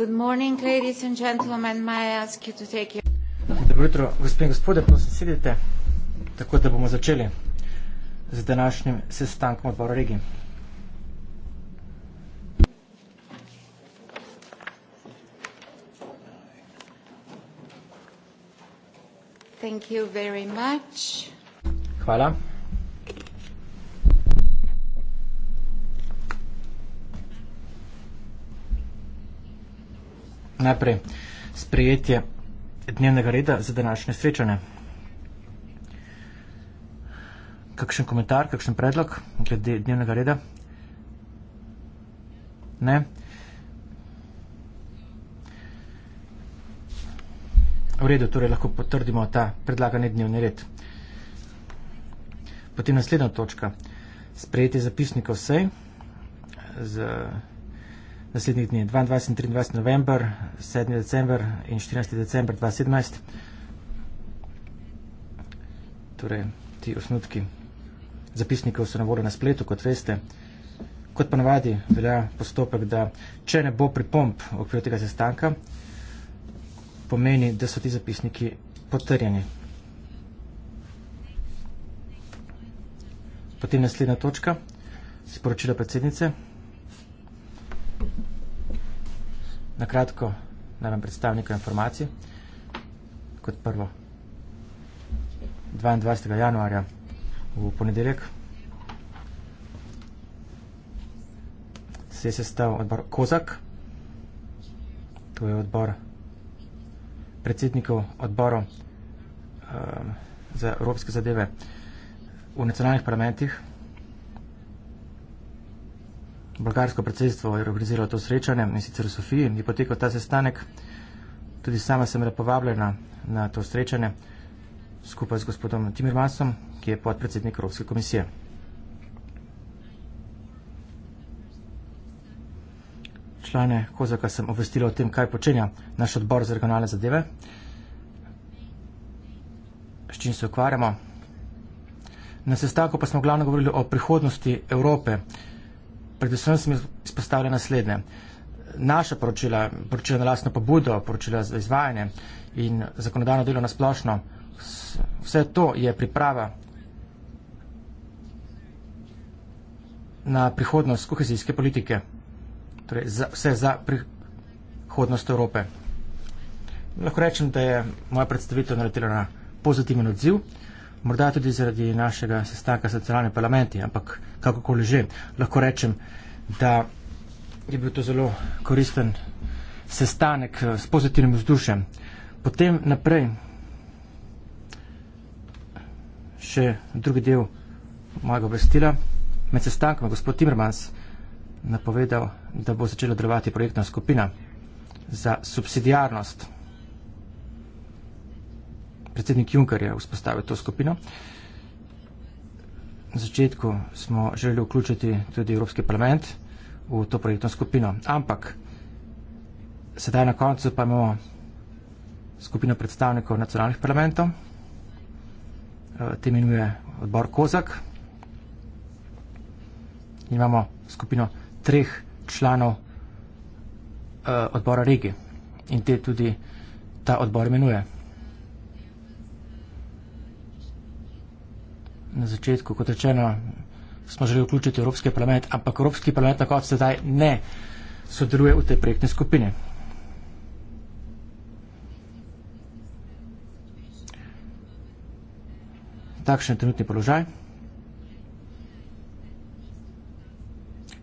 Good morning, ladies and gentlemen. May I ask you to take your... Dobro jutro, gospe in gospode, prosim sedite, tako da bomo začeli z današnjim sestankom odbora regij. Thank you very much. Hvala. Najprej sprejetje dnevnega reda za današnje srečanje. Kakšen komentar, kakšen predlog glede dnevnega reda? Ne. V redu, torej lahko potrdimo ta predlagani dnevni red. Potem naslednja točka. Sprejetje zapisnikov sej z naslednjih dni 22 in 23 november, 7. december in 14. december 2017. Torej, ti osnutki zapisnikov so na voljo na spletu, kot veste. Kot ponavadi velja postopek, da če ne bo pripomp v okviru tega sestanka, pomeni, da so ti zapisniki potrjeni. Potem naslednja točka, sporočilo predsednice. Na kratko naj vam predstavim nekaj informacij. Kot prvo, 22. januarja v ponedeljek se je sestal odbor Kozak, to je odbor predsednikov odborov um, za evropske zadeve v nacionalnih parlamentih, bolgarsko predsedstvo je organiziralo to srečanje in sicer v Sofiji je potekal ta sestanek. Tudi sama sem bila povabljena na to srečanje skupaj z gospodom Timir Masom, ki je podpredsednik Evropske komisije. Člane Kozaka sem obvestila o tem, kaj počenja naš odbor za regionalne zadeve, s čim se ukvarjamo. Na sestanku pa smo glavno govorili o prihodnosti Evrope, predvsem sem izpostavljal naslednje. Naša poročila, poročila na lastno pobudo, poročila za izvajanje in zakonodajno delo nasplošno, vse to je priprava na prihodnost kohezijske politike, torej za, vse za prihodnost Evrope. Lahko rečem, da je moja predstavitev naletela na pozitiven odziv, morda tudi zaradi našega sestanka s socialnimi parlamenti, ampak kakokoli že. Lahko rečem, da je bil to zelo koristen sestanek eh, s pozitivnim vzdušjem. Potem naprej še drugi del mojega obvestila. Med sestankom je gospod Timmermans napovedal, da bo začela delovati projektna skupina za subsidijarnost. Predsednik Juncker je vzpostavil to skupino. Uh, začetku smo želeli vključiti tudi Evropski parlament v to projektno skupino. Ampak sedaj na koncu pa imamo skupino predstavnikov nacionalnih parlamentov, eh, te imenuje odbor Kozak. In imamo skupino treh članov eh, odbora regije in te tudi ta odbor imenuje. na začetku, kot rečeno, smo želeli vključiti Evropski parlament, ampak Evropski parlament tako od sedaj ne sodeluje v tej projektni skupini. Takšen je trenutni položaj.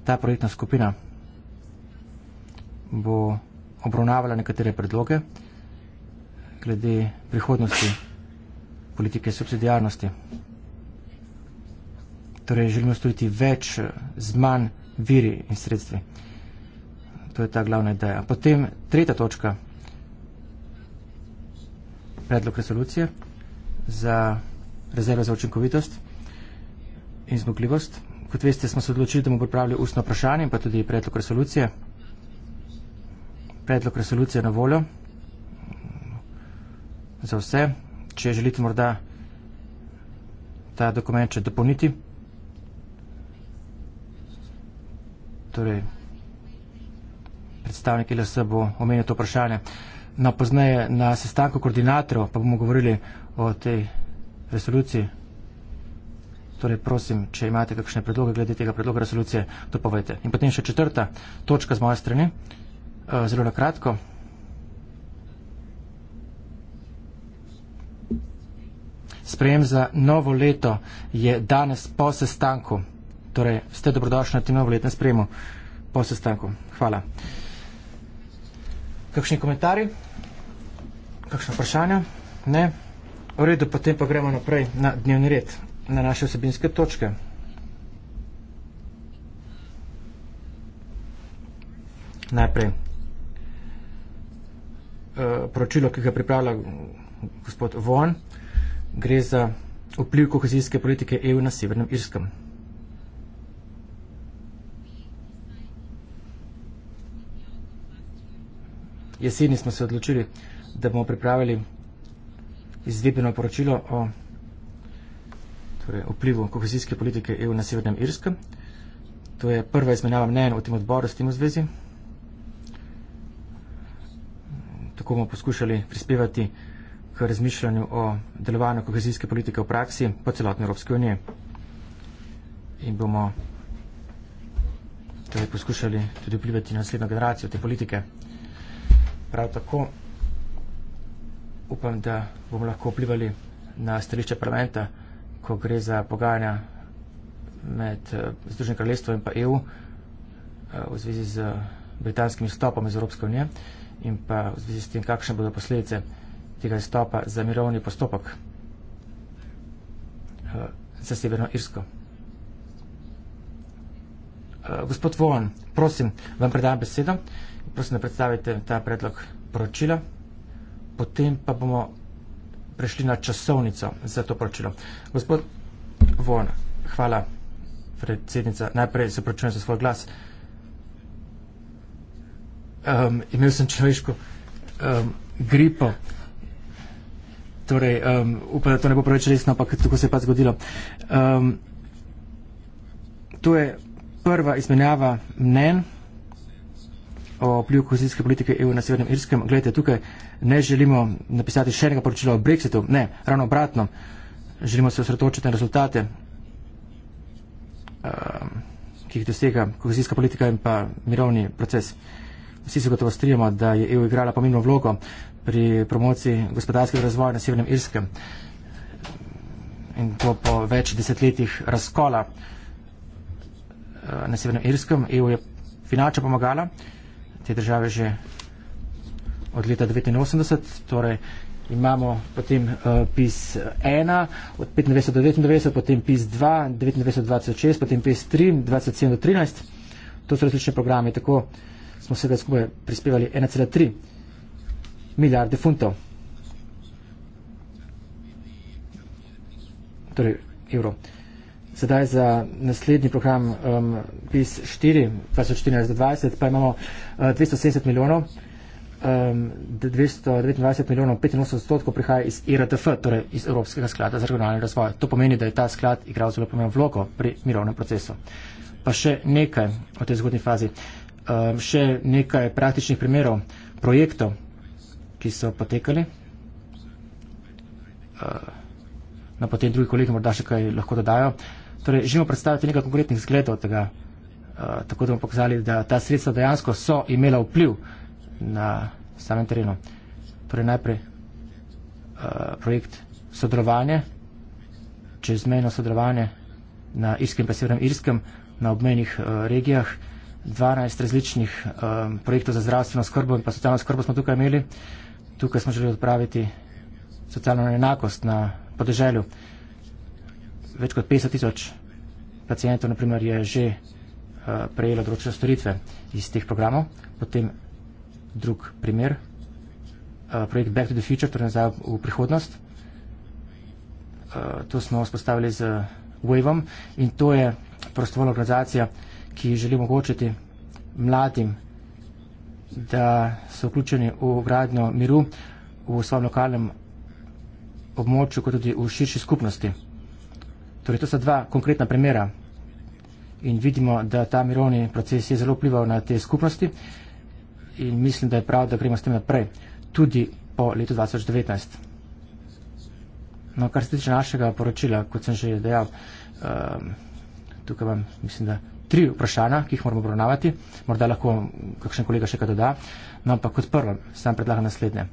Ta projektna skupina bo obravnavala nekatere predloge glede prihodnosti politike subsidijarnosti torej želimo storiti več z manj viri in sredstvi. To je ta glavna ideja. Potem tretja točka, predlog resolucije za rezervo za učinkovitost in zmogljivost. Kot veste, smo se odločili, da bomo pripravili ustno vprašanje in pa tudi predlog resolucije. Predlog resolucije je na voljo za vse. Če želite morda ta dokument še dopolniti. torej predstavnik LS bo omenil to vprašanje. No, poznaje na sestanku koordinatorov, pa bomo govorili o tej resoluciji. Torej, prosim, če imate kakšne predloge glede tega predloga resolucije, to povejte. In potem še četrta točka z moje strani, eh, zelo na kratko. Sprejem za novo leto je danes po sestanku. Torej, ste dobrodošli na tem novoletnem spremu po sestanku. Hvala. Kakšni komentarji? Kakšno vprašanje? Ne? V redu, potem pa gremo naprej na dnevni red, na naše osebinske točke. Najprej. E, eh, pročilo, ki ga pripravlja gospod Von, gre za vpliv kohezijske politike EU na Severnem Irskem. jeseni smo se odločili, da bomo pripravili izvedbeno poročilo o torej, vplivu kohezijske politike EU na Severnem Irskem. To je prva izmenjava mnen v tem odboru s tem v zvezi. Tako bomo poskušali prispevati k razmišljanju o delovanju kohezijske politike v praksi po celotni Evropski uniji. In bomo torej, poskušali tudi vplivati na naslednjo generacijo te politike. Prav tako upam, da bomo lahko vplivali na stališče parlamenta, ko gre za pogajanja med eh, Združenim kraljestvom in pa EU eh, v zvezi z britanskim izstopom iz Evropske unije in pa v zvezi s tem, kakšne bodo posledice tega izstopa za mirovni postopek eh, za Severno Irsko. Gospod Vohan, prosim, vam predam besedo prosim, da predstavite ta predlog poročila, potem pa bomo prešli na časovnico za to poročilo. Gospod Von, hvala, predsednica. Najprej se pročujem za svoj glas. Um, imel sem človeško um, gripo. Torej, um, upam, da to ne bo preveč resno, ampak tako se je pa zgodilo. Um, to je prva izmenjava mnen o vpliv kohezijske politike EU na Severnem Irskem. Glede, tukaj ne želimo napisati še enega poročila o Brexitu, ne, ravno obratno, želimo se osredotočiti na rezultate, uh, ki jih dosega kohezijska politika in pa mirovni proces. Vsi se gotovo strijamo, da je EU igrala pomembno vlogo pri promociji gospodarskega razvoja na Severnem Irskem in to po več desetletjih razkola eh, na Severnem Irskem. EU je finančno pomagala uh, te države že od leta 89, torej imamo potem uh, PIS 1 od 95 do 99, potem PIS 2, 99 do 26, potem PIS 3, 27 do 13, to so različne programe, tako smo vsega skupaj prispevali 1,3 milijarde funtov. Torej, evro. Sedaj za naslednji program um, PIS 4, 2014-2020, pa imamo uh, 270 milijonov, um, 229 milijonov, 85 odstotkov prihaja iz IRTF, torej iz Evropskega sklada za regionalni razvoj. To pomeni, da je ta sklad igral zelo pomembno vlogo pri mirovnem procesu. Pa še nekaj o tej zgodni fazi, um, še nekaj praktičnih primerov projektov, ki so potekali. Uh, na no, potem drugi kolegi morda še kaj lahko dodajo. Torej, želimo predstaviti nekaj konkretnih zgledov tega, uh, tako da bomo pokazali, da ta sredstva dejansko so imela vpliv na samem terenu. Torej, najprej uh, projekt sodelovanje, čezmejno sodelovanje na Irskem in Severnem Irskem, na obmejnih uh, regijah, 12 različnih um, projektov za zdravstveno skrbo in pa socialno skrbo smo tukaj imeli. Tukaj smo želeli odpraviti socialno enakost na podeželju. Uh, več kot 500 tisoč pacijentov naprimer, je že uh, prejelo določene storitve iz teh programov. Potem drug primer, uh, projekt Back to the Future, torej nazaj v prihodnost. Uh, to smo spostavili z Waveom in to je prostovoljna organizacija, ki želi omogočiti mladim, da so vključeni v gradnjo miru v svojem lokalnem območju, kot tudi v širši skupnosti. Torej, to so dva konkretna primera in vidimo, da ta mirovni proces je zelo vplival na te skupnosti in mislim, da je prav, da gremo s tem naprej, tudi po letu 2019. No, kar se tiče našega poročila, kot sem že dejal, um, tukaj vam mislim, da tri vprašanja, ki jih moramo obravnavati, morda lahko kakšen kolega še kaj doda, no pa kot prvo sam predlagam naslednje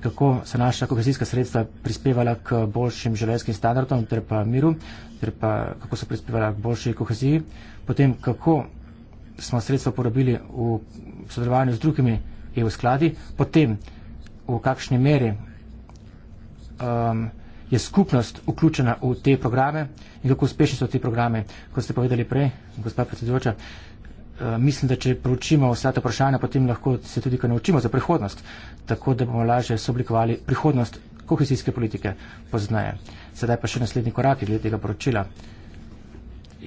kako so naša kohezijska sredstva prispevala k boljšim želenskim standardom ter pa miru, ter pa kako so prispevala k boljši koheziji, potem kako smo sredstva porabili v sodelovanju z drugimi EU skladi, potem v kakšni meri um, je skupnost vključena v te programe in kako uspešni so ti programe, kot ste povedali prej, gospod predsedujoča. Eh, mislim, da če proučimo vsa ta vprašanja, potem lahko se tudi kaj naučimo za prihodnost, tako da bomo lažje soblikovali prihodnost kohezijske politike poznaje. Sedaj pa še naslednji korak glede tega poročila.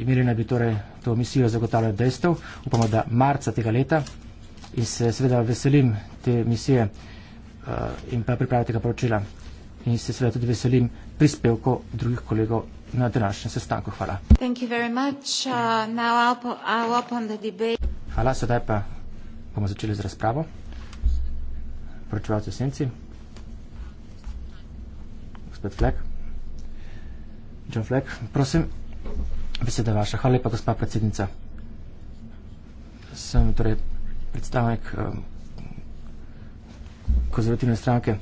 Imeli naj bi torej to misijo zagotavljati dejstev, upamo, da marca tega leta in se seveda veselim te misije uh, in pa pripravi tega poročila in se seveda tudi veselim prispevkov drugih kolegov na današnjem sestanku. Hvala. Uh, Hvala, sedaj pa bomo začeli z razpravo. Pročevalce v senci. Gospod Fleck. John Fleck, prosim, beseda vaša. Hvala lepa, gospa predsednica. Sem torej predstavnik um, konzervativne stranke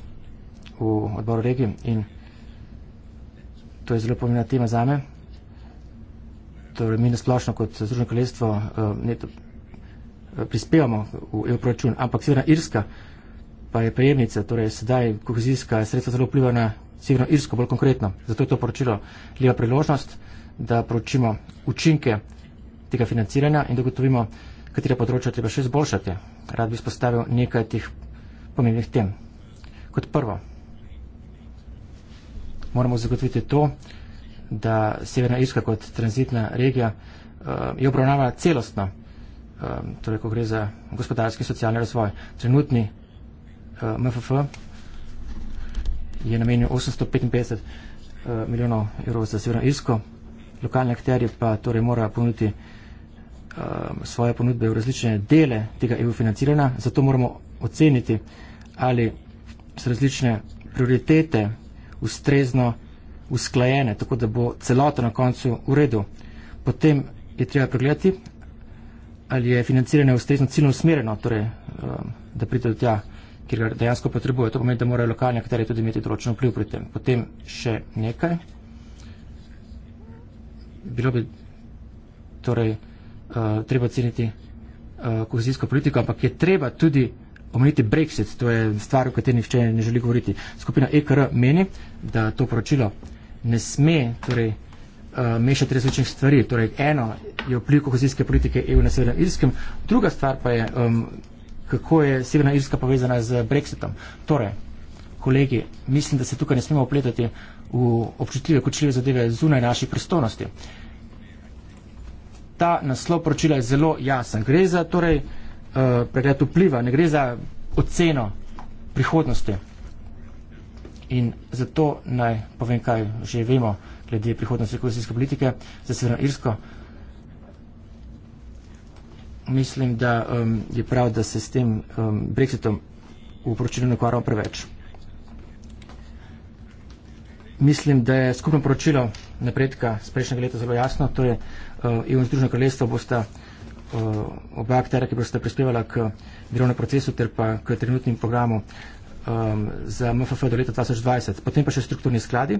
v odboru regije in predstavnik to je zelo pomembna tema za me. Torej, mi nasplošno kot Združeno kraljestvo eh, eh, prispevamo v EU proračun, ampak Severna Irska pa je prejemnica, torej sedaj kohezijska sredstva zelo vplivajo na Severno Irsko bolj konkretno. Zato je to poročilo lepa priložnost, da proučimo učinke tega financiranja in da gotovimo, katera področja treba še izboljšati. Rad bi spostavil nekaj teh pomembnih tem. Kot prvo moramo zagotoviti to, da Severna Irska kot tranzitna regija eh, je obravnava celostno, eh, torej ko gre za gospodarski in socialni razvoj. Trenutni eh, MFF je namenil 855 milijonov evrov za Severno Irsko, lokalni akterji pa torej mora ponuditi svoje ponudbe v različne dele tega EU financiranja, zato moramo oceniti, ali se različne prioritete ustrezno usklajene, tako da bo celota na koncu v redu. Potem je treba pregledati, ali je financiranje ustrezno ciljno usmerjeno, torej, um, da pride do tja, kjer ga dejansko potrebuje. To pomeni, da morajo lokalni akterje tudi imeti določen vpliv pri tem. Potem še nekaj. Bilo bi torej, uh, treba ceniti uh, kohezijsko politiko, ampak je treba tudi omeniti Brexit, to je stvar, o kateri nihče ne želi govoriti. Skupina EKR meni, da to poročilo ne sme torej, uh, mešati različnih stvari. Torej, eno je vpliv kohezijske politike EU na Severnem Irskem, druga stvar pa je, um, kako je Severna Irska povezana z Brexitom. Torej, kolegi, mislim, da se tukaj ne smemo opletati v občutljive, kočljive zadeve zunaj naših pristojnosti. Ta naslov poročila je zelo jasen. Gre za torej, Eh, pregled vpliva, ne gre za oceno prihodnosti. In zato naj povem, kaj že vemo glede prihodnosti kohezijske politike za Severno Irsko. Mislim, da um, je prav, da se s tem um, brexitom v poročilu ne ukvarjamo preveč. Mislim, da je skupno poročilo napredka z prejšnjega leta zelo jasno, to je uh, EU in Združeno kraljestvo bosta Eh, oba aktera, ki boste prispevala k delovnem procesu ter pa k trenutnim programom um, za MFF do leta 2020. Potem pa še strukturni skladi.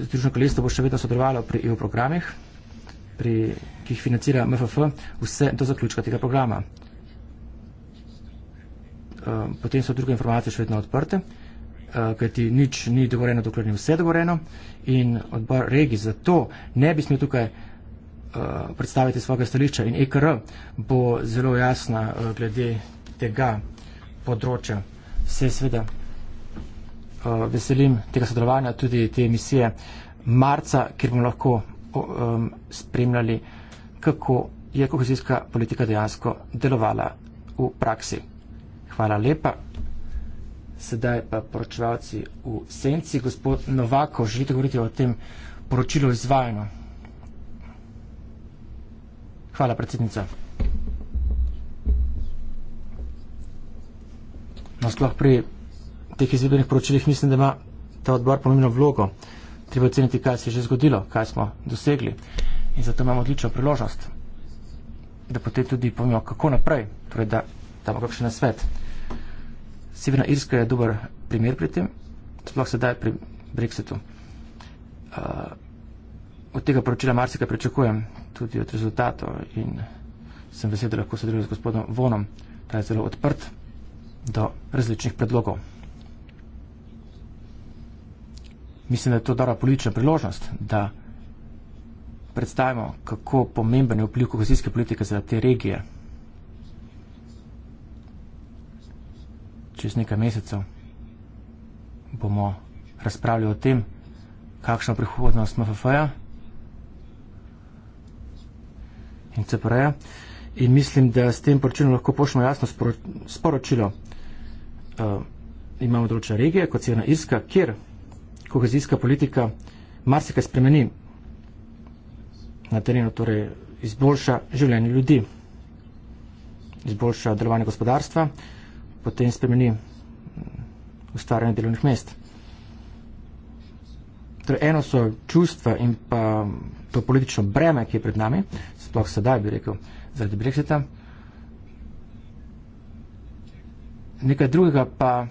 Združeno kraljestvo bo še vedno sodelovalo pri EU programih, pri, ki jih financira MFF, vse do zaključka tega programa. Um, potem so druge informacije še vedno odprte. Uh, kajti nič ni dogoreno, dokler ni vse dogoreno in odbor regi zato ne bi smel tukaj uh, Eh, predstaviti svoje stališče in EKR bo zelo jasna uh, glede tega področja. Se sveda uh, eh, veselim tega sodelovanja, tudi te emisije marca, kjer bomo lahko um, spremljali, kako je kohezijska politika dejansko delovala v praksi. Hvala lepa. Sedaj pa poročevalci v senci. Gospod Novako, želite govoriti o tem poročilu izvajanju? Hvala, predsednica. Nasploh no, pri teh izvedbenih poročilih mislim, da ima ta odbor pomembno vlogo. Treba oceniti, kaj se je že zgodilo, kaj smo dosegli. In zato imamo odlično priložnost, da potem tudi povemo, kako naprej, torej da damo kakšen nasvet. Severna Irska je dober primer pri tem, sploh sedaj pri Brexitu. Uh, od tega poročila marsikaj pričakujem, tudi od rezultatov in sem vesel, da lahko sodelujem z gospodom Vonom, ta je zelo odprt do različnih predlogov. Mislim, da je to dobra politična priložnost, da predstavimo, kako pomemben je vpliv kohezijske politike za te regije. Čez nekaj mesecev bomo razpravljali o tem, kakšna prihodnost MFF-ja. -ja. in CPR-ja. In mislim, da s tem poročilom lahko pošljemo jasno sporočilo. Uh, imamo določene regije, kot je na Irska, kjer kohezijska politika marsikaj spremeni na terenu, torej izboljša življenje ljudi, izboljša delovanje gospodarstva, potem spremeni mm, ustvarjanje delovnih mest. Torej, eno so čustva in pa to politično breme, ki je pred nami, sploh sedaj, bi rekel, zaradi Brexita. Nekaj drugega pa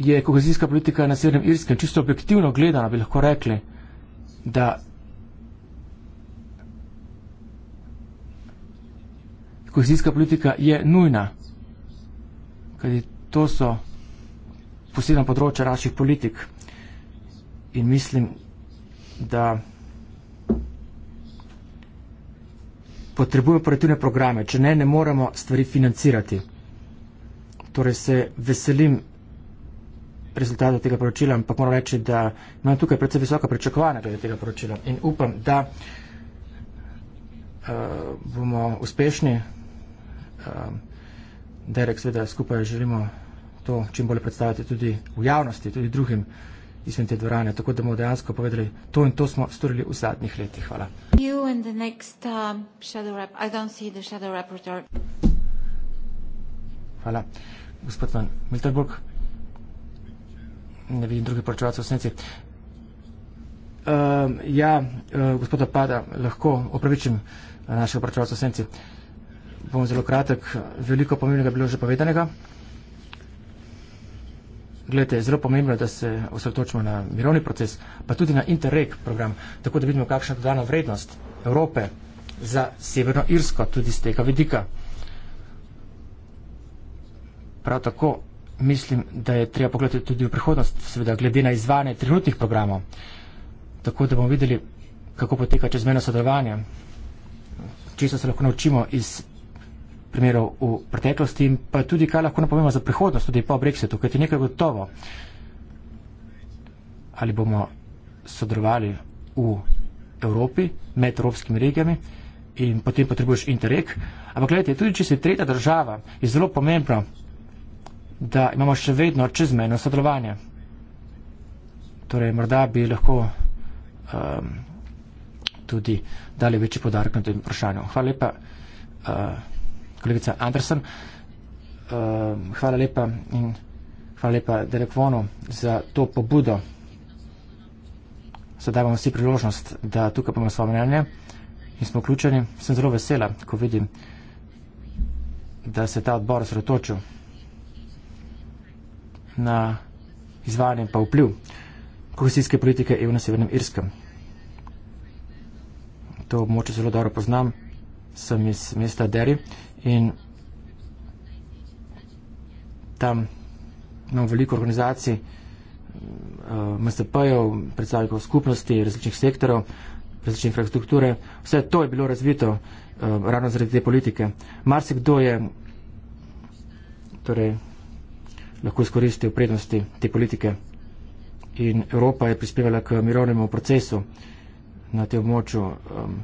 je kohezijska politika na Severnem Irskem čisto objektivno gledana, bi lahko rekli, da kohezijska politika je nujna, kajti to so posebna področja naših politik in mislim, da potrebujemo operativne programe, če ne, ne moremo stvari financirati. Torej se veselim rezultata tega poročila, ampak moram reči, da imam tukaj predvsem visoka pričakovanja glede tega poročila in upam, da uh, bomo uspešni. Uh, eh, Derek, seveda skupaj želimo to čim bolje predstaviti tudi v javnosti, tudi drugim iz te dvorane, tako da bomo dejansko povedali, to in to smo storili v zadnjih letih. Hvala. Um, Hvala. Gospod Van Miltenburg, ne vidim druge poročevalce v senci. Uh, ja, uh, gospoda Pada, lahko opravičim uh, našega poročevalca v senci. Bom zelo kratek, veliko pomembnega je bilo že povedanega gledajte, je zelo pomembno, da se osredotočimo na mirovni proces, pa tudi na Interreg program, tako da vidimo, kakšna je dodana vrednost Evrope za Severno Irsko, tudi z tega vidika. Prav tako mislim, da je treba pogledati tudi v prihodnost, seveda glede na izvanje trenutnih programov, tako da bomo videli, kako poteka čezmeno sodelovanje, če se lahko naučimo iz primerov v preteklosti in pa tudi, kaj lahko napovemo za prihodnost, tudi po Brexitu, kajti nekaj gotovo. Ali bomo sodelovali v Evropi med evropskimi regijami in potem potrebuješ interreg. Ampak gledajte, tudi če si tretja država, je zelo pomembno, da imamo še vedno čezmejno sodelovanje. Torej, morda bi lahko um, tudi dali večji podarek na tem vprašanju. Hvala lepa. Uh, kolegica Andersen. Ehm, hvala lepa in hvala lepa Delekvonu za to pobudo. Sedaj bomo vsi priložnost, da tukaj bomo svoje mnenje in smo vključeni. Sem zelo vesela, ko vidim, da se je ta odbor zretočil na izvajanje pa vpliv kohesijske politike EU na Severnem Irskem. To območje zelo dobro poznam, sem iz mesta Derry In tam imam veliko organizacij, eh, MSP-jev, predstavnikov skupnosti, različnih sektorov, različne infrastrukture. Vse to je bilo razvito eh, ravno zaradi te politike. Marsikdo je torej, lahko izkoristil prednosti te politike. In Evropa je prispevala k mirovnemu procesu na tem območju. Um,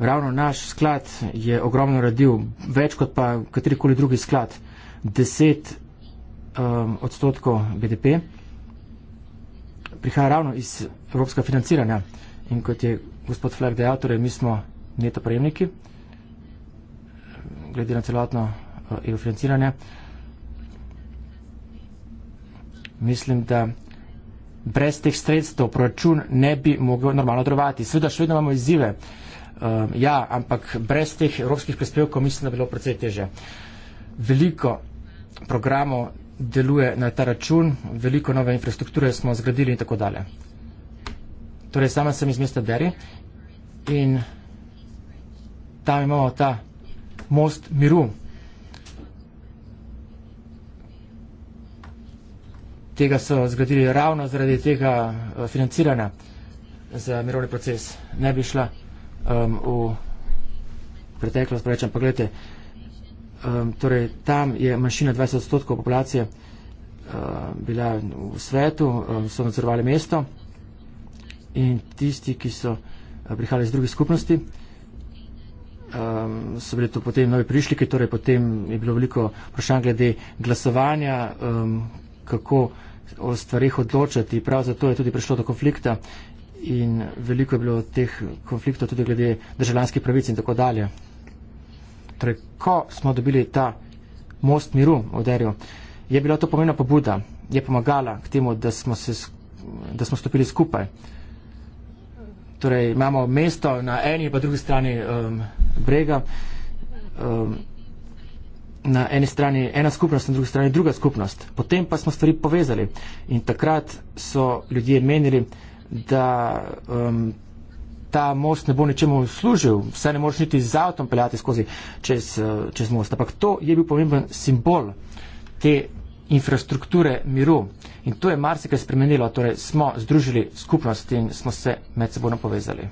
ravno naš sklad je ogromno naredil, več kot pa katerikoli drugi sklad, 10 um, odstotkov BDP prihaja ravno iz evropskega financiranja. In kot je gospod Flag dejal, torej mi smo neto prejemniki, glede na celotno uh, EU financiranje. Mislim, da brez teh sredstev proračun ne bi mogel normalno drvati. Sveda, še vedno imamo izzive. Uh, Uh, ja, ampak brez teh evropskih prispevkov mislim, da bi bilo precej teže. Veliko programov deluje na ta račun, veliko nove infrastrukture smo zgradili in tako dalje. Torej, sama sem iz mesta Deri in tam imamo ta most miru. Tega so zgradili ravno zaradi tega eh, financiranja za mirovni proces. Ne bi šla um, v preteklost rečem, pa gledajte, um, torej tam je manjšina 20 odstotkov populacije um, bila v svetu, um, so nadzorovali mesto in tisti, ki so uh, prihajali iz drugih skupnosti, um, so bili to potem novi prišliki, torej potem je bilo veliko vprašanj glede glasovanja, um, kako o stvarih odločati. Prav zato je tudi prišlo do konflikta in veliko je bilo teh konfliktov tudi glede državljanskih pravic in tako dalje. Torej, ko smo dobili ta most miru v Derju, je bila to pomembna pobuda, je pomagala k temu, da smo, se, da smo stopili skupaj. Torej, imamo mesto na eni in pa drugi strani um, brega. Um, na eni strani ena skupnost, na drugi strani druga skupnost. Potem pa smo stvari povezali in takrat so ljudje menili, da um, ta most ne bo ničemu služil, vse ne moreš niti z avtom peljati skozi čez, uh, čez most. Ampak to je bil pomemben simbol te infrastrukture miru in to je marsikaj spremenilo, torej smo združili skupnost in smo se med sebojno povezali.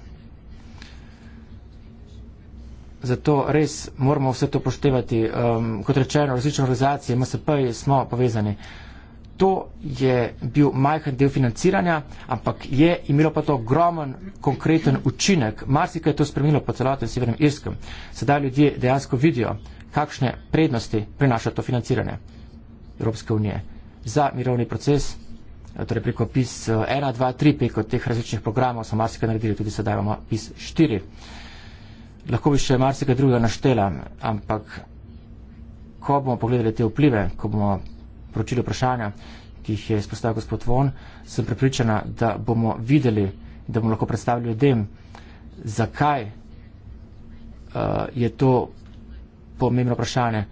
Zato res moramo vse to poštevati. Um, kot rečeno, različne organizacije, MSP, smo povezani. Uh, to je bil majhen del financiranja, ampak je imelo pa to ogromen konkreten učinek. Marsikaj je to spremenilo po celotnem Severnem Irskem. Sedaj ljudje dejansko vidijo, kakšne prednosti prinaša to financiranje Evropske unije za mirovni proces. Eh, torej preko PIS 1, 2, 3, preko teh različnih programov so marsikaj naredili, tudi sedaj imamo PIS 4. Lahko bi še marsikaj drugega naštela, ampak ko bomo pogledali te vplive, ko bomo poročilo vprašanja, ki jih je izpostavil gospod Von, sem prepričana, da bomo videli, da bomo lahko predstavili ljudem, zakaj uh, je to pomembno vprašanje.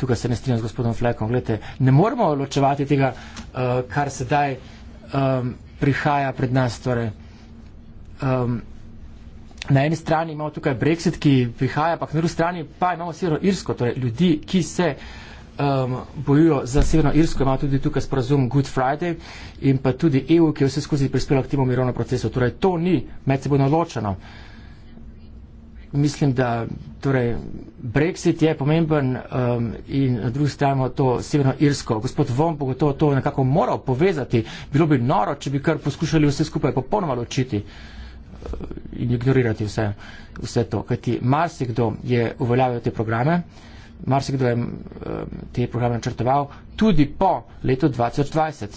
Tukaj se ne strinjam z gospodom Flekom. Glede, ne moremo ločevati tega, uh, kar sedaj um, prihaja pred nas. Torej, um, na eni strani imamo tukaj Brexit, ki prihaja, pa na drugi strani pa imamo Sirijo Irsko, torej ljudi, ki se uh, um, bojujo za Severno Irsko, ima tudi tukaj sporazum Good Friday in pa tudi EU, ki je vse skozi prispela k temu mirovnemu procesu. Torej, to ni med seboj naločeno. Mislim, da torej, Brexit je pomemben um, in na drugi strani imamo to Severno Irsko. Gospod Von bo gotovo to nekako moral povezati. Bilo bi noro, če bi kar poskušali vse skupaj popolnoma ločiti uh, in ignorirati vse, vse to. Kajti marsikdo je uveljavil te programe marsikdo je eh, te programe načrtoval tudi po letu 2020.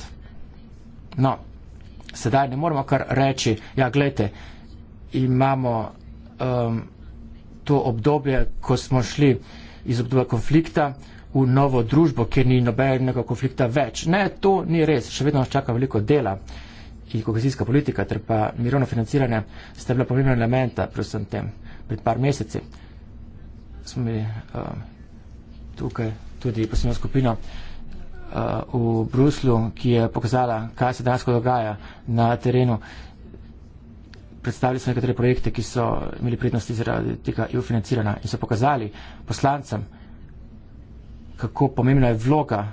No, sedaj ne moremo kar reči, ja, gledajte, imamo um, to obdobje, ko smo šli iz obdobja konflikta v novo družbo, kjer ni nobenega konflikta več. Ne, to ni res, še vedno nas čaka veliko dela in kohezijska politika ter pa mirovno financiranje sta bila pomembna elementa, predvsem tem, pred par meseci smo imeli uh, tukaj tudi posebno skupino eh, v Bruslu, ki je pokazala, kaj se dejansko dogaja na terenu. Predstavili so nekatere projekte, ki so imeli prednosti zaradi tega EU financirana in so pokazali poslancem, kako pomembna je vloga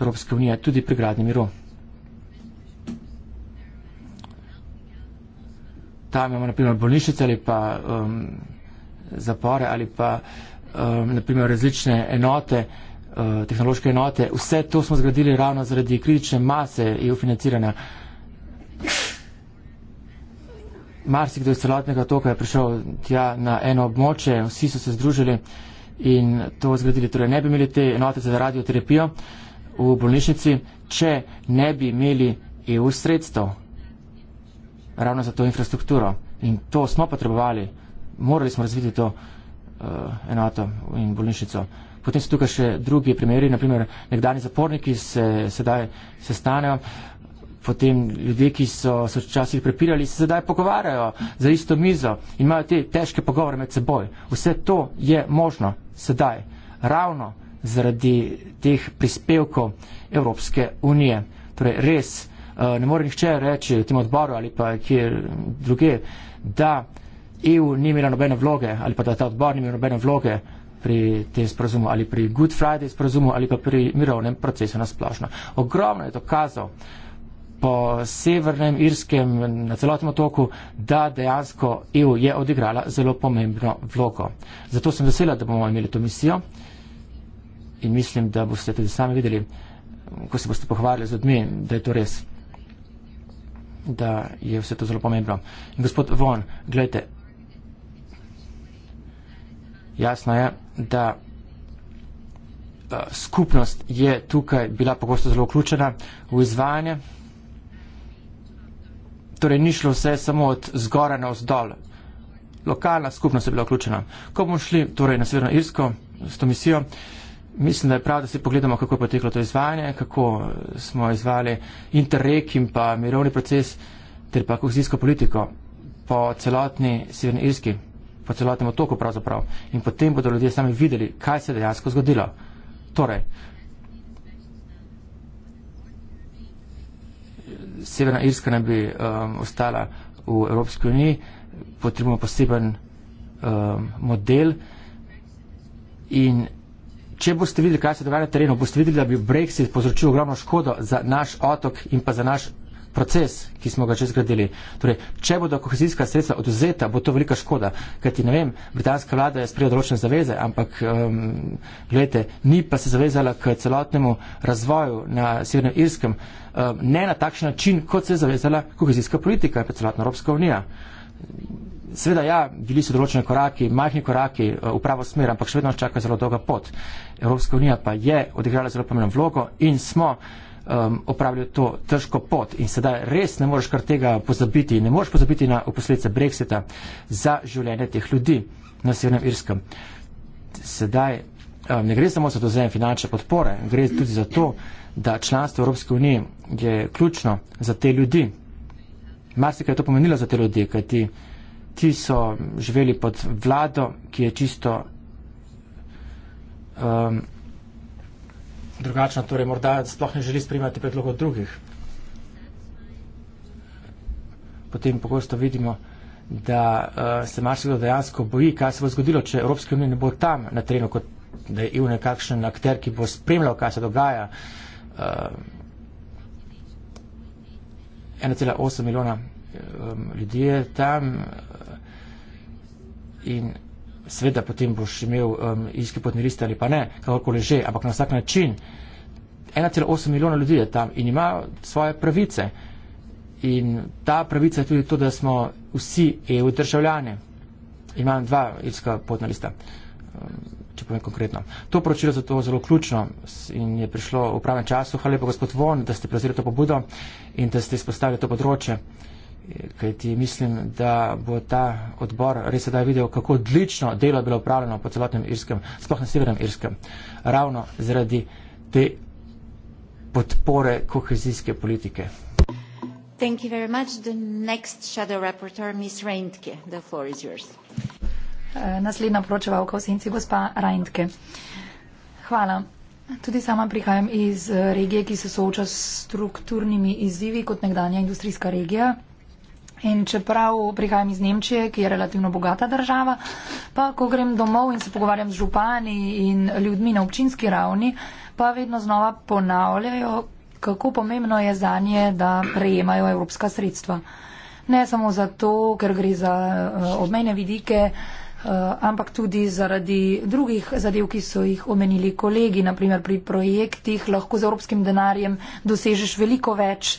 Evropske unije tudi pri gradnji miru. Tam imamo naprimer bolnišnice ali pa um, zapore ali pa uh, Um, naprimer različne enote, uh, tehnološke enote, vse to smo zgradili ravno zaradi kritične mase EU financiranja. Marsikdo iz celotnega toka je prišel tja na eno območje, vsi so se združili in to zgradili. Torej, ne bi imeli te enote za radioterapijo v bolnišnici, če ne bi imeli EU sredstev ravno za to infrastrukturo. In to smo potrebovali, morali smo razviti to infrastrukturo uh, enoto in bolnišnico. Potem so tukaj še drugi primeri, naprimer nekdani zaporniki se sedaj sestanejo, potem ljudje, ki so se včasih prepirali, se sedaj pogovarjajo za isto mizo in imajo te težke pogovore med seboj. Vse to je možno sedaj, ravno zaradi teh prispevkov Evropske unije. Torej res uh, ne more nihče reči v tem odboru ali pa kjer druge, da EU ni imela nobene vloge ali pa da ta odbor ni imel nobene vloge pri tem sporazumu ali pri Good Friday sporazumu ali pa pri mirovnem procesu nasplošno. Ogromno je dokazov po severnem irskem na celotnem otoku, da dejansko EU je odigrala zelo pomembno vlogo. Zato sem vesela, da bomo imeli to misijo in mislim, da boste tudi sami videli, ko se boste pohvalili z odmi, da je to res da je vse to zelo pomembno. Gospod Von, gledajte, jasno je, da uh, skupnost je tukaj bila pogosto zelo vključena v izvajanje. Torej, ni šlo vse samo od zgora na vzdolj. Lokalna skupnost je bila vključena. Ko bomo šli torej, na Severno Irsko s to misijo, mislim, da je prav, da si pogledamo, kako je poteklo to izvajanje, kako eh, smo izvali interreg in pa mirovni proces ter pa kohezijsko politiko po celotni Severni Irski po celotnem otoku pravzaprav. In potem bodo ljudje sami videli, kaj se je dejansko zgodilo. Torej, Severna Irska ne bi um, ostala v Evropski uniji, potrebujemo poseben um, model. In če boste videli, kaj se dogaja na terenu, boste videli, da bi Brexit povzročil ogromno škodo za naš otok in pa za naš proces, ki smo ga že zgradili. Torej, če bodo kohezijska sredstva oduzeta, bo to velika škoda, kajti ne vem, britanska vlada je sprejela določene zaveze, ampak um, gledajte, ni pa se zavezala k celotnemu razvoju na Severnem Irskem, um, ne na takšen način, kot se je zavezala kohezijska politika in celotna Evropska unija. Sveda ja, bili so določene koraki, majhni koraki eh, v pravo smer, ampak še vedno čaka zelo dolga pot. Evropska unija pa je odigrala zelo pomembno vlogo in smo um, opravljajo to težko pot. In sedaj res ne moreš kar tega pozabiti, ne moreš pozabiti na posledice brexita za življenje teh ljudi na Severnem Irskem. Sedaj um, ne gre samo za to, da je finančne podpore, gre tudi za to, da članstvo Evropske unije je ključno za te ljudi. Marsikaj je to pomenilo za te ljudi, kajti ti so živeli pod vlado, ki je čisto. Um, drugačno, torej morda sploh ne želi sprejemati predlogov drugih. Potem pogosto vidimo, da uh, se marsikdo dejansko boji, kaj se bo zgodilo, če Evropska unija ne bo tam na terenu, kot da je EU nekakšen akter, ki bo spremljal, kaj se dogaja. Uh, eh, 1,8 milijona um, ljudi je tam uh, in seveda potem boš imel um, iski potni list ali pa ne, kakorkoli že, ampak na vsak način 1,8 milijona ljudi je tam in ima svoje pravice. In ta pravica je tudi to, da smo vsi EU državljani. Imam dva iska potna lista, um, če povem konkretno. To poročilo za to je zelo ključno in je prišlo v pravem času. Hvala lepa, gospod Von, da ste prevzeli to pobudo in da ste izpostavili to področje kajti mislim, da bo ta odbor res sedaj videl, kako odlično delo je bilo upravljeno po celotnem Irskem, sploh na severnem Irskem, ravno zaradi te podpore kohezijske politike. Thank you very much. The next shadow rapporteur, Ms. Reintke. The floor is yours. Eh, naslednja poročevalka v senci, gospa Reintke. Hvala. Tudi sama prihajam iz eh, regije, ki se sooča s strukturnimi izzivi kot nekdanja industrijska regija. In čeprav prihajam iz Nemčije, ki je relativno bogata država, pa ko grem domov in se pogovarjam z župani in ljudmi na občinski ravni, pa vedno znova ponavljajo, kako pomembno je za nje, da prejemajo evropska sredstva. Ne samo zato, ker gre za eh, obmejne vidike, eh, ampak tudi zaradi drugih zadev, ki so jih omenili kolegi. Naprimer pri projektih lahko z evropskim denarjem dosežeš veliko več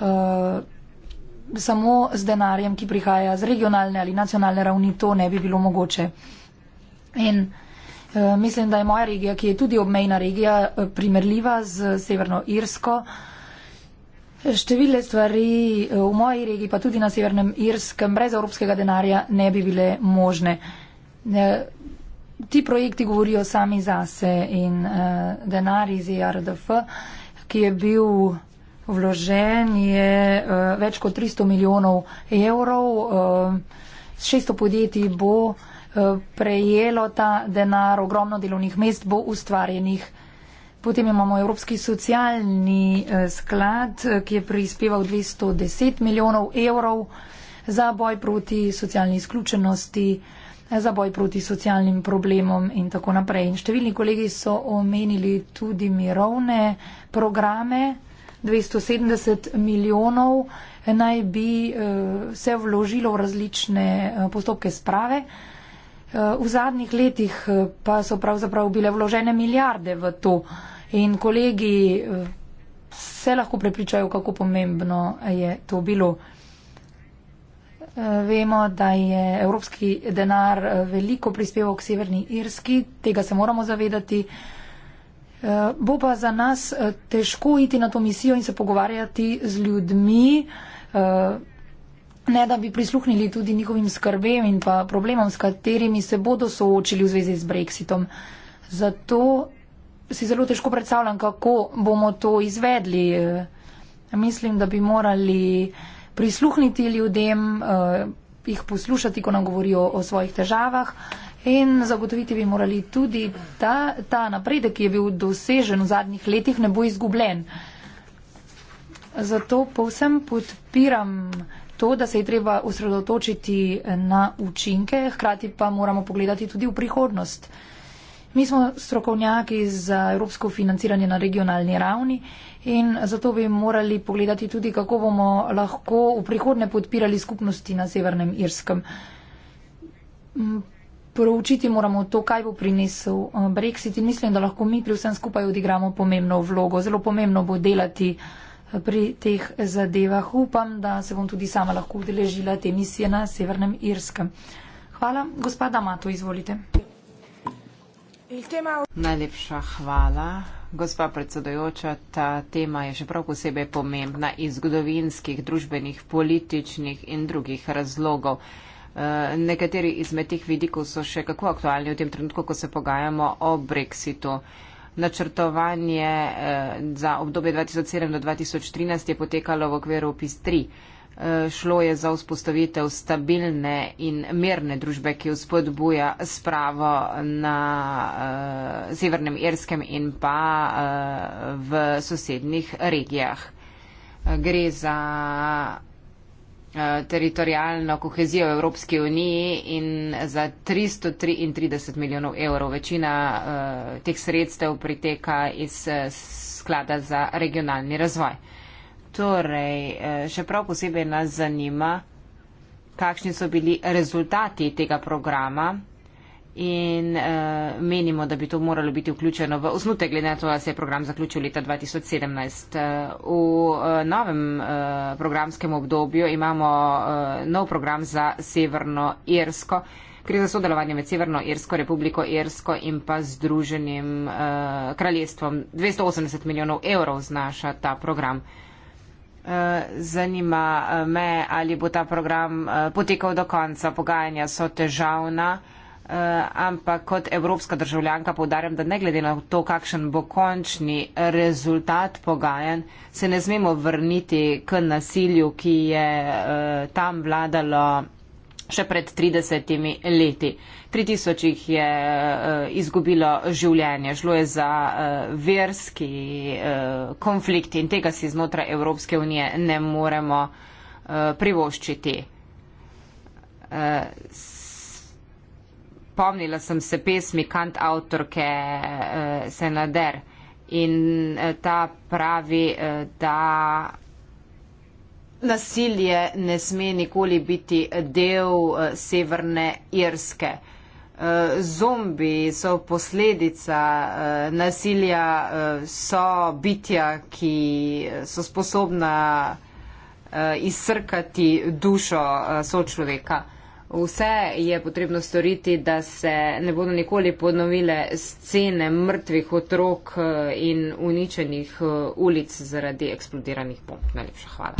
eh, samo z denarjem, ki prihaja z regionalne ali nacionalne ravni, to ne bi bilo mogoče. In eh, mislim, da je moja regija, ki je tudi obmejna regija, eh, primerljiva z Severno Irsko. Števile stvari eh, v moji regiji, pa tudi na Severnem Irskem, brez evropskega denarja ne bi bile možne. Ti projekti govorijo sami zase in denar iz IRDF, e ki je bil vložen je uh, več kot 300 milijonov evrov. Uh, eh, 600 podjetij bo uh, prejelo ta denar, ogromno delovnih mest bo ustvarjenih. Potem imamo Evropski socialni uh, sklad, ki je prispeval 210 milijonov evrov za boj proti socialni izključenosti za boj proti socialnim problemom in tako naprej. In številni kolegi so omenili tudi mirovne programe. 270 milijonov eh, naj bi eh, se vložilo v različne eh, postopke sprave. V zadnjih letih pa so pravzaprav bile vložene milijarde v to in kolegi se lahko prepričajo, kako pomembno je to bilo. Vemo, da je evropski denar veliko prispeval k Severni Irski, tega se moramo zavedati. Eh, bo pa za nas eh, težko iti na to misijo in se pogovarjati z ljudmi, eh, ne da bi prisluhnili tudi njihovim skrbem in pa problemom, s katerimi se bodo soočili v zvezi z Brexitom. Zato si zelo težko predstavljam, kako bomo to izvedli. Mislim, da bi morali prisluhniti ljudem, jih poslušati, ko nam govorijo o svojih težavah, In zagotoviti bi morali tudi, da ta napredek, ki je bil dosežen v zadnjih letih, ne bo izgubljen. Zato povsem podpiram to, da se je treba osredotočiti na učinke, hkrati pa moramo pogledati tudi v prihodnost. Mi smo strokovnjaki za evropsko financiranje na regionalni ravni in zato bi morali pogledati tudi, kako bomo lahko v prihodne podpirali skupnosti na Severnem Irskem proučiti moramo to, kaj bo prinesel eh, Brexit in mislim, da lahko mi pri vsem skupaj odigramo pomembno vlogo. Zelo pomembno bo delati eh, pri teh zadevah. Upam, da se bom tudi sama lahko udeležila te misije na Severnem Irskem. Hvala. Gospoda Mato, izvolite. Najlepša hvala. Gospa predsedojoča, ta tema je še prav posebej pomembna iz zgodovinskih, družbenih, političnih in drugih razlogov. Eh, nekateri izmed teh vidikov so še kako aktualni v tem trenutku, ko se pogajamo o brexitu. Načrtovanje eh, za obdobje 2007 do 2013 je potekalo v okviru PIS-3. Eh, šlo je za vzpostavitev stabilne in mirne družbe, ki vzpodbuja spravo na uh, Severnem Irskem in pa uh, v sosednjih regijah. Gre za Eh, teritorijalno kohezijo v Evropski uniji in za 333 milijonov evrov. Večina uh, teh sredstev priteka iz uh, sklada za regionalni razvoj. Torej, uh, še prav posebej nas zanima, kakšni so bili rezultati tega programa in uh, menimo, da bi to moralo biti vključeno v osnutek, glede na to, da se je program zaključil leta 2017. Uh, eh, v uh, novem uh, programskem obdobju imamo uh, nov program za Severno Irsko. Gre za sodelovanje med Severno Irsko, Republiko Irsko in pa Združenim uh, kraljestvom. 280 milijonov evrov znaša ta program. Zanima me, ali bo ta program potekal do konca. Pogajanja so težavna. Eh, ampak kot evropska državljanka povdarjam, da ne glede na to, kakšen bo končni rezultat pogajanj, se ne smemo vrniti k nasilju, ki je eh, tam vladalo še pred 30 leti. 3000 jih je eh, izgubilo življenje, šlo je za verski konflikt in tega si znotraj Evropske unije ne moremo privoščiti spomnila sem se pesmi kant avtorke uh, eh, Senader in uh, ta pravi, uh, da nasilje ne sme nikoli biti del uh, Severne Irske. Uh, zombi so posledica uh, nasilja, uh, so bitja, ki so sposobna uh, izsrkati dušo uh, sočloveka. Uh, Vse je potrebno storiti, da se ne bodo nikoli ponovile scene mrtvih otrok eh, in uničenih eh, ulic zaradi eksplodiranih bomb. Najlepša hvala.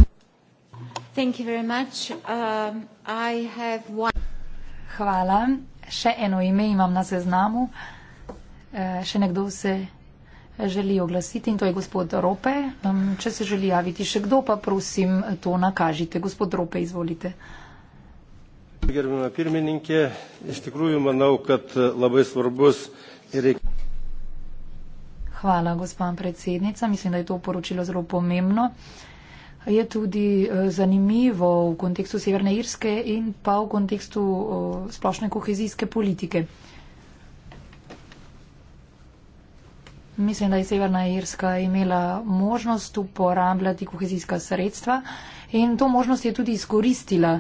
Um, one... Hvala. Še eno ime imam na seznamu. Eh, še nekdo se želi oglasiti in to je gospod Rope. Če se želi javiti še kdo, pa prosim to nakažite. Gospod Rope, izvolite gerbiama pirmininkė iš tikrųjų manau kad e, labai svarbus ir reikia Hvala, gospa predsednica. Mislim, da je to poročilo zelo pomembno. Je tudi e, zanimivo v kontekstu Severne Irske in pa v kontekstu e, splošne kohezijske politike. Mislim, da je Severna Irska imela možnost uporabljati kohezijska sredstva in to možnost je tudi izkoristila.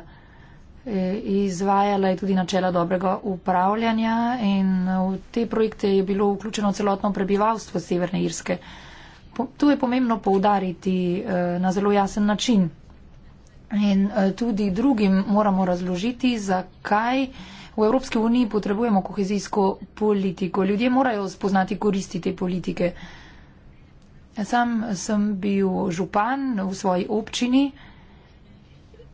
E, izvajala je tudi načela dobrega upravljanja in v te projekte je bilo vključeno celotno prebivalstvo Severne Irske. To je pomembno poudariti e, na zelo jasen način. In e, tudi drugim moramo razložiti, zakaj v Evropski uniji potrebujemo kohezijsko politiko. Ljudje morajo spoznati koristi te politike. Sam sem bil župan v svoji občini.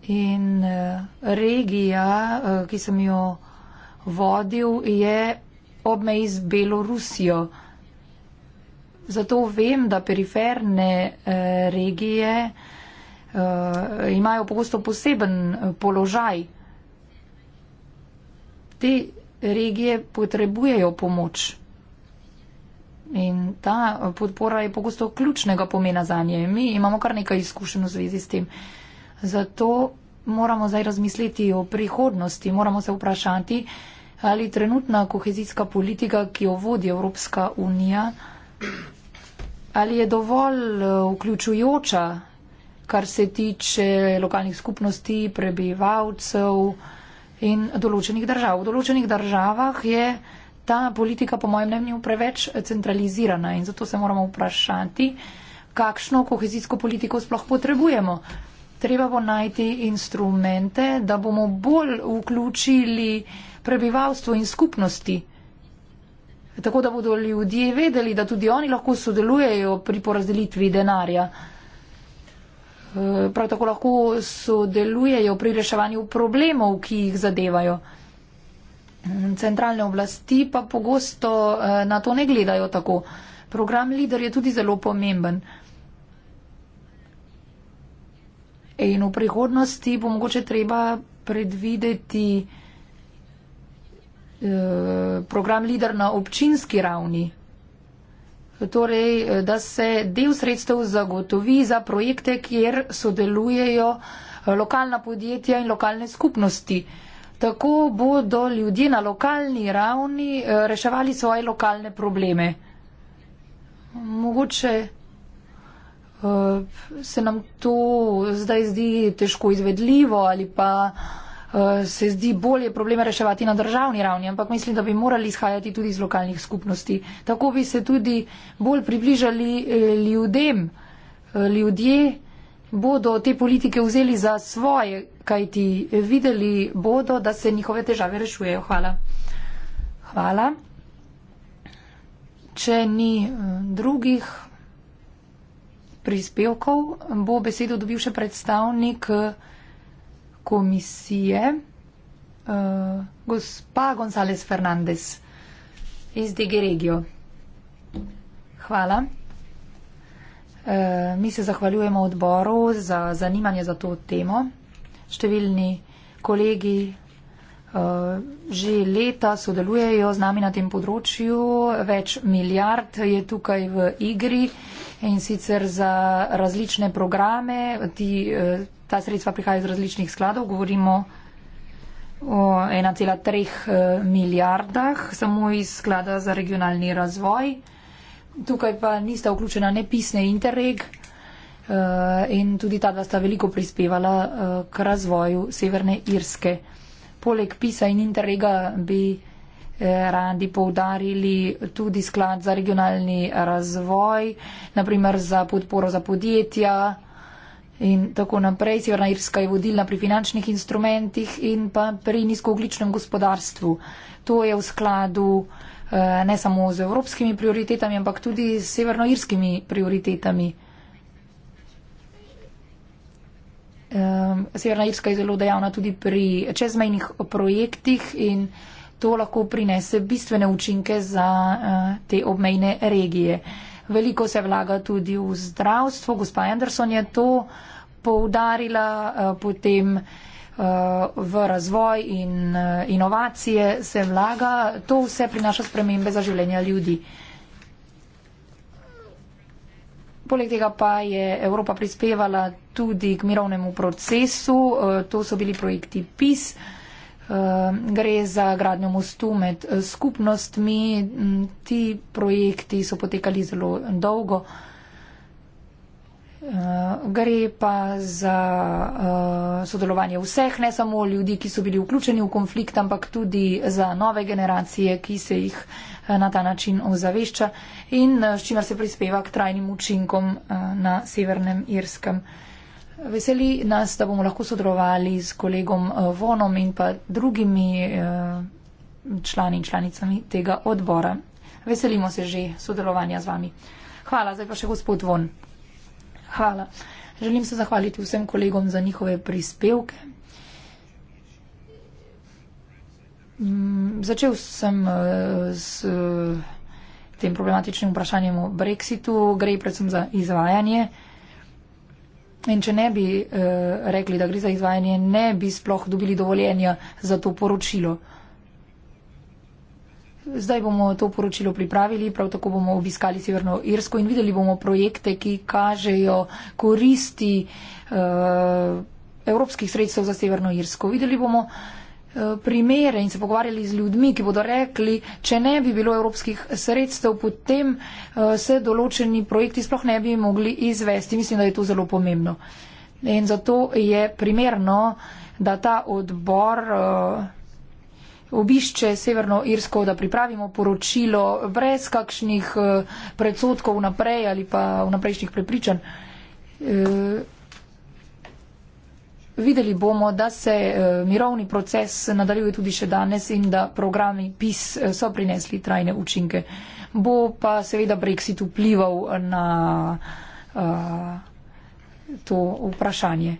In eh, regija, eh, ki sem jo vodil, je ob meji z Belorusijo. Zato vem, da periferne eh, regije imajo pogosto poseben položaj. Te regije potrebujejo pomoč. In ta podpora je pogosto ključnega pomena za nje. Mi imamo kar nekaj izkušenj v zvezi s tem. Uh, Zato moramo zdaj razmisliti o prihodnosti, moramo se vprašati, ali trenutna kohezijska politika, ki jo vodi Evropska unija, ali je dovolj eh, vključujoča, kar se tiče lokalnih skupnosti, prebivalcev in določenih držav. V določenih državah je ta politika, po mojem mnenju, preveč centralizirana in zato se moramo vprašati, kakšno kohezijsko politiko sploh potrebujemo treba bo najti instrumente, da bomo bolj vključili prebivalstvo in skupnosti. Tako da bodo ljudje vedeli, da tudi oni lahko sodelujejo pri porazdelitvi denarja. E, prav tako lahko sodelujejo pri reševanju problemov, ki jih zadevajo. Centralne oblasti pa pogosto e, na to ne gledajo tako. Program LIDER je tudi zelo pomemben. In v prihodnosti bo mogoče treba predvideti eh, program LIDER na občinski ravni. Torej, eh, da se del sredstev zagotovi za projekte, kjer sodelujejo eh, lokalna podjetja in lokalne skupnosti. Tako bodo ljudje na lokalni ravni reševali svoje lokalne probleme. Mogoče Eh, se nam to zdaj zdi težko izvedljivo ali pa eh, se zdi bolje probleme reševati na državni ravni, ampak mislim, da bi morali izhajati tudi iz lokalnih skupnosti. Tako bi se tudi bolj približali eh, ljudem. Ljudje bodo te politike vzeli za svoje, kajti videli bodo, da se njihove težave rešujejo. Hvala. Hvala. Če ni drugih prispevkov bo besedo dobil še predstavnik eh, komisije, uh, gospa González Fernández iz DG Regio. Hvala. Uh, mi se zahvaljujemo odboru za zanimanje za to temo. Številni kolegi uh, že leta sodelujejo z nami na tem področju, več milijard je tukaj v igri in sicer za različne programe. Ti, eh, ta sredstva prihajajo iz različnih skladov, govorimo o 1,3 eh, milijardah samo iz sklada za regionalni razvoj. Tukaj pa nista vključena ne pisne interreg eh, in tudi ta dva sta veliko prispevala k razvoju Severne Irske. Poleg pisa in interrega bi Eh, radi poudarili tudi sklad za regionalni razvoj, naprimer za podporo za podjetja in tako naprej. Severna Irska je vodilna pri finančnih instrumentih in pa pri nizkoogličnem gospodarstvu. To je v skladu eh, ne samo z evropskimi prioritetami, ampak tudi s severnoirskimi prioritetami. Eh, Severna Irska je zelo dejavna tudi pri čezmejnih projektih in to lahko prinese bistvene učinke za eh, te obmejne regije. Veliko se vlaga tudi v zdravstvo. Gospa Anderson je to poudarila eh, potem eh, v razvoj in inovacije se vlaga. To vse prinaša spremembe za življenja ljudi. Poleg tega pa je Evropa prispevala tudi k mirovnemu procesu. To so bili projekti PIS. Eh, gre za gradnjo mostu med eh, skupnostmi. Mm, ti projekti so potekali zelo dolgo. Eh, gre pa za sodelovanje vseh, ne samo ljudi, ki so bili vključeni v konflikt, ampak tudi za nove generacije, ki se jih na ta način ozavešča in s čimer se prispeva k trajnim učinkom na Severnem Irskem. Veseli nas, da bomo lahko sodelovali s kolegom eh, Vonom in pa drugimi eh, člani in članicami tega odbora. Veselimo se že sodelovanja z vami. Hvala, zdaj pa še gospod Von. Hvala. Želim se zahvaliti vsem kolegom za njihove prispevke. Mm, začel sem eh, s tem problematičnim vprašanjem o Brexitu. Gre predvsem za izvajanje In če ne bi eh, rekli, da gre za izvajanje, ne bi sploh dobili dovoljenja za to poročilo. Zdaj bomo to poročilo pripravili, prav tako bomo obiskali Severno Irsko in videli bomo projekte, ki kažejo koristi eh, evropskih sredstev za Severno Irsko. Videli bomo, primere in se pogovarjali z ljudmi, ki bodo rekli, če ne bi bilo evropskih sredstev, potem eh, se določeni projekti sploh ne bi mogli izvesti. Mislim, da je to zelo pomembno. In zato je primerno, da ta odbor eh, obišče Severno Irsko, da pripravimo poročilo brez kakšnih eh, predsotkov naprej ali pa v naprejšnjih prepričanj. Videli bomo, da se eh, mirovni proces nadaljuje tudi še danes in da programi PIS eh, so prinesli trajne učinke. Bo pa seveda Brexit vplival na uh, to vprašanje.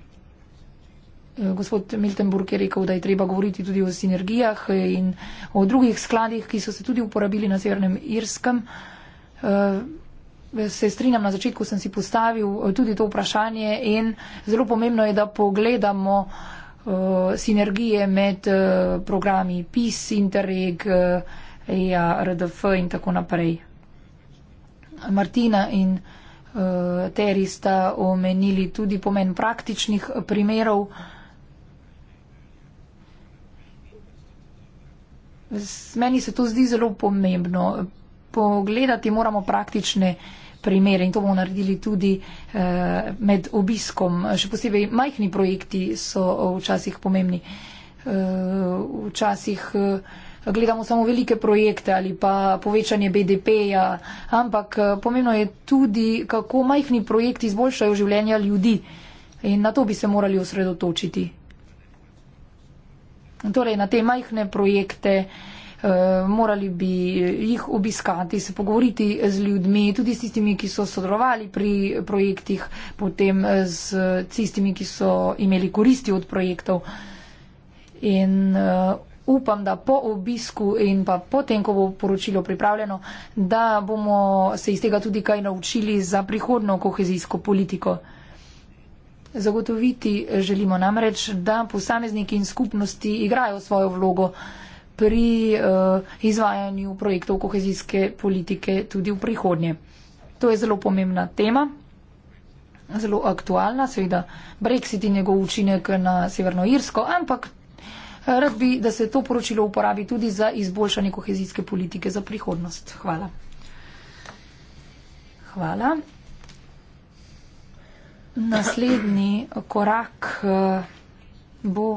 Gospod Miltenburg je rekel, da je treba govoriti tudi o sinergijah in o drugih skladih, ki so se tudi uporabili na Severnem Irskem. Uh, se strinjam, na začetku sem si postavil eh, tudi to vprašanje in zelo pomembno je, da pogledamo uh, sinergije med uh, programi PIS, Interreg, uh, EA, RDF in tako naprej. Martina in uh, Terry sta omenili tudi pomen praktičnih primerov. Meni se to zdi zelo pomembno. Pogledati moramo praktične primere primere in to bomo naredili tudi eh, med obiskom. Še posebej majhni projekti so eh, včasih pomembni. Eh, včasih eh, gledamo samo velike projekte ali pa povečanje BDP-ja, ampak eh, pomembno je tudi, kako majhni projekti izboljšajo življenja ljudi in na to bi se morali osredotočiti. Torej, na te majhne projekte. Eh, Eh, morali bi jih obiskati, se pogovoriti z ljudmi, tudi s tistimi, ki so sodelovali pri projektih, potem eh, s tistimi, ki so imeli koristi od projektov. In uh, upam, da po obisku in pa potem, ko bo poročilo pripravljeno, da bomo se iz tega tudi kaj naučili za prihodno kohezijsko politiko. Zagotoviti želimo namreč, da posamezniki in skupnosti igrajo svojo vlogo uh, pri uh, izvajanju projektov kohezijske politike tudi v prihodnje. To je zelo pomembna tema, zelo aktualna, seveda Brexit in njegov učinek na Severnoirsko, ampak eh, rad bi, da se to poročilo uporabi tudi za izboljšanje kohezijske politike za prihodnost. Hvala. Hvala. Naslednji korak eh, bo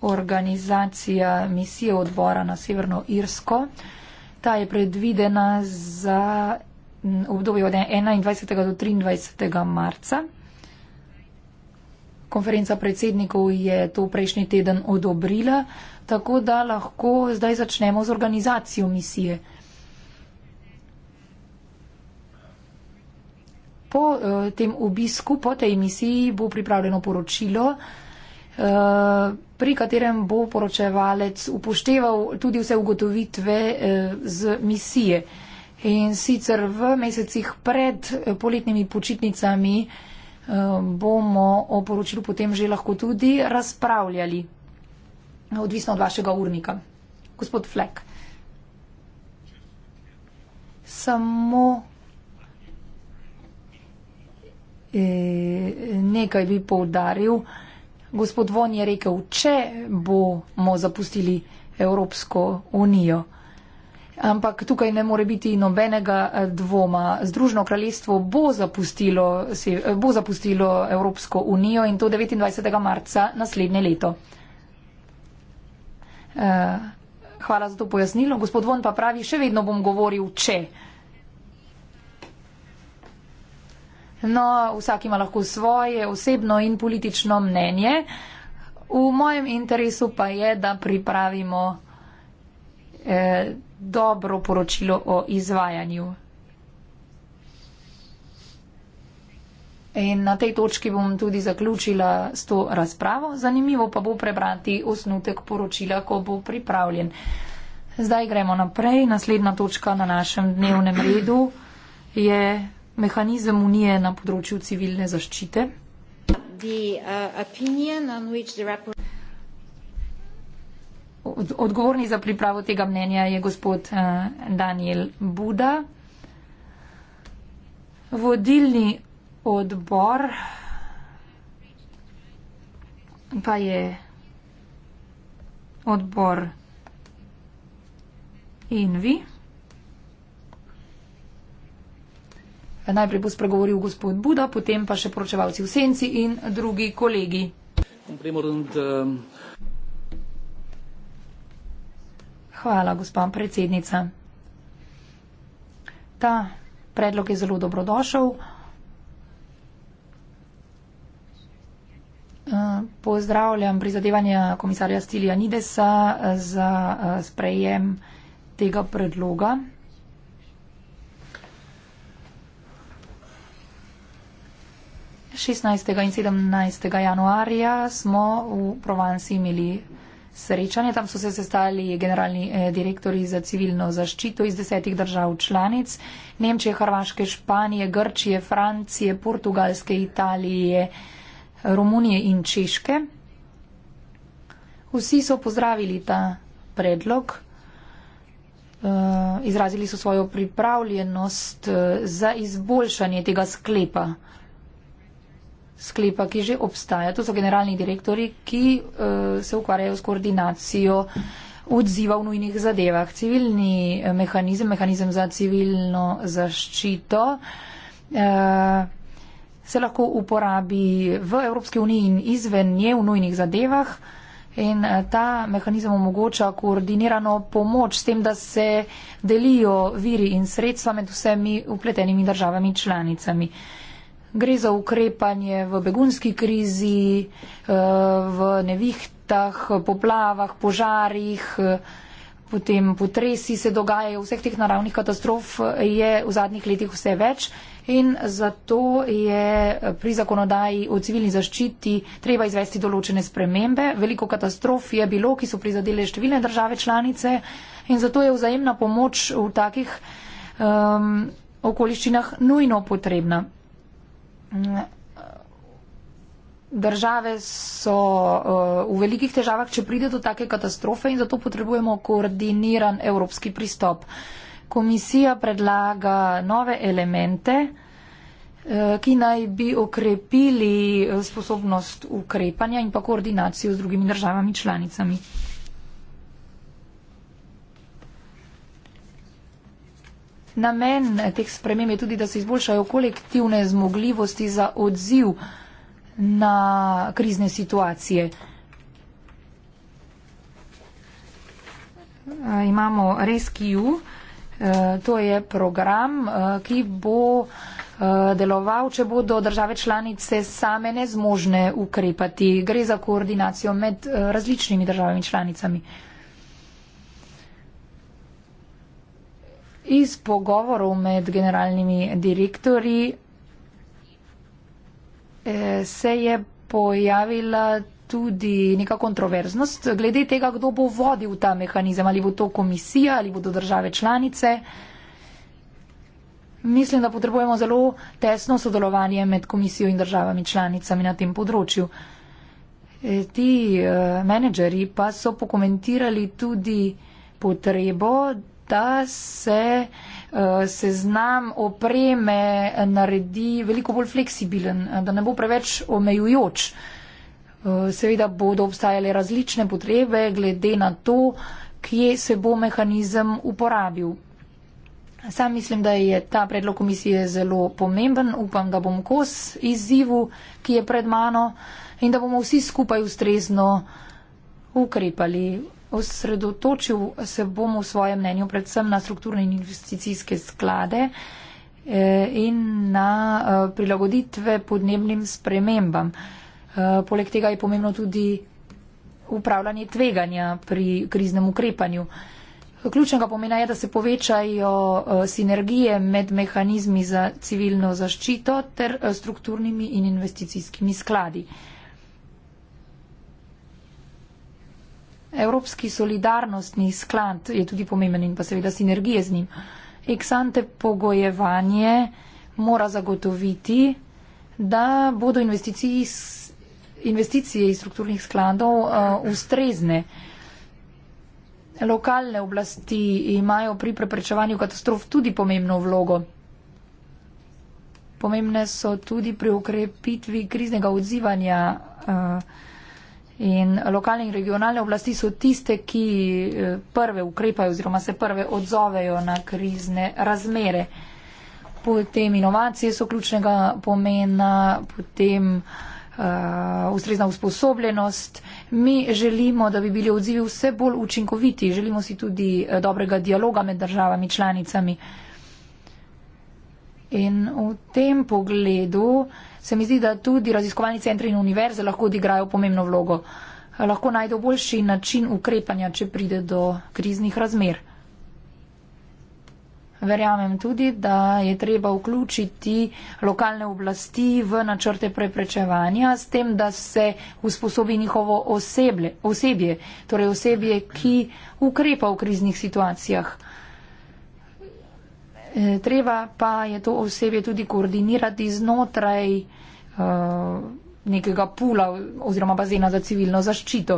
organizacija misije odbora na Severno Irsko. Ta je predvidena za obdobje od 21. do 23. marca. Konferenca predsednikov je to prejšnji teden odobrila, tako da lahko zdaj začnemo z organizacijo misije. Po uh, tem obisku, po tej misiji bo pripravljeno poročilo. Uh, pri katerem bo poročevalec upošteval tudi vse ugotovitve eh, z misije. In sicer v mesecih pred eh, poletnimi počitnicami eh, bomo o poročilu potem že lahko tudi razpravljali, odvisno od vašega urnika. Gospod Fleck. Samo e, nekaj bi poudaril. E, gospod Von je rekel, če bomo zapustili Evropsko unijo. Ampak tukaj ne more biti nobenega dvoma. Združno kraljestvo bo zapustilo, bo zapustilo Evropsko unijo in to 29. marca naslednje leto. Eh, hvala za to pojasnilo. Gospod Von pa pravi, še vedno bom govoril, če. No, vsak ima lahko svoje osebno in politično mnenje. V mojem interesu pa je, da pripravimo eh, dobro poročilo o izvajanju. In na tej točki bom tudi zaključila s to razpravo. Zanimivo pa bo prebrati osnutek poročila, ko bo pripravljen. Zdaj gremo naprej. Naslednja točka na našem dnevnem redu je mehanizem unije na področju civilne zaščite. Uh, odgovorni za pripravo tega mnenja je gospod uh, Daniel Buda. Vodilni odbor pa je odbor in vi. Najprej bo spregovoril gospod Buda, potem pa še poročevalci v senci in drugi kolegi. Ehm, Hvala, gospa predsednica. Ta predlog je zelo dobrodošel. Eh, pozdravljam prizadevanje komisarja Stilija Nidesa eh, za eh, sprejem tega predloga. 16. in 17. januarja smo v Provansi imeli srečanje. Tam so se sestali generalni eh, direktori za civilno zaščito iz desetih držav članic. Nemčije, Hrvaške, Španije, Grčije, Francije, Portugalske, Italije, Romunije in Češke. Vsi so pozdravili ta predlog. Uh, izrazili so svojo pripravljenost uh, za izboljšanje tega sklepa. Uh, sklepa, ki že obstaja. To so generalni direktori, ki eh, se ukvarjajo s koordinacijo odziva v nujnih zadevah. Civilni eh, mehanizem, mehanizem za civilno zaščito eh, se lahko uporabi v Evropski uniji in izven nje v nujnih zadevah. In ta mehanizem omogoča koordinirano pomoč s tem, da se delijo viri in sredstva med vsemi upletenimi državami članicami. Uh, Gre za ukrepanje v begunski krizi, eh, v nevihtah, poplavah, požarih, eh, potem potresi se dogajajo, vseh teh naravnih katastrof je v zadnjih letih vse več in zato je pri zakonodaji o civilni zaščiti treba izvesti določene spremembe. Veliko katastrof je bilo, ki so prizadele številne države članice in zato je vzajemna pomoč v takih. Um, okoliščinah nujno potrebna. Države so uh, v velikih težavah, če pride do take katastrofe in zato potrebujemo koordiniran evropski pristop. Komisija predlaga nove elemente, uh, ki naj bi okrepili eh, sposobnost ukrepanja in pa koordinacijo z drugimi državami članicami. Namen teh sprememb je tudi, da se izboljšajo kolektivne zmogljivosti za odziv na krizne situacije. Eh, imamo Rescue, eh, to je program, eh, ki bo deloval, če bodo države članice same nezmožne ukrepati. Gre za koordinacijo med različnimi državami članicami. Iz pogovorov med generalnimi direktori eh, se je pojavila tudi neka kontroverznost glede tega, kdo bo vodil ta mehanizem, ali bo to komisija, ali bodo države članice. Mislim, da potrebujemo zelo tesno sodelovanje med komisijo in državami članicami na tem področju. E, ti e, menedžeri pa so pokomentirali tudi potrebo, da se eh, seznam opreme naredi veliko bolj fleksibilen, eh, da ne bo preveč omejujoč. Eh, seveda bodo obstajale različne potrebe glede na to, kje se bo mehanizem uporabil. Sam mislim, da je ta predlog komisije zelo pomemben. Upam, da bom kos izzivu, ki je pred mano in da bomo vsi skupaj ustrezno ukrepali osredotočil se bom v svojem mnenju predvsem na strukturne in investicijske sklade eh, in na eh, prilagoditve podnebnim spremembam. Eh, poleg tega je pomembno tudi upravljanje tveganja pri kriznem ukrepanju. Ključnega pomena je, da se povečajo sinergije med mehanizmi za civilno zaščito ter strukturnimi in investicijskimi skladi. Evropski solidarnostni sklad je tudi pomemben in pa seveda sinergije z njim. Eksante pogojevanje mora zagotoviti, da bodo investicije iz, investicije iz strukturnih skladov uh, ustrezne. Lokalne oblasti imajo pri preprečevanju katastrof tudi pomembno vlogo. Pomembne so tudi pri ukrepitvi kriznega odzivanja. Uh, In lokalne in regionalne oblasti so tiste, ki eh, prve ukrepajo oziroma se prve odzovejo na krizne razmere. Potem inovacije so ključnega pomena, potem uh, ustrezna usposobljenost. Mi želimo, da bi bili odzivi vse bolj učinkoviti. Želimo si tudi eh, dobrega dialoga med državami članicami. Uh, In v tem pogledu se mi zdi, da tudi raziskovalni centri in univerze lahko odigrajo pomembno vlogo. Lahko najdejo boljši način ukrepanja, če pride do kriznih razmer. Verjamem tudi, da je treba vključiti lokalne oblasti v načrte preprečevanja s tem, da se usposobi njihovo osebje, torej osebje, ki ukrepa v kriznih situacijah. Eh, treba pa je to osebje tudi koordinirati znotraj eh, nekega pula oziroma bazena za civilno zaščito.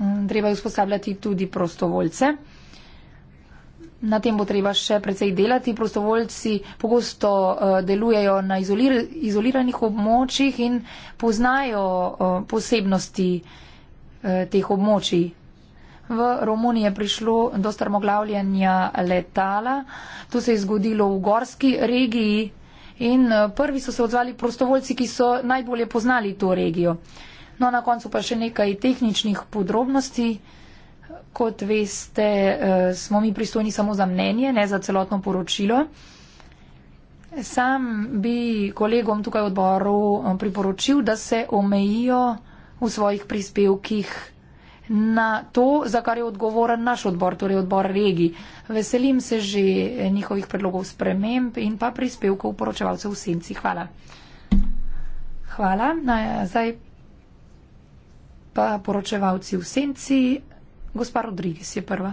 Mm, treba je usposabljati tudi prostovoljce. Na tem bo treba še precej delati. Prostovoljci pogosto eh, delujejo na izoliranih območjih in poznajo posebnosti teh območij. V Romuniji je prišlo do strmoglavljanja letala. To se je zgodilo v gorski regiji in eh, prvi so se odzvali prostovoljci, ki so najbolje poznali to regijo. No, na koncu pa še nekaj tehničnih podrobnosti. Kot veste, eh, smo mi pristojni samo za mnenje, ne za celotno poročilo. Sam bi kolegom tukaj v odboru eh, priporočil, da se omejijo v svojih prispevkih na to, za kar je odgovoren naš odbor, torej odbor regij. Veselim se že njihovih predlogov sprememb in pa prispevkov poročevalcev v senci. Hvala. Hvala. Na, zdaj pa poročevalci v senci. Gospa Rodriguez je prva.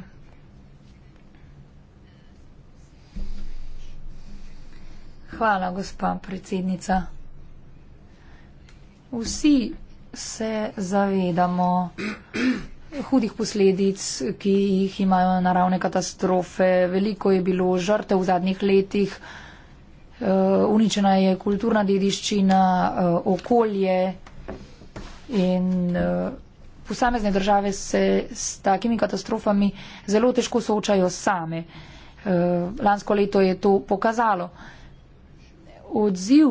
Hvala, gospa predsednica. Vsi se zavedamo hudih posledic, ki jih imajo naravne katastrofe. Veliko je bilo žrtev v zadnjih letih, eh, uničena je kulturna dediščina, eh, okolje in eh, posamezne države se s takimi katastrofami zelo težko soočajo same. Lansko leto je to pokazalo. Odziv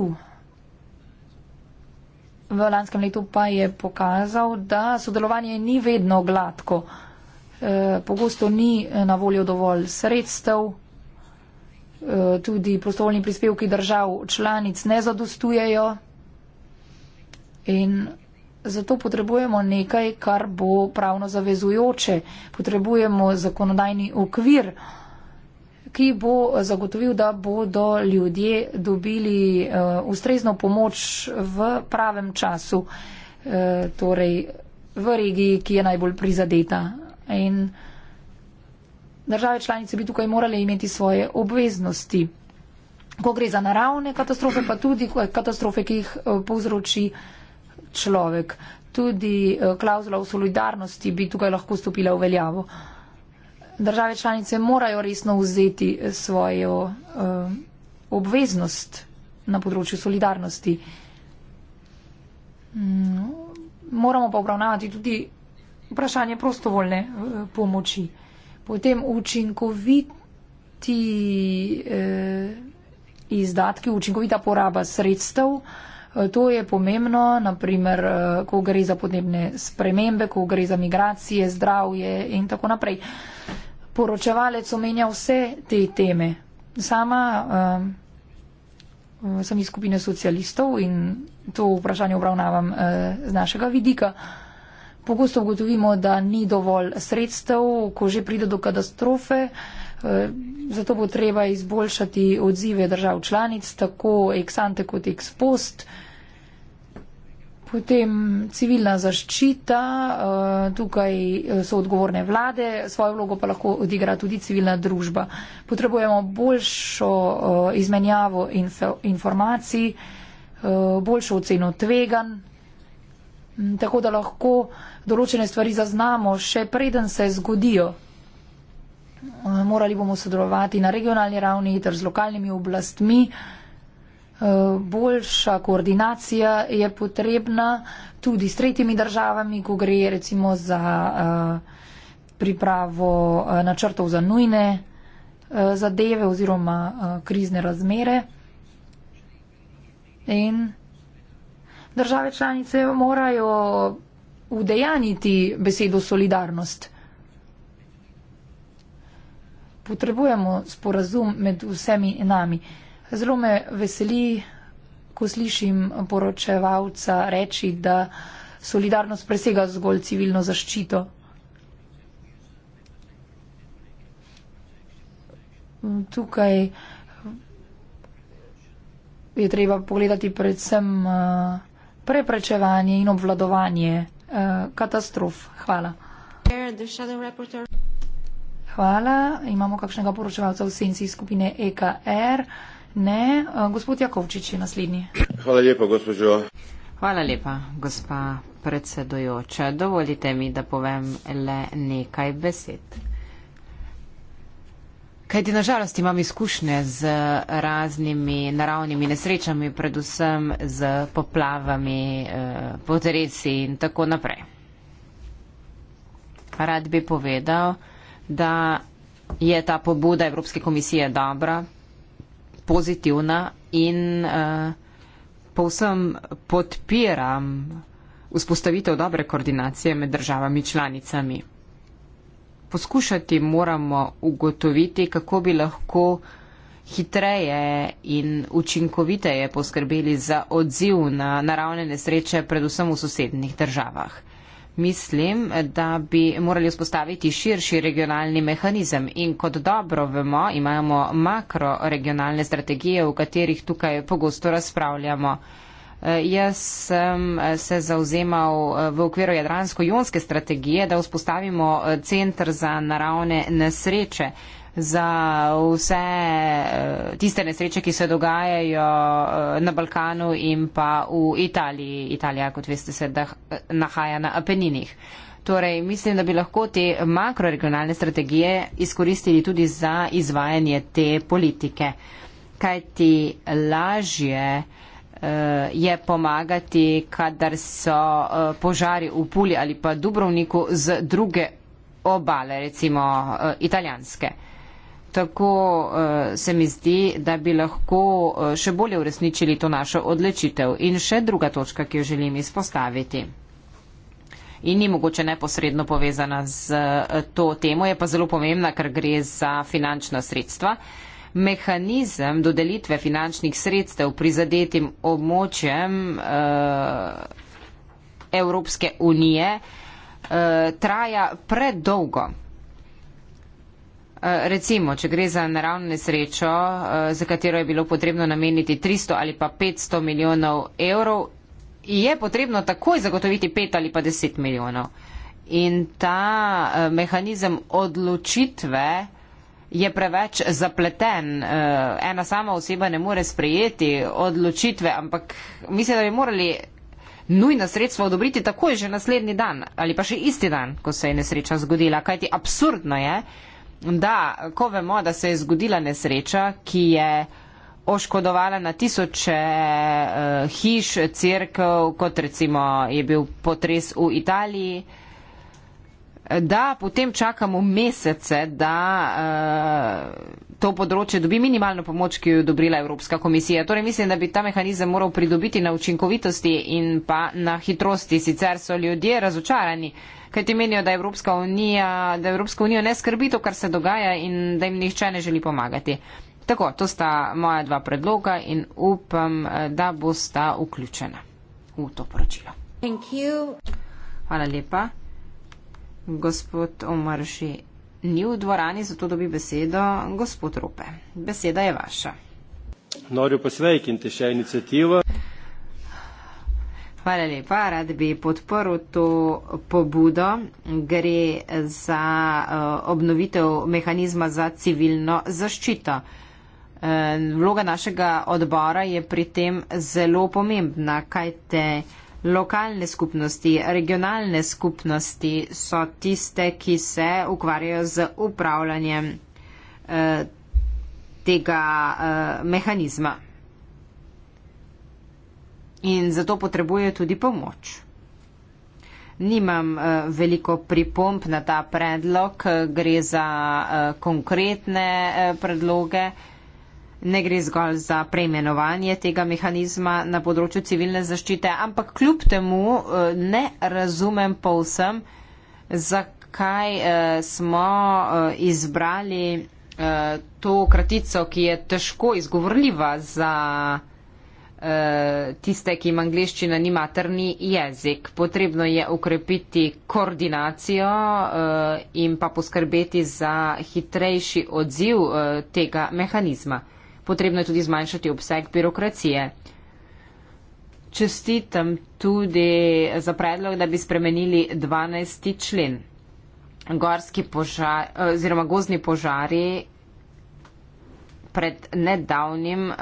v lanskem letu pa je pokazal, da sodelovanje ni vedno gladko. E, pogosto ni e, na voljo dovolj sredstev, e, tudi prostovoljni prispevki držav članic ne zadostujejo in zato potrebujemo nekaj, kar bo pravno zavezujoče. Potrebujemo zakonodajni okvir ki bo zagotovil, da bodo ljudje dobili uh, ustrezno pomoč v pravem času, uh, torej v regiji, ki je najbolj prizadeta. In države članice bi tukaj morale imeti svoje obveznosti. Ko gre za naravne katastrofe, pa tudi eh, katastrofe, ki jih povzroči človek. Tudi klauzula o solidarnosti bi tukaj lahko stopila v veljavo. Uh, države članice morajo resno vzeti eh, svojo uh, obveznost na področju solidarnosti. Mm, moramo pa obravnavati tudi vprašanje prostovoljne eh, pomoči. Potem učinkoviti eh, izdatki, učinkovita poraba sredstev, to je pomembno, naprimer, ko gre za podnebne spremembe, ko gre za migracije, zdravje in tako naprej. Eh, poročevalec omenja vse te teme. Sama um, sem iz skupine socialistov in to vprašanje obravnavam uh, z našega vidika. Pogosto ugotovimo, da ni dovolj sredstev, ko že pride do katastrofe, uh, zato bo treba izboljšati odzive držav članic, tako ex ante kot ex post. Uh, Potem civilna zaščita, eh, tukaj eh, so odgovorne vlade, svojo vlogo pa lahko odigra tudi civilna družba. Potrebujemo boljšo eh, izmenjavo inf informacij, boljšo oceno tvegan, tako da lahko določene stvari zaznamo, še preden se zgodijo. Morali bomo sodelovati na regionalni ravni ter z lokalnimi oblastmi. Eh, boljša koordinacija je potrebna tudi s tretjimi državami, ko gre recimo za eh, pripravo eh, načrtov za nujne zadeve oziroma krizne razmere. In države članice morajo udejaniti besedo solidarnost. Potrebujemo sporazum med vsemi nami. Zelo me veseli, ko slišim poročevalca reči, da solidarnost presega zgolj civilno zaščito. Tukaj je treba pogledati predvsem eh, preprečevanje in obvladovanje eh, katastrof. Hvala. Hvala. Imamo kakšnega poročevalca v senci skupine EKR. Ne. Eh, gospod Jakovčič je naslednji. Hvala lepa, gospođo. Hvala lepa, gospa predsedojoča. Dovolite mi, da povem le nekaj besed. Kajti nažalost imam izkušnje z raznimi naravnimi nesrečami, predvsem z poplavami, eh, potresi in tako naprej. Rad bi povedal, da je ta pobuda Evropske komisije dobra, pozitivna in uh, povsem podpiram vzpostavitev dobre koordinacije med državami članicami. Poskušati moramo ugotoviti, kako bi lahko hitreje in učinkoviteje poskrbeli za odziv na naravne nesreče, predvsem v sosednjih državah. Mislim, da bi morali vzpostaviti širši regionalni mehanizem in kot dobro vemo, imamo makroregionalne strategije, o katerih tukaj pogosto razpravljamo. Eh, jaz sem eh, se zauzemal eh, v okviru jadransko-jonske strategije, da vzpostavimo centr za naravne nesreče za vse eh, tiste nesreče, ki se dogajajo eh, na Balkanu in pa v Italiji. Italija, kot veste, se eh, nahaja na Apeninih. Torej, mislim, da bi lahko te makroregionalne strategije izkoristili tudi za izvajanje te politike. Kaj ti lažje je pomagati, kadar so požari v Puli ali pa Dubrovniku z druge obale, recimo italijanske tako uh, se mi zdi, da bi lahko uh, še bolje uresničili to našo odločitev. In še druga točka, ki jo želim izpostaviti in ni mogoče neposredno povezana z uh, to temo, je pa zelo pomembna, ker gre za finančna sredstva. Mehanizem dodelitve finančnih sredstev prizadetim območjem uh, Evropske unije uh, traja predolgo. Eh, recimo, če gre za naravno nesrečo, eh, za katero je bilo potrebno nameniti 300 ali pa 500 milijonov evrov, je potrebno takoj zagotoviti 5 ali pa 10 milijonov. In ta eh, mehanizem odločitve je preveč zapleten. Ena sama oseba ne more sprejeti odločitve, ampak mislim, da bi morali nujna sredstva odobriti takoj že naslednji dan ali pa še isti dan, ko se je nesreča zgodila. Kajti absurdno je, da, ko vemo, da se je zgodila nesreča, ki je oškodovala na tisoče uh, hiš, crkv, kot recimo je bil potres v Italiji, da potem čakamo mesece, da. Uh, to področje dobi minimalno pomoč, ki jo je dobrila Evropska komisija. Torej mislim, da bi ta mehanizem moral pridobiti na učinkovitosti in pa na hitrosti. Sicer so ljudje razočarani, kaj ti menijo, da Evropska unija, da Evropska unija ne skrbi to, kar se dogaja in da jim nihče ne želi pomagati. Tako, to sta moja dva predloga in upam, da bosta vključena v to poročilo. Hvala lepa. Gospod Omar Ži ni v dvorani, zato dobi besedo gospod Rope. Beseda je vaša. Noriu pasveikinti šią iniciatyvą. Hvala lepa, rad bi podporil to pobudo. Gre za eh, obnovitev mehanizma za civilno zaščito. Eh, vloga našega odbora je pri tem zelo pomembna, kaj te lokalne skupnosti, regionalne skupnosti so tiste, ki se ukvarjajo z upravljanjem eh, tega eh, mehanizma. In zato potrebuje tudi pomoč. Nimam eh, veliko pripomp na ta predlog, gre za konkretne predloge, ne gre zgolj za preimenovanje tega mehanizma na področju civilne zaščite, ampak kljub temu eh, ne razumem povsem, zakaj eh, smo eh, izbrali to kratico, ki je težko izgovorljiva za tiste, ki ima angliščina, ni materni jezik. Potrebno je ukrepiti koordinacijo in pa poskrbeti za hitrejši odziv tega mehanizma. Potrebno je tudi zmanjšati obseg birokracije. Čestitam tudi za predlog, da bi spremenili 12. člen. Gorski požar, oziroma gozni požari pred nedavnim eh,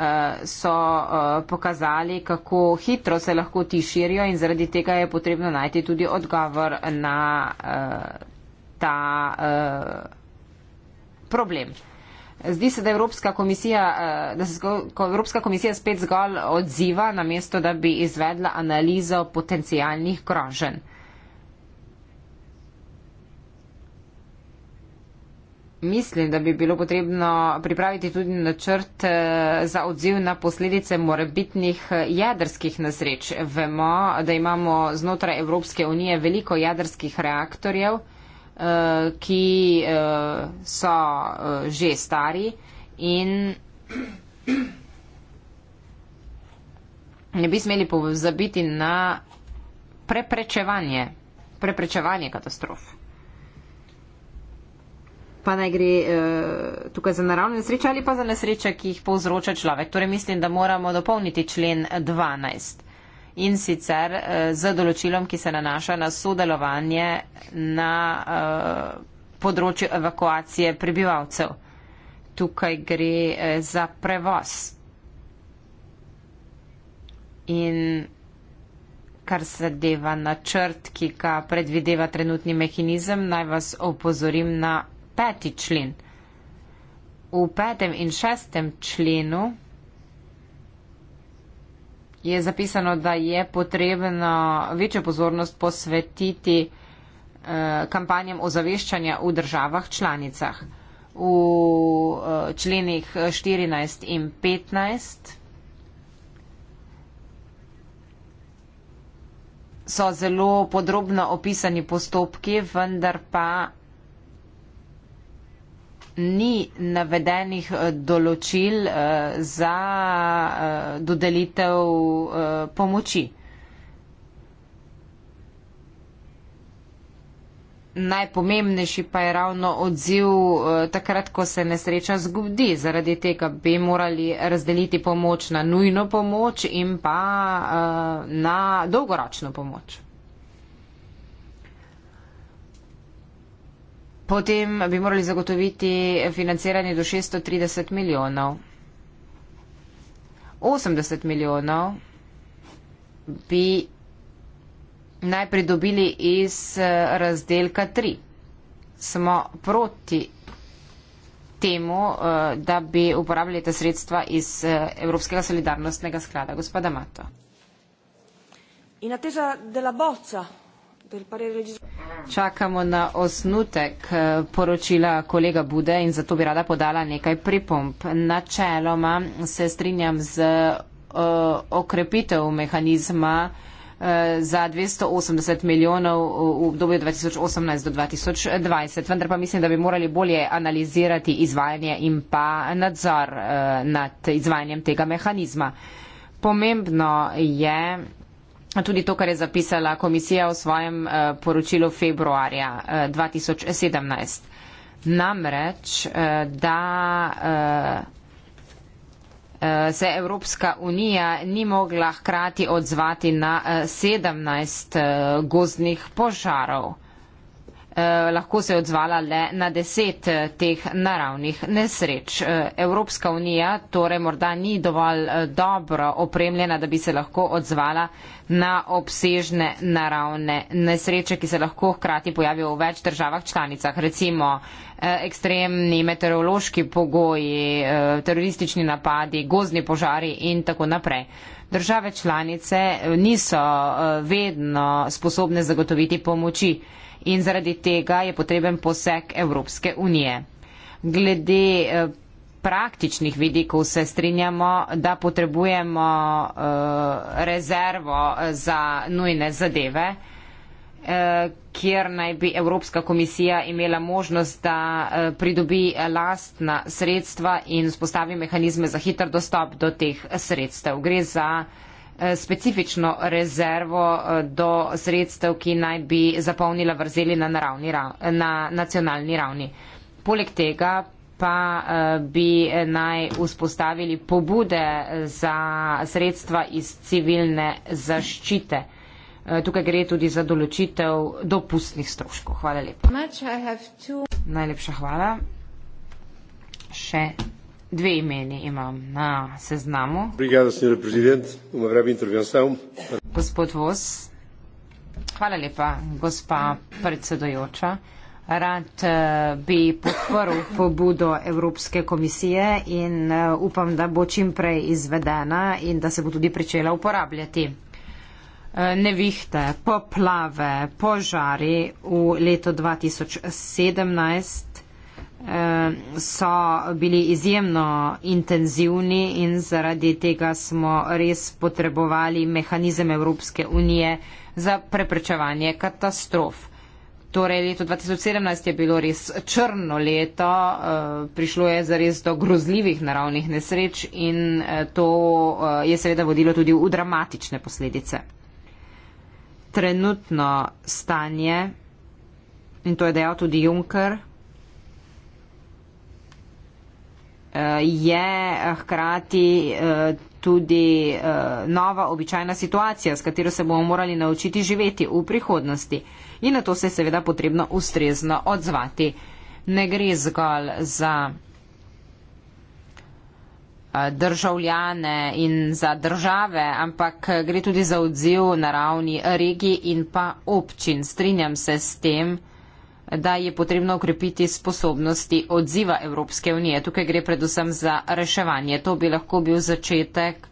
so eh, pokazali, kako hitro se lahko ti širijo in zaradi tega je potrebno najti tudi odgovor na eh, ta problem. Zdi se, da, eh, da se Evropska komisija spet zgolj odziva, namesto da bi izvedla analizo potencijalnih groženj. Mislim, da bi bilo potrebno pripraviti tudi načrt eh, za odziv na posledice morebitnih eh, jedrskih nesreč. Vemo, da imamo znotraj Evropske unije veliko jedrskih reaktorjev. Eh, ki eh, so eh, že stari in ne bi smeli pozabiti na preprečevanje, preprečevanje katastrof. Pa naj gre uh, tukaj za naravne nesreče ali pa za nesreče, ki jih povzroča človek. Torej mislim, da moramo dopolniti člen 12 in sicer eh, z določilom, ki se nanaša na sodelovanje na eh, področju evakuacije prebivalcev. Tukaj gre eh, za prevoz. In kar se deva na črt, ki ga predvideva trenutni mehanizem, naj vas opozorim na peti člen. V petem in šestem členu je zapisano, da je potrebno večjo pozornost posvetiti eh, kampanjem ozaveščanja v državah članicah. V eh, členih 14 eh, in 15 so zelo podrobno opisani postopki, vendar pa ni navedenih eh, določil eh, za eh, dodelitev pomoči. Najpomembnejši pa je ravno odziv takrat, ko se nesreča zgodi. Zaradi tega bi morali razdeliti pomoč na nujno pomoč in pa na dolgoročno pomoč. Potem bi morali zagotoviti financiranje do 630 milijonov. 80 milijonov bi najprej dobili iz razdelka 3. Smo proti temu, eh, da bi uporabljali ta sredstva iz eh, Evropskega solidarnostnega sklada. Gospoda Mato. In na teža de la bozza. Čakamo na osnutek eh, poročila kolega Bude in zato bi rada podala nekaj pripomp. Načeloma se strinjam z uh, okrepitev mehanizma eh, za 280 milijonov v obdobju 2018 do 2020. Vendar pa mislim, da bi morali bolje analizirati izvajanje in pa nadzor nad izvajanjem tega mehanizma. Pomembno je, tudi to, kar je zapisala komisija v svojem eh, poročilu februarja 2017. Eh, Namreč, eh, da se Evropska unija ni mogla hkrati odzvati na 17 gozdnih požarov. Eh, lahko se je odzvala le na deset eh, teh naravnih nesreč. Eh, Evropska unija torej morda ni dovolj dobro opremljena, da bi se lahko odzvala na obsežne naravne nesreče, ki se lahko hkrati pojavijo v več državah članicah. Recimo ekstremni meteorološki pogoji, teroristični napadi, gozni požari in tako naprej. Države članice niso vedno sposobne zagotoviti pomoči in zaradi tega je potreben poseg Evropske unije. Glede eh, praktičnih vidikov se strinjamo, da potrebujemo eh, rezervo eh, za nujne zadeve, kjer naj bi Evropska komisija imela možnost, da pridobi lastna sredstva in spostavi mehanizme za hiter dostop do teh sredstev. Gre za specifično rezervo eh, do sredstev, ki naj bi zapolnila vrzeli na, ravni, na nacionalni ravni. Poleg tega pa eh, bi eh, naj vzpostavili pobude za sredstva iz civilne zaščite. Tukaj gre tudi za določitev dopustnih stroškov. Hvala lepa. Najlepša hvala. Še Dve imeni imam na seznamu. Obrigado, senhor president. Uma breve intervenção. Gospod Vos, hvala lepa, gospa predsedojoča. Rad uh, bi podprl pobudo Evropske komisije in uh, upam, da bo čim prej izvedena in da se bo tudi pričela uporabljati. Eh, nevihte, poplave, požari v letu 2017 Eh, so bili izjemno intenzivni in zaradi tega smo res potrebovali mehanizem Evropske unije za preprečevanje katastrof. Torej, leto 2017 je bilo res črno leto, eh, prišlo je zares do grozljivih naravnih nesreč in eh, to je seveda vodilo tudi v dramatične posledice. Trenutno stanje, in to je dejal tudi Juncker, je eh, hkrati eh, tudi eh, nova običajna situacija, s katero se bomo morali naučiti živeti v prihodnosti. In na to se je seveda potrebno ustrezno odzvati. Ne gre zgolj za državljane in za države, ampak gre tudi za odziv na ravni regij in pa občin. Strinjam se s tem, da je potrebno ukrepiti sposobnosti odziva Evropske unije. Tukaj gre predvsem za reševanje. To bi lahko bil začetek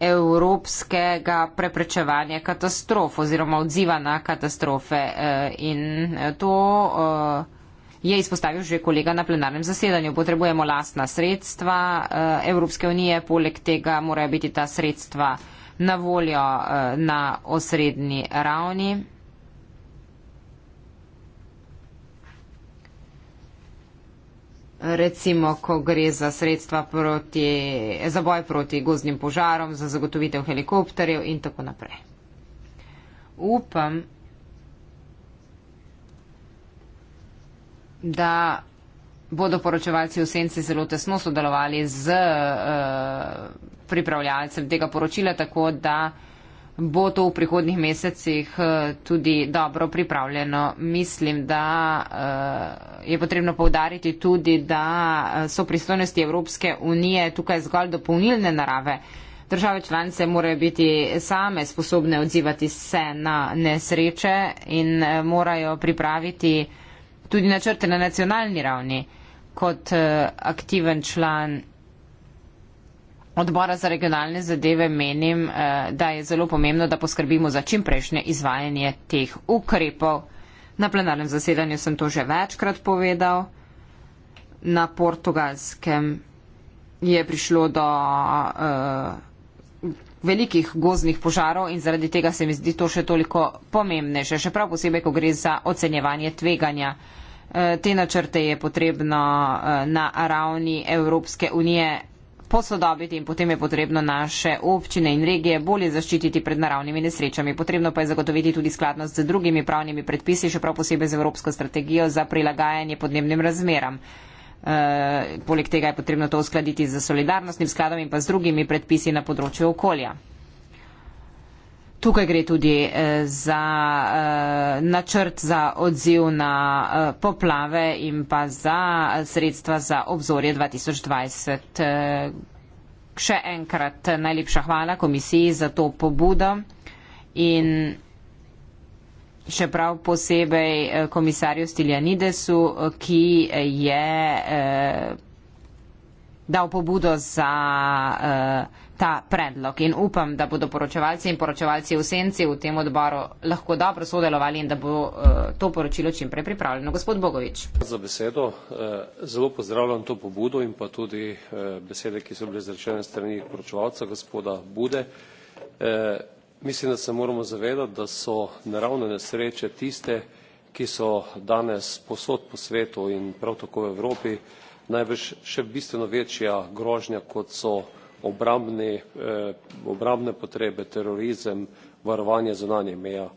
evropskega preprečevanja katastrof oziroma odziva na katastrofe. Eh, in eh, to eh, je izpostavil že kolega na plenarnem zasedanju. Potrebujemo lastna sredstva Evropske unije, poleg tega morajo biti ta sredstva na voljo na osrednji ravni. recimo, ko gre za sredstva proti, za boj proti gozdnim požarom, za zagotovitev helikopterjev in tako naprej. Upam, da bodo poročevalci v senci zelo tesno sodelovali z uh, pripravljalcem tega poročila, tako da uh, bo to v prihodnih mesecih eh, tudi dobro pripravljeno. Mislim, da eh, je potrebno povdariti tudi, da eh, so pristojnosti Evropske unije tukaj zgolj dopolnilne narave. Države članice morajo biti same sposobne odzivati se na nesreče in morajo pripraviti tudi načrte na nacionalni ravni. Kot aktiven član odbora za regionalne zadeve menim, eh, da je zelo pomembno, da poskrbimo za čimprejšnje izvajanje teh ukrepov. Na plenarnem zasedanju sem to že večkrat povedal. Na portugalskem je prišlo do uh, velikih gozdnih požarov in zaradi tega se mi zdi to še toliko pomembnejše, še prav posebej, ko gre za ocenjevanje tveganja. Uh, te načrte je potrebno uh, na ravni Evropske unije posodobiti in potem je potrebno naše občine in regije bolje zaščititi pred naravnimi nesrečami. Potrebno pa je zagotoviti tudi skladnost z drugimi pravnimi predpisi, še prav posebej z Evropsko strategijo za prilagajanje podnebnim razmeram. E, poleg tega je potrebno to uskladiti z solidarnostnim skladom in pa z drugimi predpisi na področju okolja. Tukaj gre tudi eh, za eh, načrt za odziv na eh, poplave in pa za sredstva za obzorje 2020. Še enkrat najlepša hvala komisiji za to pobudo in še prav posebej komisarju Stiljanidesu, ki je dal pobudo za ta predlog. In upam, da bodo poročevalci in poročevalci v senci v tem odboru lahko dobro sodelovali in da bo eh, to poročilo čim prej pripravljeno. Gospod Bogovič. Za besedo. Eh, zelo pozdravljam to pobudo in pa tudi eh, besede, ki so bile izrečene strani poročevalca gospoda Bude. Mislim, da se moramo zavedati, da so naravne nesreče tiste, ki so danes posod po svetu in prav tako v Evropi največ še bistveno večja grožnja, kot so Eh, obrambne potrebe, terorizem, varovanje zunanje meje.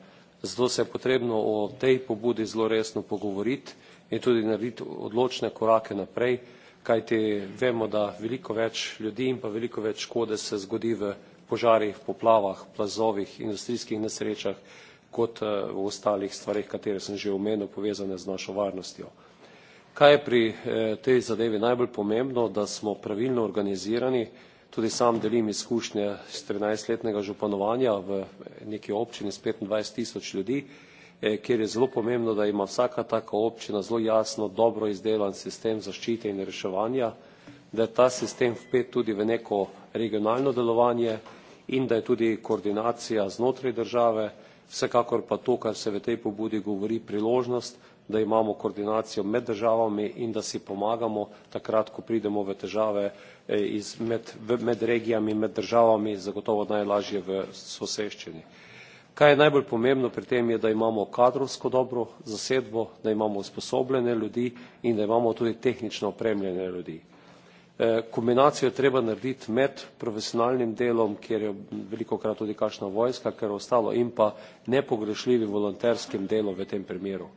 Zato se je potrebno o tej pobudi zelo resno pogovoriti in tudi narediti odločne korake naprej, kajti vemo, da veliko več ljudi in pa veliko več škode se zgodi v požarih, poplavah, plazovih, industrijskih nesrečah, kot eh, v ostalih stvarih, katere sem že omenil, povezane z našo varnostjo. Kaj je pri eh, tej zadevi najbolj pomembno, da smo pravilno organizirani, tudi sam delim izkušnje s 13-letnega županovanja v neki občini s 25 tisoč ljudi, eh, kjer je zelo pomembno, da ima vsaka taka občina zelo jasno, dobro izdelan sistem zaščite in reševanja, da je ta sistem vpet tudi v neko regionalno delovanje in da je tudi koordinacija znotraj države, vsekakor pa to, kar se v tej pobudi govori, priložnost, da imamo koordinacijo med državami in da si pomagamo takrat, ko pridemo v težave eh, iz, med, med regijami, med državami, zagotovo najlažje v soseščini. Kaj je najbolj pomembno pri tem je, da imamo kadrovsko dobro zasedbo, da imamo usposobljene ljudi in da imamo tudi tehnično opremljene ljudi. Eh, kombinacijo je treba narediti med profesionalnim delom, kjer je veliko krat tudi kakšna vojska, ker ostalo in pa nepogrešljivim volonterskim delom v tem primeru.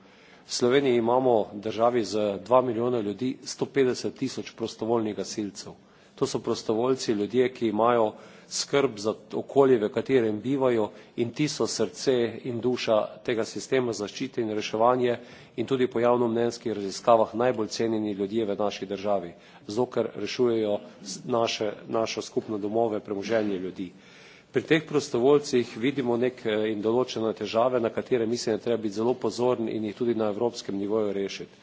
V Sloveniji imamo državi z 2 milijona ljudi 150 tisoč prostovoljnih gasilcev. To so prostovoljci, ljudje, ki imajo skrb za okolje, v katerem bivajo in ti so srce in duša tega sistema zaščite in reševanje in tudi po javnomnenjskih raziskavah najbolj cenjeni ljudje v naši državi, zokar rešujejo naše, našo skupno domove, premoženje ljudi pri teh prostovoljcih vidimo neke eh, in določene težave, na katere mislim, da treba biti zelo pozoren in jih tudi na evropskem nivoju rešiti.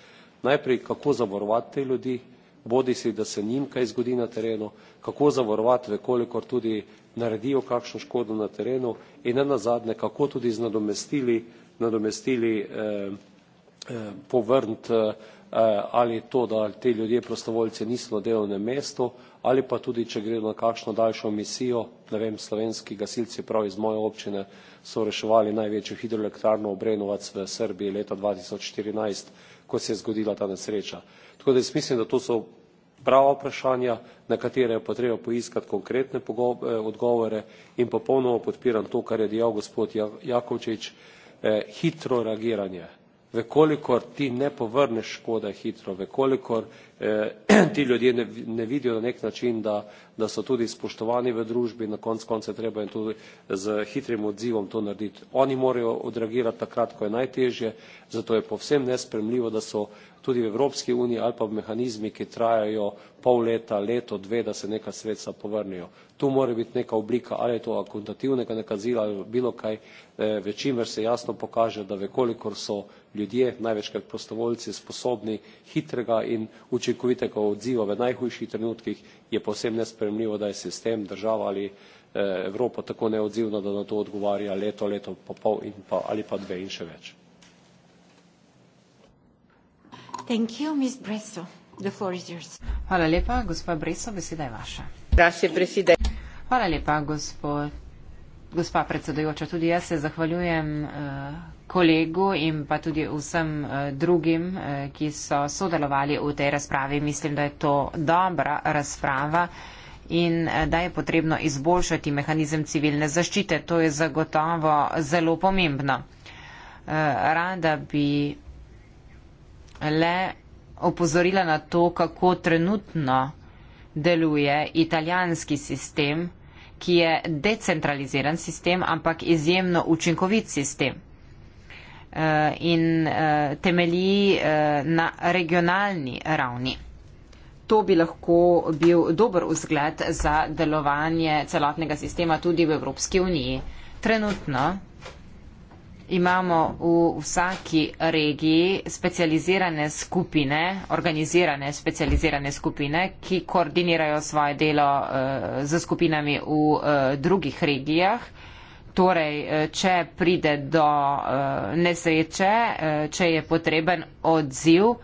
Najprej, kako zavarovati te ljudi, bodi si, da se njim kaj zgodi na terenu, kako zavarovati, vekolikor tudi naredijo kakšno škodo na terenu in ne nazadnje, kako tudi z nadomestili, nadomestili eh, eh, povrnt eh, Eh, ali to da ti ljudje prostovoljci niso na delovnem mestu ali pa tudi če gredo na kakšno daljšo misijo ne vem slovenski gasilci prav iz moje občine so reševali največjo hidroelektrarno obrenovac v srbiji leta dva tisoč štirinajst ko se je zgodila ta nesreča tako da jaz mislim da to so prava vprašanja na katera je potrebno poiskati konkretne eh, odgovore in popolnoma podpiram to kar je dejal gospod ja-, jakovčič eh, hitro reagiranje Vekolikor ti ne povrneš škode hitro, vekolikor eh, ti ljudje ne, ne vidijo na nek način, da, da so tudi spoštovani v družbi, na konc konca treba jim tudi z hitrim odzivom to narediti. Oni morajo odreagirati takrat, ko je najtežje, zato je povsem nespremljivo, da so tudi v Evropski uniji ali pa v mehanizmi, ki trajajo pol leta, leto, dve, da se neka sredstva povrnejo. Tu mora biti neka oblika, ali je to akuntativnega nakazila ali bilo kaj, eh, večimer se jasno pokaže, da vekolikor so ljudje, največkrat prostovoljci, sposobni hitrega in učinkovitega odziva v najhujših trenutkih, je povsem nespremljivo, da je sistem, država ali eh, Evropa tako neodzivna, da na to odgovarja leto, leto pa pol in pa, ali pa dve in še več. Thank you, Ms. Breso. The floor is yours. Hvala lepa, gospa Breso, beseda je vaša. Hvala lepa, gospod, gospa predsedujoča. Tudi jaz se zahvaljujem uh, kolegu in pa tudi vsem eh, drugim, eh, ki so sodelovali v tej razpravi. Mislim, da je to dobra razprava in eh, da je potrebno izboljšati mehanizem civilne zaščite. To je zagotovo zelo pomembno. Rada bi le opozorila na to, kako trenutno deluje italijanski sistem, ki je decentraliziran sistem, ampak izjemno učinkovit sistem. Eh, in eh, temelji eh, na regionalni ravni. To bi lahko bil dober vzgled za delovanje celotnega sistema tudi v Evropski uniji. Trenutno imamo v vsaki regiji specializirane skupine, organizirane specializirane skupine, ki koordinirajo svoje delo z skupinami v drugih regijah. Torej, eh, če pride do eh, nesreče, eh, če je potreben odziv,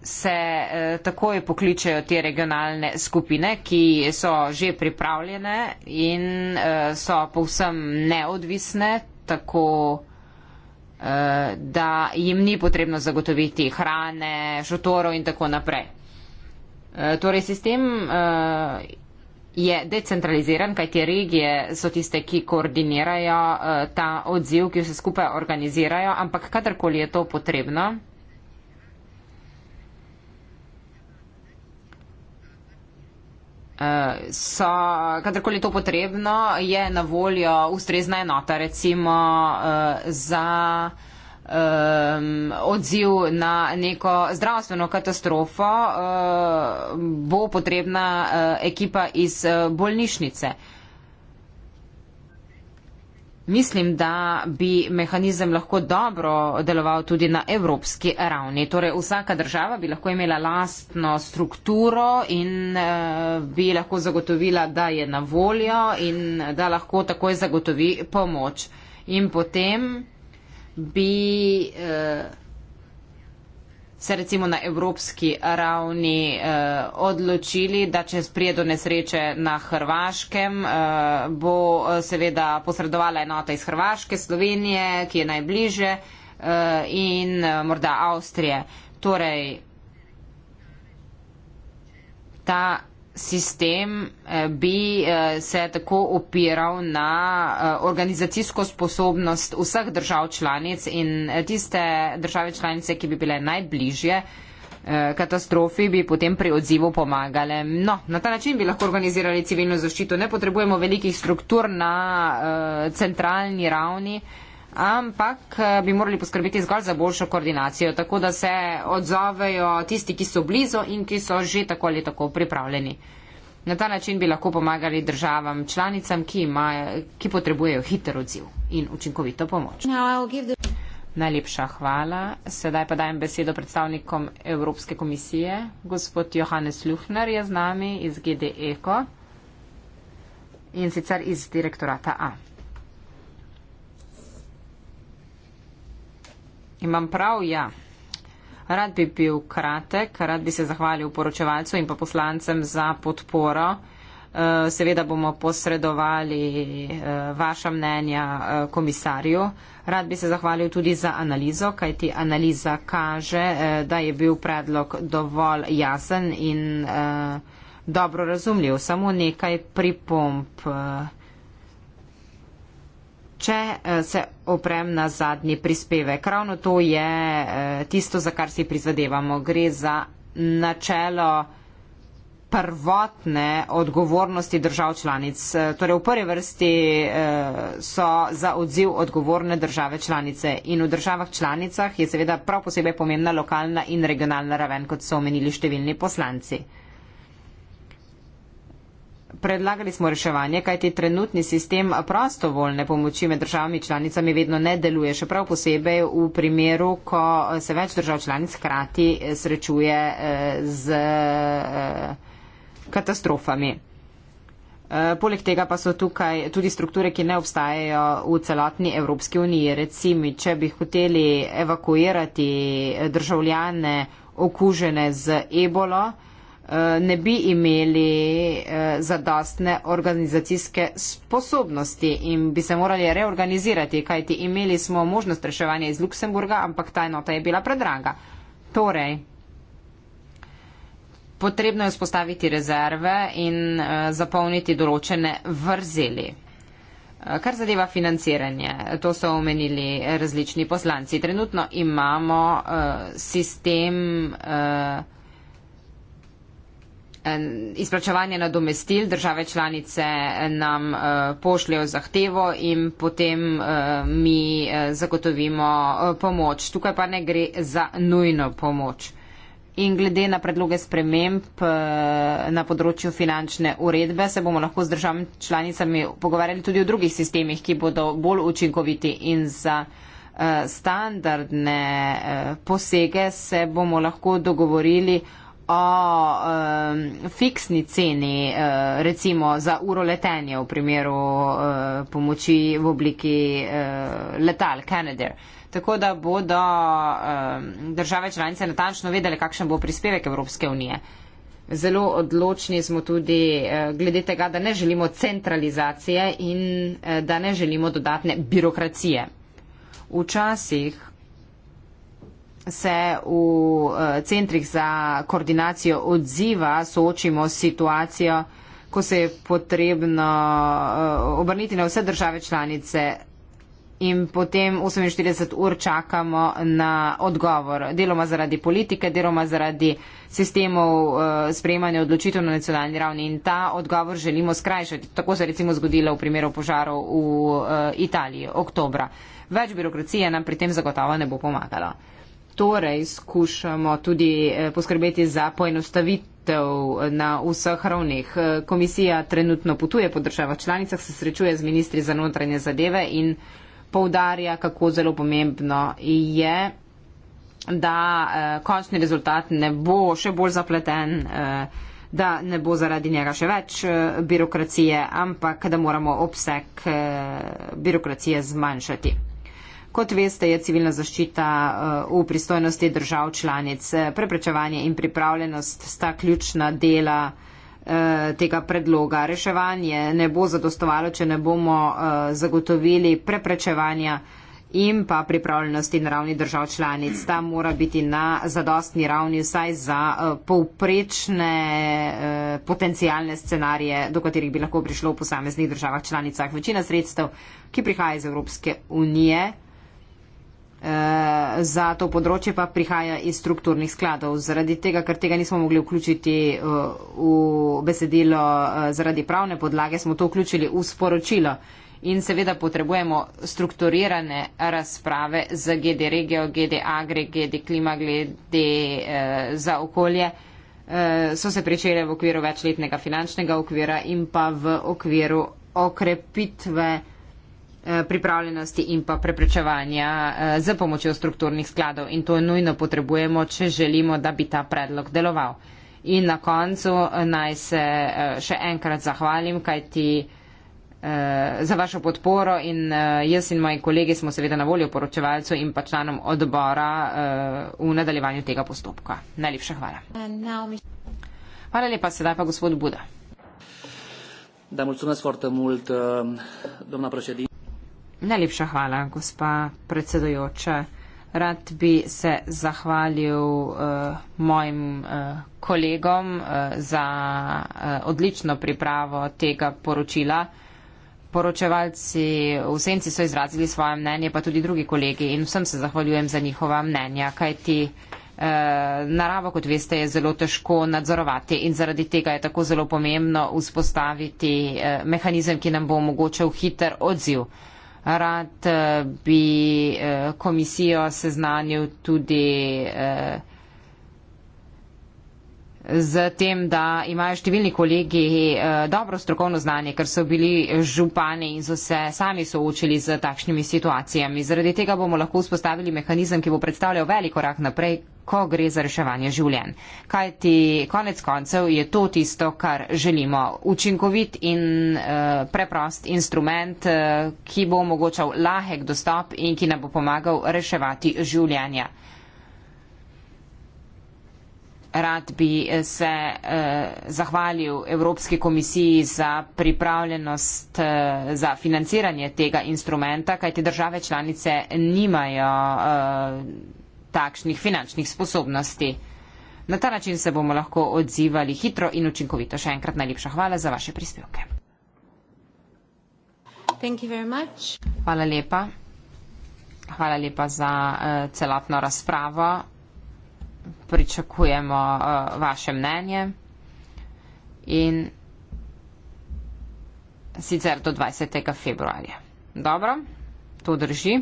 se takoj pokličejo te regionalne skupine, ki so že pripravljene in so povsem neodvisne, tako da jim ni potrebno zagotoviti hrane, šotorov in tako naprej. Torej, sistem je decentraliziran, kaj te regije so tiste, ki koordinirajo eh, ta odziv, ki vse skupaj organizirajo, ampak kadarkoli je to potrebno. Eh, so, kadarkoli je to potrebno, je na voljo ustrezna enota, recimo eh, za um, odziv na neko zdravstveno katastrofo, uh, bo potrebna uh, ekipa iz uh, bolnišnice. Mislim, da bi mehanizem lahko dobro deloval tudi na evropski ravni. Torej, vsaka država bi lahko imela lastno strukturo in e, bi lahko zagotovila, da je na voljo in da lahko takoj zagotovi pomoč. In potem bi uh, se recimo na evropski ravni uh, odločili, da če sprije do nesreče na Hrvaškem, uh, bo seveda posredovala enota iz Hrvaške, Slovenije, ki je najbliže uh, in uh, morda Avstrije. Torej, ta sistem eh, bi eh, se tako opiral na eh, organizacijsko sposobnost vseh držav članic in tiste države članice, ki bi bile najbližje katastrofi, bi potem pri odzivu pomagale. No, na ta način bi lahko organizirali civilno zaščito. Ne potrebujemo velikih struktur na centralni ravni ampak eh, bi morali poskrbeti zgolj za boljšo koordinacijo, tako da se odzovejo tisti, ki so blizu in ki so že tako ali tako pripravljeni. Na ta način bi lahko pomagali državam članicam, ki, ima, ki potrebujejo hiter odziv in učinkovito pomoč. The... Najlepša hvala. Sedaj pa dajem besedo predstavnikom Evropske komisije. Gospod Johannes Luhner je z nami iz GDE-ko in sicer iz direktorata A. Imam prav, ja. Rad bi bil kratek, rad bi se zahvalil poročevalcu in pa poslancem za podporo. Eh, seveda bomo posredovali eh, vaša mnenja eh, komisarju. Rad bi se zahvalil tudi za analizo, kajti analiza kaže, da je bil predlog dovolj jasen in dobro razumljiv. Samo nekaj pripomp če eh, se oprem na zadnji prispevek. Ravno to je eh, tisto, za kar si prizadevamo. Gre za načelo prvotne odgovornosti držav članic. Eh, torej v prvi vrsti so za odziv odgovorne države članice in v državah članicah je seveda prav posebej pomembna lokalna in regionalna raven, kot so omenili številni poslanci. Predlagali smo reševanje, kajti trenutni sistem prostovoljne pomoči med državami članicami vedno ne deluje, še prav posebej v primeru, ko eh, se več držav članic hkrati eh, srečuje eh, z katastrofami. Poleg tega pa so tukaj tudi strukture, ki ne obstajajo v celotni Evropski uniji. Recimo, če bi hoteli evakuirati državljane okužene z ebolo, Eh, ne bi imeli eh, zadostne organizacijske sposobnosti in bi se morali reorganizirati, kajti imeli smo možnost reševanja iz Luksemburga, ampak ta enota je bila predraga. Torej, potrebno je spostaviti rezerve in eh, zapolniti določene vrzeli. Kar zadeva financiranje, to so omenili različni poslanci. Trenutno imamo sistem izplačevanje nadomestil, države članice nam eh, pošljajo zahtevo in potem eh, mi eh, zagotovimo pomoč. Tukaj pa ne gre za nujno pomoč. In glede na predloge sprememb na področju finančne uredbe se bomo lahko z državami članicami pogovarjali tudi o drugih sistemih, ki bodo bolj učinkoviti in za standardne posege se bomo lahko dogovorili o um, fiksni ceni, uh, recimo za uro letenja v primeru uh, pomoči v obliki uh, letal Canadair. Tako da bodo um, države članice natančno vedele, kakšen bo prispevek Evropske unije. Zelo odločni smo tudi uh, glede tega, da ne želimo centralizacije in uh, da ne želimo dodatne birokracije. Včasih se v eh, centrih za koordinacijo odziva soočimo s situacijo, ko se je potrebno eh, obrniti na vse države članice in potem 48 ur čakamo na odgovor, deloma zaradi politike, deloma zaradi sistemov eh, sprejemanja odločitev na nacionalni ravni in ta odgovor želimo skrajšati. Tako se recimo zgodilo v primeru požarov v Italiji oktobra. Več birokracije nam pri tem zagotovo ne bo pomagalo torej skušamo tudi eh, poskrbeti za poenostavitev eh, na vseh ravneh. Eh, komisija trenutno potuje po državah članicah, se srečuje z ministri za notranje zadeve in povdarja, kako zelo pomembno je da eh, končni rezultat ne bo še bolj zapleten, eh, da ne bo zaradi njega še več eh, birokracije, ampak da moramo obseg eh, birokracije zmanjšati. Kot veste, je civilna zaščita eh, v pristojnosti držav članic. Preprečevanje in pripravljenost sta ključna dela eh, tega predloga. Reševanje ne bo zadostovalo, če ne bomo eh, zagotovili preprečevanja in pa pripravljenosti na ravni držav članic. Ta mora biti na zadostni ravni vsaj za povprečne potencijalne scenarije, do katerih bi lahko prišlo v posameznih državah članicah. Večina sredstev, ki prihaja iz Evropske unije, Eh, za to področje pa prihaja iz strukturnih skladov. Zaradi tega, ker tega nismo mogli vključiti eh, v besedilo eh, zaradi pravne podlage, smo to vključili v sporočilo. In seveda potrebujemo strukturirane razprave z GD regijo, GD agri, GD klima, GD e, za okolje. E, so se pričele v okviru večletnega finančnega okvira in pa v okviru okrepitve. Eh, pripravljenosti in pa preprečevanja eh, z pomočjo strukturnih skladov in to nujno potrebujemo, če želimo, da bi ta predlog deloval. In na koncu eh, naj se še enkrat zahvalim, kajti za vašo podporo in jaz in moji kolegi smo seveda na voljo poročevalcu in pa članom odbora v nadaljevanju tega postopka. Najlepša hvala. Hvala lepa, sedaj pa gospod Buda. Da, mulțumesc foarte mult, doamna președinte. Najlepša hvala, gospa predsedojoča. Rad bi se zahvalil uh, mojim uh, kolegom uh, za uh, odlično pripravo tega poročila. Poročevalci v senci so izrazili svoje mnenje, pa tudi drugi kolegi in vsem se zahvaljujem za njihova mnenja, kajti eh, naravo, kot veste, je zelo težko nadzorovati in zaradi tega je tako zelo pomembno vzpostaviti eh, mehanizem, ki nam bo omogočal hiter odziv. Eh, rad eh, bi eh, komisijo seznanil tudi. Eh, z tem, da imajo številni kolegi eh, dobro strokovno znanje, ker so bili župani in so se sami soočili z takšnimi situacijami. Zaradi tega bomo lahko vzpostavili mehanizem, ki bo predstavljal velik korak naprej, ko gre za reševanje življenj. Kaj ti konec koncev je to tisto, kar želimo? Učinkovit in eh, preprost instrument, eh, ki bo omogočal lahek dostop in ki nam bo pomagal reševati življenja. Rad bi eh, se eh, zahvalil Evropski komisiji za pripravljenost eh, za financiranje tega instrumenta, kajti države članice nimajo eh, takšnih finančnih sposobnosti. Na ta način se bomo lahko odzivali hitro in učinkovito. Še enkrat najlepša hvala za vaše prispevke. Hvala lepa. Hvala lepa za eh, celotno razpravo pričakujemo uh, vaše mnenje in sicer do 20. februarja. Dobro, to drži.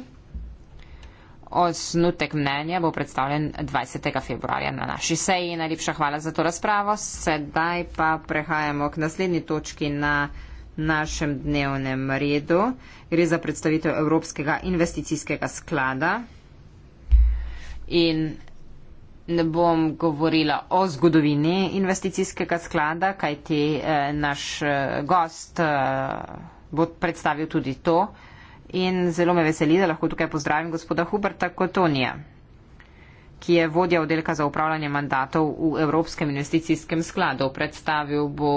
Osnutek mnenja bo predstavljen 20. februarja na naši seji. Najlepša hvala za to razpravo. Sedaj pa prehajamo k naslednji točki na našem dnevnem redu. Gre za predstavitev Evropskega investicijskega sklada. In ne bom govorila o zgodovini investicijskega sklada, kajti eh, naš eh, gost eh, bo predstavil tudi to. In zelo me veseli, da lahko tukaj pozdravim gospoda Huberta Kotonija, ki je vodja oddelka za upravljanje mandatov v Evropskem investicijskem skladu. Predstavil bo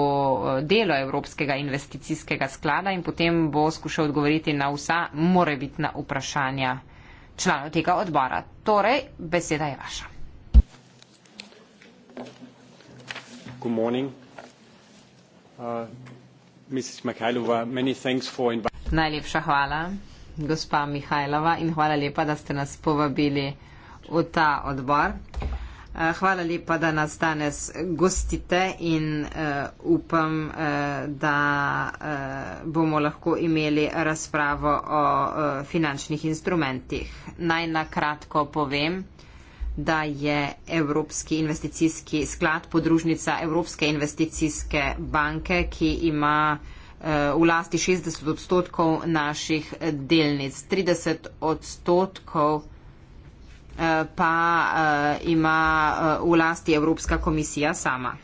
delo Evropskega investicijskega sklada in potem bo skušal odgovoriti na vsa morebitna vprašanja članov tega odbora. Torej, beseda je vaša. Good morning. Uh, Najlepša hvala, gospa Mihajlova, in hvala lepa, da ste nas povabili v ta odbor. Uh, hvala lepa, da nas danes gostite in uh, upam, uh, da uh, bomo lahko imeli razpravo o uh, finančnih instrumentih. Naj na kratko povem, uh, da je Evropski investicijski sklad podružnica Evropske investicijske banke, ki ima eh, v lasti 60 odstotkov naših delnic. 30 odstotkov eh, pa eh, ima v lasti Evropska komisija sama.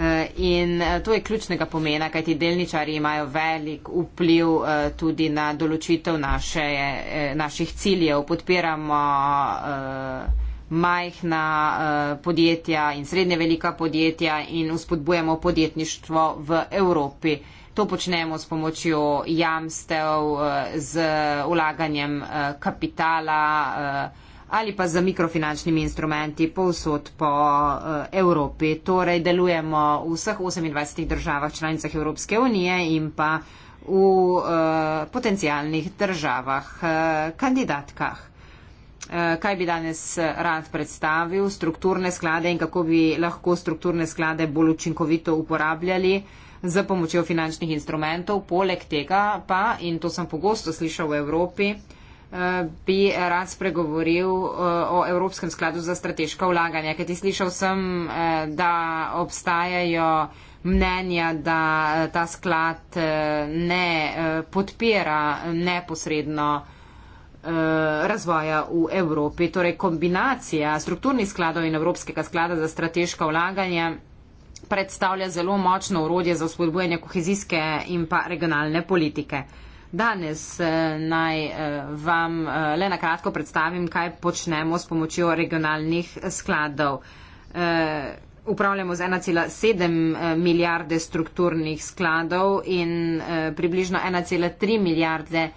Eh, in eh, to je ključnega pomena, kaj ti delničari imajo velik vpliv eh, tudi na določitev naše, naših ciljev. Podpiramo majhna podjetja in srednje velika podjetja in uspodbujamo podjetništvo v Evropi. To počnemo s pomočjo jamstev, z ulaganjem kapitala, ali pa za mikrofinančnimi instrumenti povsod po eh, Evropi. Torej delujemo v vseh 28 državah članicah Evropske unije in pa v uh, eh, potencijalnih državah, uh, kandidatkah. Uh, kaj bi danes rad predstavil, strukturne sklade in kako bi lahko strukturne sklade bolj učinkovito uporabljali z pomočjo finančnih instrumentov, poleg tega pa, in to sem pogosto slišal v Evropi, uh, bi rad spregovoril eh, o Evropskem skladu za strateška vlaganja, kajti slišal sem, eh, da obstajajo mnenja, da eh, ta sklad ne podpira neposredno razvoja v Evropi. Torej kombinacija strukturnih skladov in Evropskega sklada za strateška vlaganja predstavlja zelo močno urodje za vzpodbujanje kohezijske in pa regionalne politike. Danes eh, naj eh, vam eh, le na kratko predstavim, kaj počnemo s pomočjo regionalnih skladov. Upravljamo z 1,7 milijarde strukturnih skladov in približno 1,3 milijarde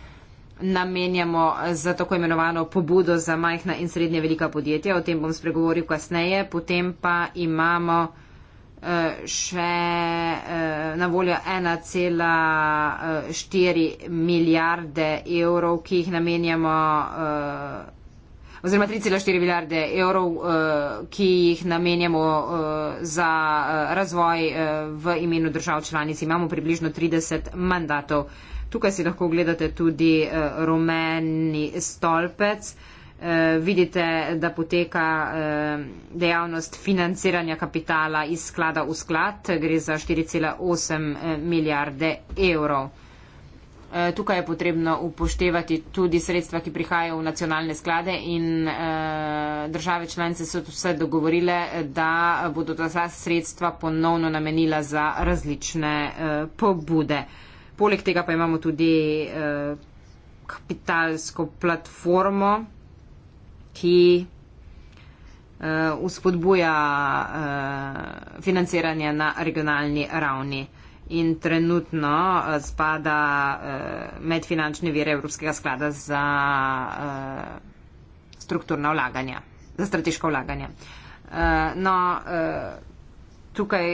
namenjamo za tako imenovano pobudo za majhna in srednje velika podjetja. O tem bom spregovoril kasneje. Potem pa imamo še eh, na voljo 1,4 eh, milijarde evrov, ki jih namenjamo, eh, oziroma 3,4 milijarde evrov, ki jih namenjamo za razvoj v imenu držav članic. Imamo približno 30 mandatov. Tukaj si lahko gledate tudi rumeni stolpec. Eh, vidite, da poteka eh, dejavnost financiranja kapitala iz sklada v sklad, gre za 4,8 eh, milijarde evrov. Tukaj je potrebno upoštevati tudi sredstva, ki prihajajo v nacionalne sklade in države članice so vse dogovorile, da bodo ta sredstva ponovno namenila za različne pobude. Poleg tega pa imamo tudi kapitalsko platformo, ki uspodbuja eh, eh, financiranje na regionalni ravni. In trenutno eh, spada med finančne vire Evropskega sklada za strukturna vlaganja, za strateško vlaganje. No, tukaj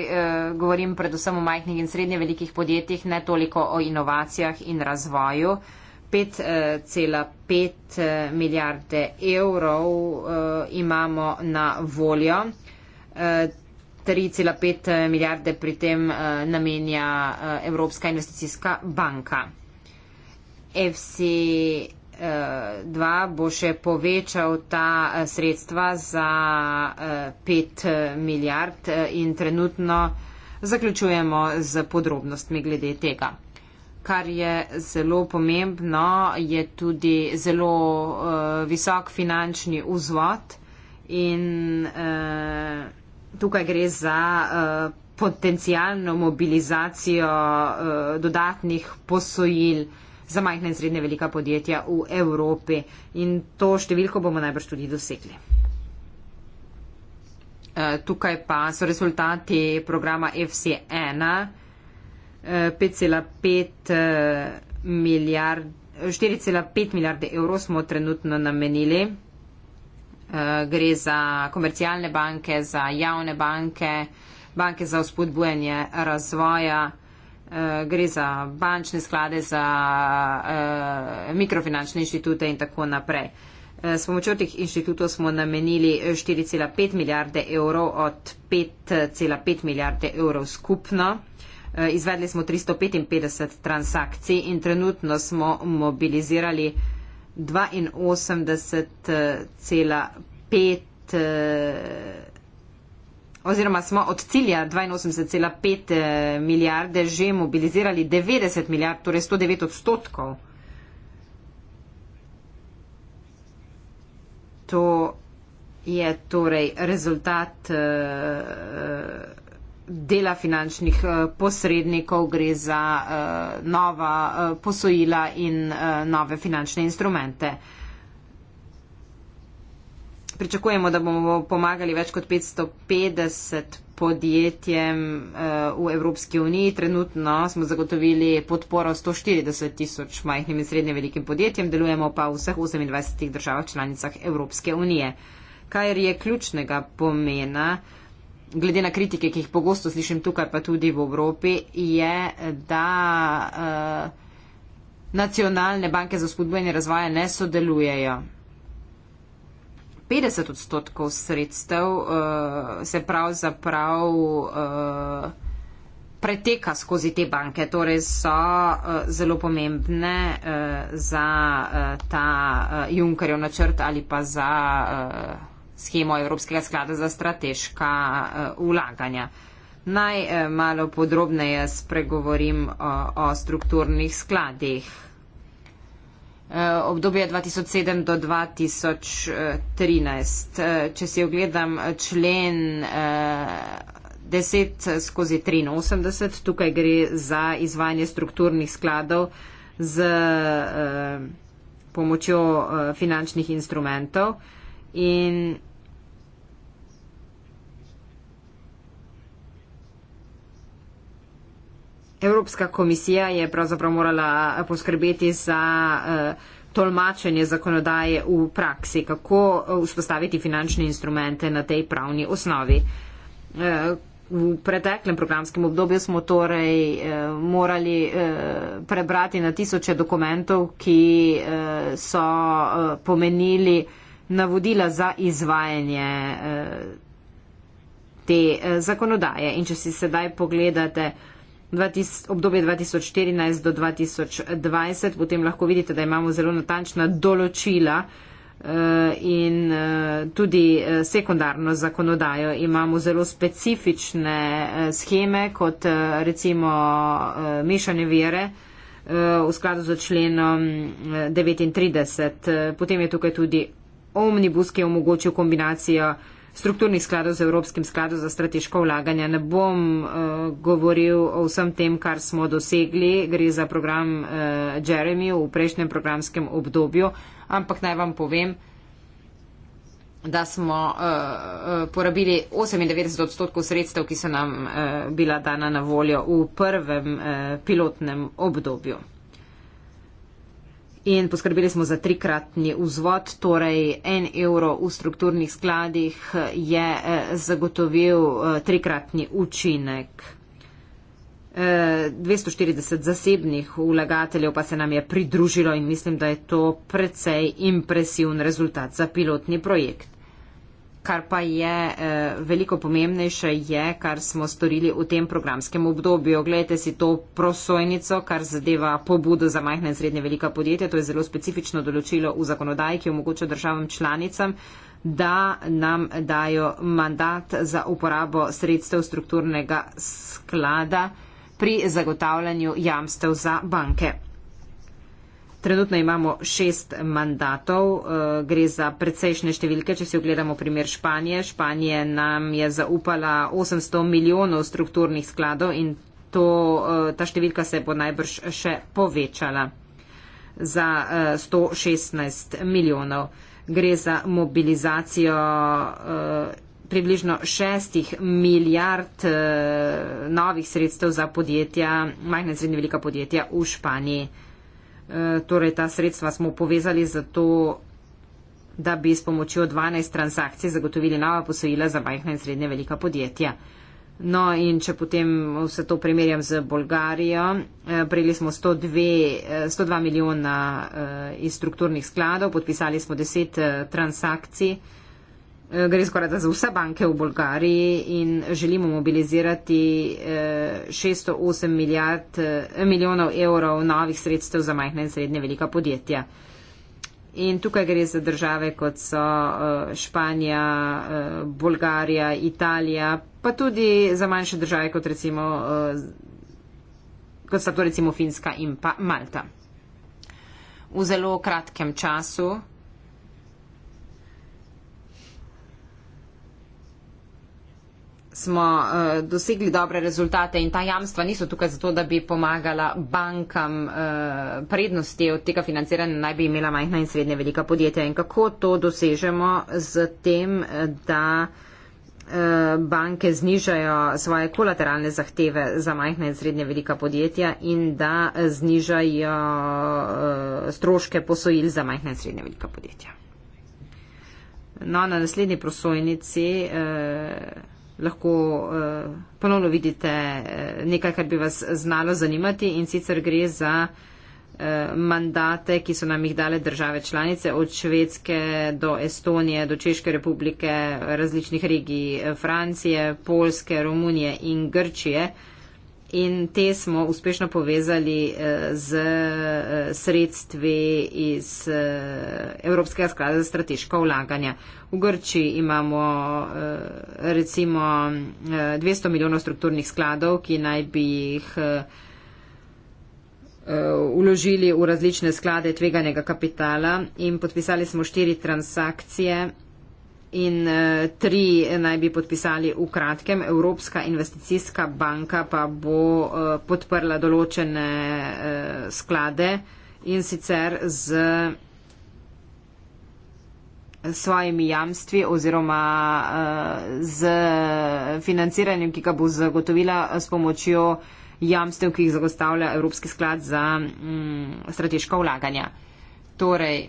govorim predvsem o majhnih in srednje velikih podjetjih, ne toliko o inovacijah in razvoju. 5,5 eh, eh, milijarde evrov eh, imamo na voljo. 3,5 milijarde pri tem namenja Evropska investicijska banka. FC2 bo še povečal ta sredstva za 5 milijard in trenutno zaključujemo z podrobnostmi glede tega kar je zelo pomembno, je tudi zelo uh, visok finančni vzvod in uh, tukaj gre za uh, eh, potencijalno mobilizacijo uh, dodatnih posojil za majhne in srednje velika podjetja v Evropi in to številko bomo najbrž tudi dosegli. Uh, tukaj pa so rezultati programa FC1. 4,5 eh, milijard, 4,5 milijarde evrov smo trenutno namenili. Eh, gre za komercialne banke, za javne banke, banke za vzpodbujanje razvoja, eh, gre za bančne sklade, za mikrofinančne inštitute in tako naprej. S pomočjo teh inštitutov smo namenili 4,5 milijarde evrov od 5,5 milijarde evrov skupno. Eh, izvedli smo 355 transakcij in trenutno smo mobilizirali 82,5 eh, eh, oziroma smo od cilja 82,5 milijarde že mobilizirali 90 milijard, torej 109 odstotkov. To je torej rezultat uh, dela finančnih eh, posrednikov, gre za eh, nova eh, posojila in nove finančne instrumente. Pričakujemo, da bomo pomagali več kot 550 podjetjem v Evropski uniji. Trenutno smo zagotovili podporo 140 tisoč majhnim in srednje velikim podjetjem, delujemo pa v vseh 28 državah članicah Evropske unije. Kaj je ključnega pomena? glede na kritike, ki jih pogosto slišim tukaj, pa tudi v Evropi, je, da uh, nacionalne banke za spodbujanje razvoja ne sodelujejo. 50 odstotkov sredstev uh, se pravzaprav uh, preteka skozi te banke, torej so uh, zelo pomembne uh, za uh, ta uh, Junkerjev načrt ali pa za. Uh, schemo Evropskega sklada za strateška eh, ulaganja. Naj eh, malo podrobneje spregovorim o, eh, o strukturnih skladih. Obdobje 2007 do 2013. Če si ogledam člen 10 skozi 83, tukaj gre za izvajanje strukturnih skladov z pomočjo finančnih instrumentov. In Evropska komisija je pravzaprav morala poskrbeti za eh, tolmačenje zakonodaje v praksi, kako eh, vzpostaviti finančne instrumente na tej pravni osnovi. Eh, v preteklem programskem obdobju smo torej morali prebrati na tisoče dokumentov, ki so pomenili navodila za izvajanje te zakonodaje. In če si sedaj pogledate, obdobje 2014 do 2020, potem lahko vidite, da imamo zelo natančna določila eh, in eh, tudi eh, sekundarno zakonodajo. Imamo zelo specifične scheme, kot recimo mešane vere v skladu z členom 39. Potem je tukaj tudi omnibus, ki je omogočil kombinacijo strukturnih skladov z Evropskim skladom za strateško vlaganje. Ne bom uh, govoril o vsem tem, kar smo dosegli. Gre za program uh, Jeremy v prejšnjem programskem obdobju, ampak naj vam povem, da smo uh, porabili 98 odstotkov sredstev, ki so nam uh, bila dana na voljo v prvem uh, pilotnem obdobju. In poskrbeli smo za trikratni vzvod, torej en evro v strukturnih skladih je eh, zagotovil eh, trikratni učinek. 240 eh, zasebnih vlagateljev pa se nam je pridružilo in mislim, da je to precej impresivn rezultat za pilotni projekt. Kar pa je eh, veliko pomembnejše, je, kar smo storili v tem programskem obdobju. Oglejte si to prosojnico, kar zadeva pobudo za majhne in srednje velika podjetja. To je zelo specifično določilo v zakonodaji, ki omogoča državam članicam, da nam dajo mandat za uporabo sredstev strukturnega sklada pri zagotavljanju jamstev za banke. Trenutno imamo šest mandatov, eh, gre za precejšne številke, če si ogledamo primer Španije. Španije nam je zaupala 800 milijonov strukturnih skladov in to, eh, ta številka se bo najbrž še povečala za 116 eh, milijonov. Gre za mobilizacijo približno šestih milijard novih sredstev za podjetja, majhna in srednja velika podjetja v Španiji. Eh, torej ta sredstva smo povezali za to, da bi s pomočjo 12 transakcij zagotovili nova posojila za majhna in srednje velika podjetja. No in če potem vse to primerjam z Bolgarijo, eh, prejeli smo 102, 102 eh, milijona iz strukturnih skladov, podpisali smo 10 transakcij. Eh, gre skoraj za vse banke v Bolgariji in želimo mobilizirati 608 eh, milijard, eh, milijonov evrov novih sredstev za majhne in srednje velika podjetja. In tukaj gre za države kot so Španija, Bolgarija, Italija, pa tudi za manjše države kot, recimo, kot sta to recimo Finska in pa Malta. V zelo kratkem času smo uh, dosegli dobre rezultate in ta jamstva niso tukaj zato, da bi pomagala bankam uh, prednosti od tega financiranja, naj bi imela majhna in srednje velika podjetja. In kako to dosežemo z tem, da eh, banke znižajo svoje kolateralne zahteve za majhne in srednje velika podjetja in da znižajo stroške posojil za majhne in srednje velika podjetja. No, na naslednji prosojnici. Eh, lahko eh, ponovno vidite eh, nekaj, kar bi vas znalo zanimati in sicer gre za eh, mandate, ki so nam jih dale države članice od Švedske do Estonije, do Češke republike, različnih regij Francije, Polske, Romunije in Grčije. In te smo uspešno povezali eh, z eh, sredstvi iz eh, Evropskega sklada za strateško vlaganje. V Grči imamo recimo 200 milijonov strukturnih skladov, ki naj bi jih uložili v različne sklade tveganega kapitala in podpisali smo štiri transakcije in eh, tri naj bi podpisali v kratkem. Evropska investicijska banka pa bo eh, podprla določene eh, sklade in sicer z svojimi jamstvi oziroma z financiranjem, ki ga bo zagotovila s pomočjo jamstev, ki jih zagotavlja Evropski sklad za mm, strateška vlaganja. Torej,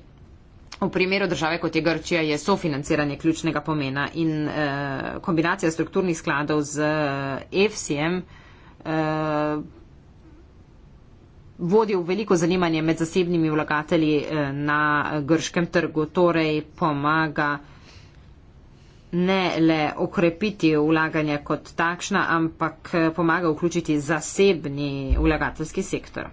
V primeru države kot je Grčija je sofinanciranje ključnega pomena in eh, kombinacija strukturnih skladov z EFSI-em eh, eh, vodi v veliko zanimanje med zasebnimi vlagatelji eh, na eh, grškem trgu, torej pomaga ne le okrepiti vlaganja kot takšna, ampak eh, pomaga vključiti zasebni vlagateljski sektor.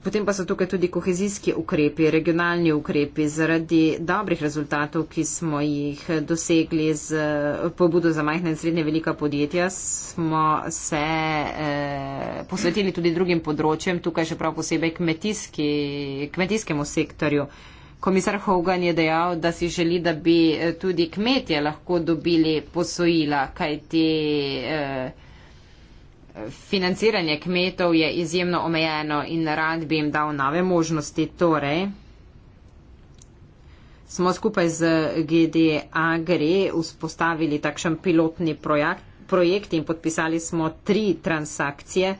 Potem pa so tukaj tudi kohezijski ukrepi, regionalni ukrepi zaradi dobrih rezultatov, ki smo jih dosegli z pobudo za majhne in srednje velika podjetja. Smo se eh, posvetili tudi drugim področjem, tukaj še prav posebej kmetijski, kmetijskemu sektorju. Komisar Hogan je dejal, da si želi, da bi eh, tudi kmetje lahko dobili posojila, kaj ti. Eh, financiranje kmetov je izjemno omejeno in rad bi jim dal nove možnosti. Torej, smo skupaj z GD Agri vzpostavili takšen pilotni projekt, projekt in podpisali smo tri transakcije.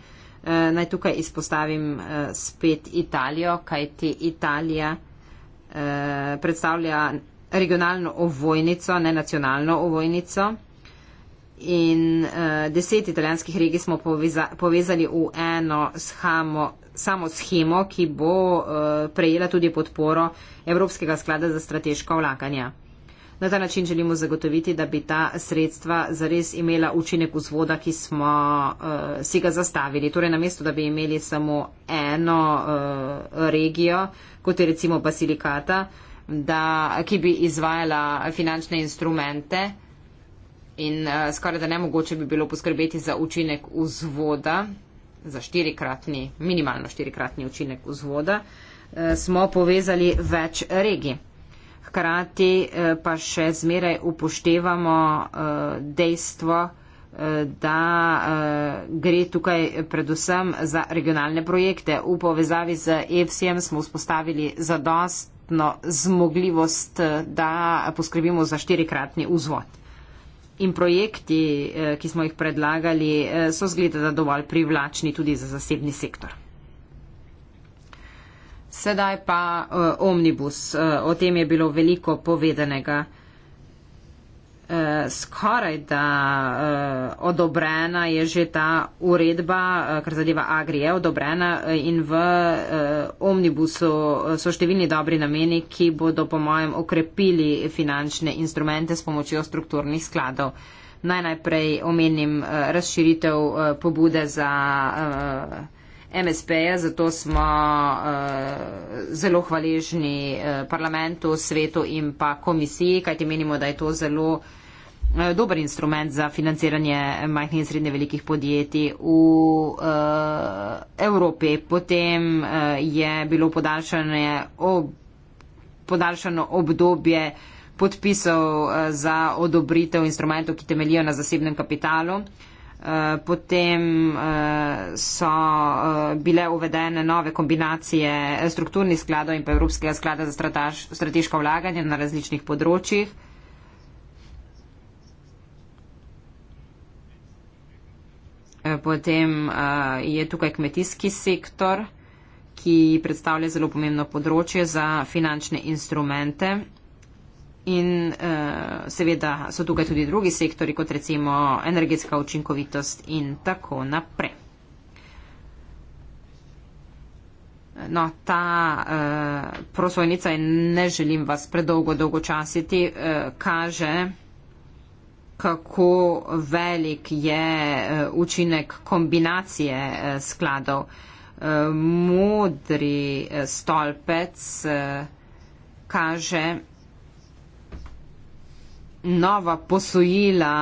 E, naj tukaj izpostavim e, spet Italijo, kajti Italija e, predstavlja regionalno ovojnico, ne nacionalno ovojnico in uh, deset italijanskih regij smo poveza povezali v eno shamo, samo schemo, ki bo uh, prejela tudi podporo Evropskega sklada za strateška vlaganja. Na ta način želimo zagotoviti, da bi ta sredstva zares imela učinek vzvoda, ki smo uh, si ga zastavili. Torej, namesto da bi imeli samo eno uh, regijo, kot je recimo Basilikata, da, ki bi izvajala finančne instrumente, uh, in uh, eh, skoraj da nemogoče bi bilo poskrbeti za učinek vzvoda, za štirikratni, minimalno štirikratni učinek vzvoda, uh, smo povezali več regij. Hkrati uh, pa še zmeraj upoštevamo uh, dejstvo, da gre tukaj predvsem za regionalne projekte. V povezavi z EFSIM smo vzpostavili zadostno zmogljivost, da poskrbimo za štirikratni vzvod in projekti, eh, ki smo jih predlagali, eh, so zgledati dovolj privlačni tudi za zasebni sektor. Sedaj pa eh, omnibus. O tem je bilo veliko povedanega. Eh, skoraj da eh, odobrena je že ta uredba, eh, kar zadeva Agri je odobrena in v omnibusu so številni dobri nameni, ki bodo po mojem okrepili finančne instrumente s pomočjo strukturnih skladov. Naj najprej omenim razširitev pobude za MSP-je, zato smo zelo hvaležni parlamentu, svetu in pa komisiji, kajti menimo, da je to zelo Eh, dober instrument za financiranje majhnih in srednje velikih podjetij v uh, Evropi. Potem uh, je bilo podaljšanje ob, podaljšano obdobje podpisov uh, za odobritev instrumentov, ki temelijo na zasebnem kapitalu. Potem so bile uvedene nove kombinacije strukturnih skladov in pa Evropskega sklada za strateško vlaganje na različnih področjih. Eh, potem eh, je tukaj kmetijski sektor, ki predstavlja zelo pomembno področje za finančne instrumente. In uh, seveda so tukaj tudi drugi sektori, kot recimo energetska učinkovitost in tako naprej. No, ta uh, prosojnica, in ne želim vas predolgo dolgočasiti, uh, kaže, kako velik je eh, učinek kombinacije eh, skladov. Eh, modri stolpec kaže nova posojila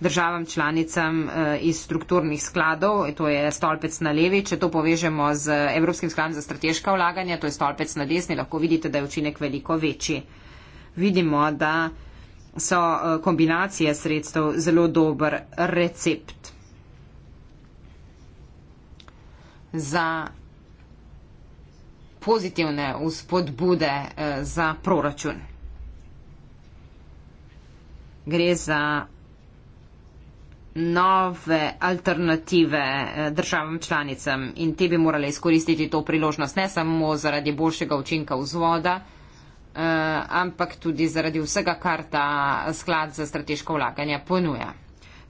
državam članicam iz strukturnih skladov, to je stolpec na levi, če to povežemo z Evropskim skladom za strateška vlaganja, to je stolpec na desni, lahko vidite, da je učinek veliko večji. Vidimo, da so eh, kombinacije sredstev zelo dober recept za pozitivne vzpodbude eh, za proračun. Gre za nove alternative eh, državam članicam in te bi morale izkoristiti to priložnost ne samo zaradi boljšega učinka vzvoda, Eh, ampak tudi zaradi vsega, kar ta sklad za strateško vlaganje ponuja.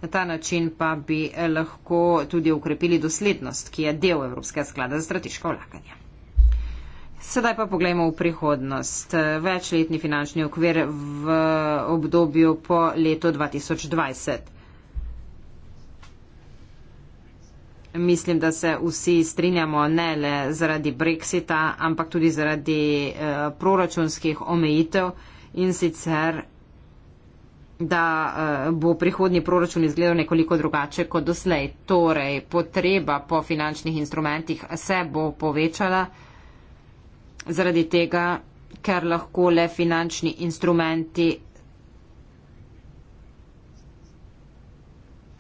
Na ta način pa bi eh, lahko tudi ukrepili doslednost, ki je del Evropskega sklada za strateško vlaganje. Sedaj pa pogledajmo v prihodnost. Eh, večletni finančni okvir v obdobju po letu 2020. mislim, da se vsi strinjamo ne le zaradi brexita, ampak tudi zaradi eh, proračunskih omejitev in sicer, da eh, bo prihodni proračun izgledal nekoliko drugače kot doslej. Torej, potreba po finančnih instrumentih se bo povečala zaradi tega, ker lahko le finančni instrumenti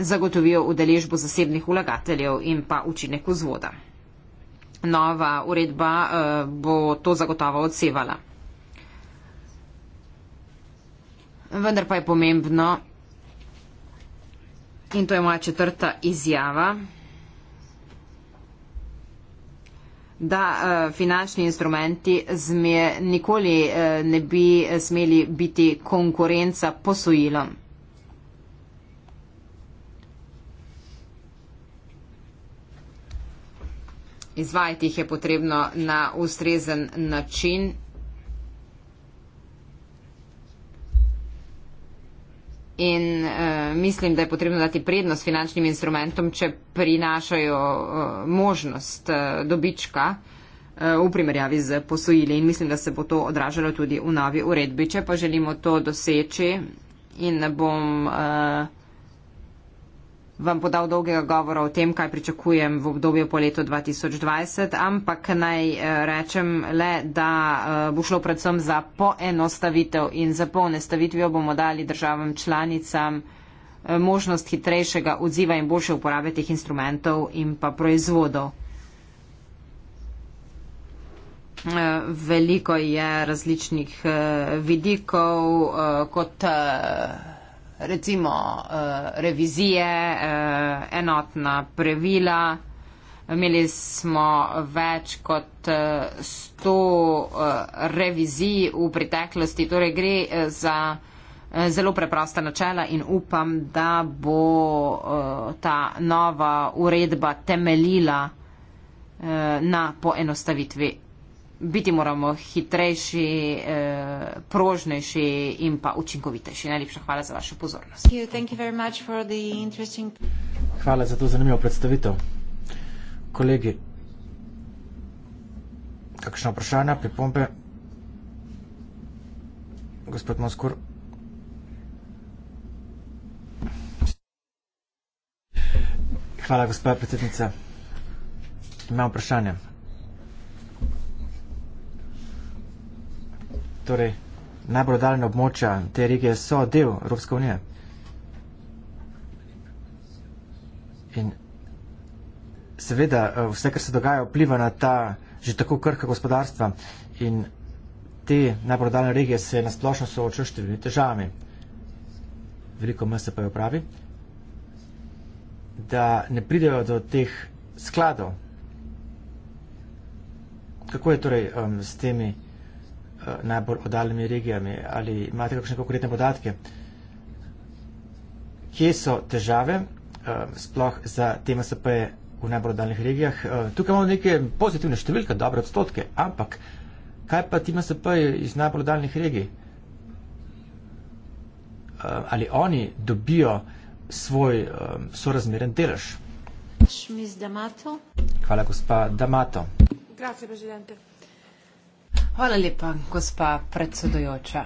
zagotovijo udeležbo zasebnih ulagateljev in pa učinek vzvoda. Nova uredba eh, bo to zagotovo odsevala. Vendar pa je pomembno, in to je moja četrta izjava, da eh, finančni instrumenti zme, nikoli eh, ne bi smeli biti konkurenca posojilom. Izvajati jih je potrebno na ustrezen način. In uh, mislim, da je potrebno dati prednost finančnim instrumentom, če prinašajo uh, možnost uh, dobička uh, v primerjavi z posojili. In mislim, da se bo to odražalo tudi v novi uredbi. Če pa želimo to doseči in bom. Uh, vam podal dolgega govora o tem, kaj pričakujem v obdobju po letu 2020, ampak naj eh, rečem le, da eh, bo šlo predvsem za poenostavitev in za poenostavitvijo bomo dali državam članicam eh, možnost hitrejšega odziva in boljše uporabe teh instrumentov in pa proizvodov. Veliko je različnih vidikov kot recimo eh, revizije, eh, enotna pravila. Imeli smo več kot 100 eh, revizij v preteklosti, torej gre za zelo preprosta načela in upam, da bo ta nova uredba temeljila na poenostavitvi biti moramo hitrejši, eh, prožnejši in pa učinkovitejši. Najlepša hvala za vašo pozornost. Thank you. Thank you hvala za to zanimivo predstavitev. Kolegi, kakšno vprašanje, pripombe? Gospod Moskur. Hvala, gospod predsednica. Imam vprašanje. torej najbolj daljne območja te regije so del Evropske unije. In seveda eh, vse, kar se dogaja, vpliva na ta že tako krhka gospodarstva in te najbolj daljne regije se nasplošno soočajo s številnimi težavami. Veliko mese pa jo pravi, da ne pridejo do teh skladov. Kako je torej um, s temi najbolj oddaljenimi regijami? Ali imate kakšne konkretne podatke? Kje so težave eh, sploh za te MSP-je v najbolj oddaljenih regijah? Eh, tukaj imamo neke pozitivne številke, dobre odstotke, ampak kaj pa ti MSP-je iz najbolj oddaljenih regij? Eh, ali oni dobijo svoj sorazmeren delež? Hvala, gospa Damato. Grazie, presidente. Hvala lepa, gospa predsedujoča.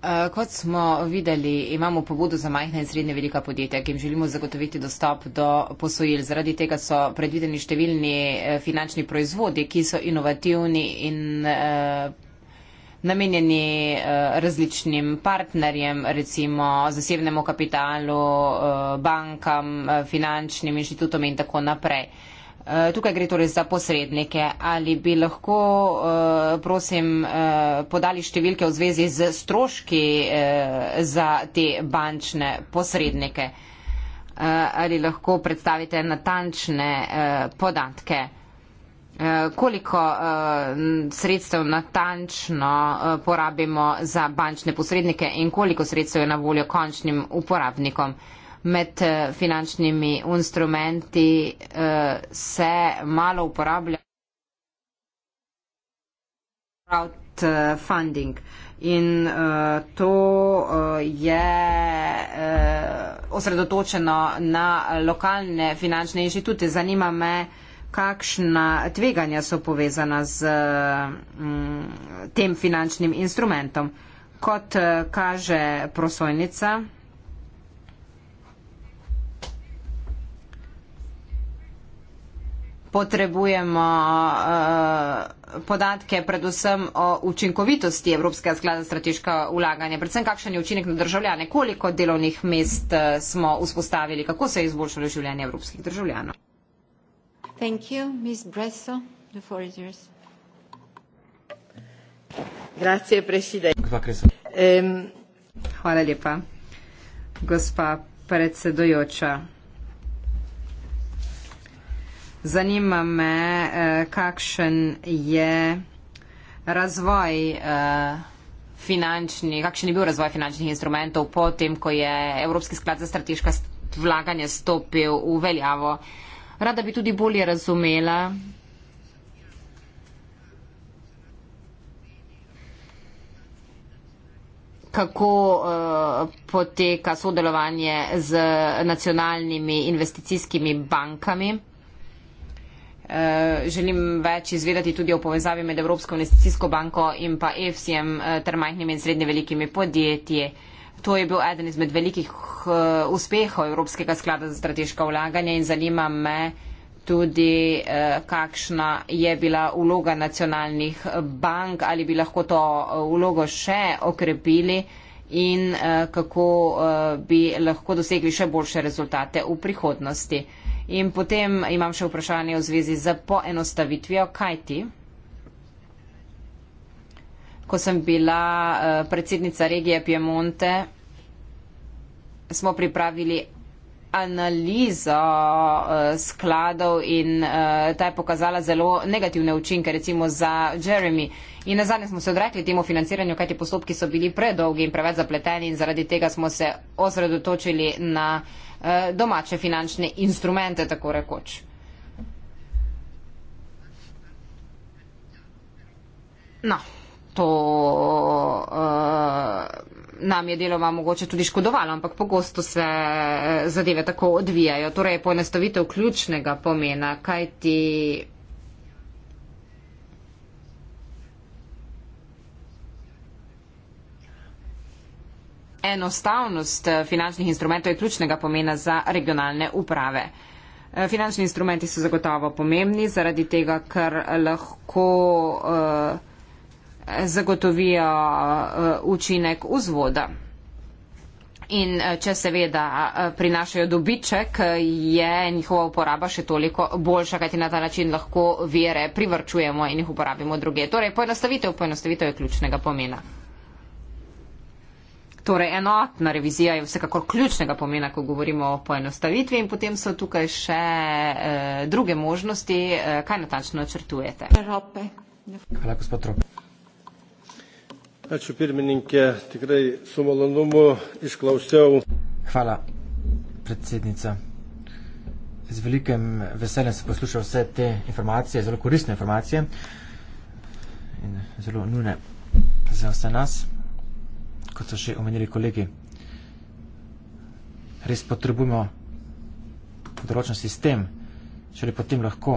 Eh, kot smo videli, imamo pobudo za majhne in srednje velika podjetja, ki jim želimo zagotoviti dostop do posojil. Zaradi tega so predvideni številni eh, finančni proizvodi, ki so inovativni in eh, namenjeni različnim partnerjem, recimo zasebnemu kapitalu, bankam, finančnim inštitutom in tako naprej. Eh, tukaj gre torej za posrednike. Ali bi lahko, eh, prosim, eh, podali številke v zvezi z stroški za te bančne posrednike? Ali lahko predstavite natančne podatke? Koliko sredstev natančno porabimo za bančne posrednike in koliko sredstev je na voljo končnim uporabnikom? med eh, finančnimi instrumenti eh, se malo uporablja crowdfunding. In uh, to uh, je uh, osredotočeno na lokalne finančne inštitute. Zanima me, kakšna tveganja so povezana z um, tem finančnim instrumentom. Kot uh, kaže prosojnica, uh, potrebujemo eh, podatke predvsem o učinkovitosti Evropskega sklada strateška ulaganja, predvsem kakšen je učinek na državljane, koliko delovnih mest eh, smo vzpostavili, kako se je izboljšalo življenje evropskih državljanov. Thank you, Ms. Bresso. The floor is yours. Grazie, ehm, Hvala lepa, gospa predsedojoča. Zanima me, eh, kakšen je razvoj eh, finančni, kakšen je bil razvoj finančnih instrumentov potem, ko je Evropski sklad za strateška vlaganja stopil v veljavo. Rada bi tudi bolje razumela. kako uh, poteka sodelovanje z nacionalnimi investicijskimi bankami. Eh, želim več izvedeti tudi o povezavi med Evropsko investicijsko banko in pa EFSI-jem eh, ter majhnimi in srednje velikimi podjetji. To je bil eden izmed velikih eh, uspehov Evropskega sklada za strateška vlaganja in zanima me tudi, kakšna je bila vloga nacionalnih bank, ali bi lahko to vlogo še okrepili in kako bi lahko dosegli še boljše rezultate v prihodnosti. In potem imam še vprašanje v zvezi z poenostavitvijo, kaj ti? Ko sem bila eh, predsednica regije Piemonte, smo pripravili analizo eh, skladov in eh, ta je pokazala zelo negativne učinke, recimo za Jeremy. In na zadnje smo se odrekli temu financiranju, kajti postopki so bili predolgi in preveč zapleteni in zaradi tega smo se osredotočili na Eh, domače finančne instrumente, tako rekoč. No, to uh, nam je deloma mogoče tudi škodovalo, ampak pogosto se eh, zadeve tako odvijajo. Torej, poenostavitev ključnega pomena, kaj ti. enostavnost eh, finančnih instrumentov je ključnega pomena za regionalne uprave. Eh, finančni instrumenti so zagotovo pomembni zaradi tega, ker lahko uh, zagotovijo uh, učinek vzvoda. In če seveda prinašajo dobiček, je njihova uporaba še toliko boljša, kajti na ta način lahko vere privrčujemo in jih uporabimo druge. Torej, poenostavitev, poenostavitev je ključnega pomena. Torej, enotna revizija je vsekakor ključnega pomena, ko govorimo o poenostavitvi in potem so tukaj še e, druge možnosti, e, kaj natančno načrtujete. Hvala, gospod Trope. Ačiū pirmininkė, tikrai su malonumu išklausiau. Hvala, predsednica. Z velikim veseljem sem poslušal vse te informacije, zelo koristne informacije in zelo nujne za vse nas kot so že omenili kolegi, res potrebujemo določen sistem, šele potem lahko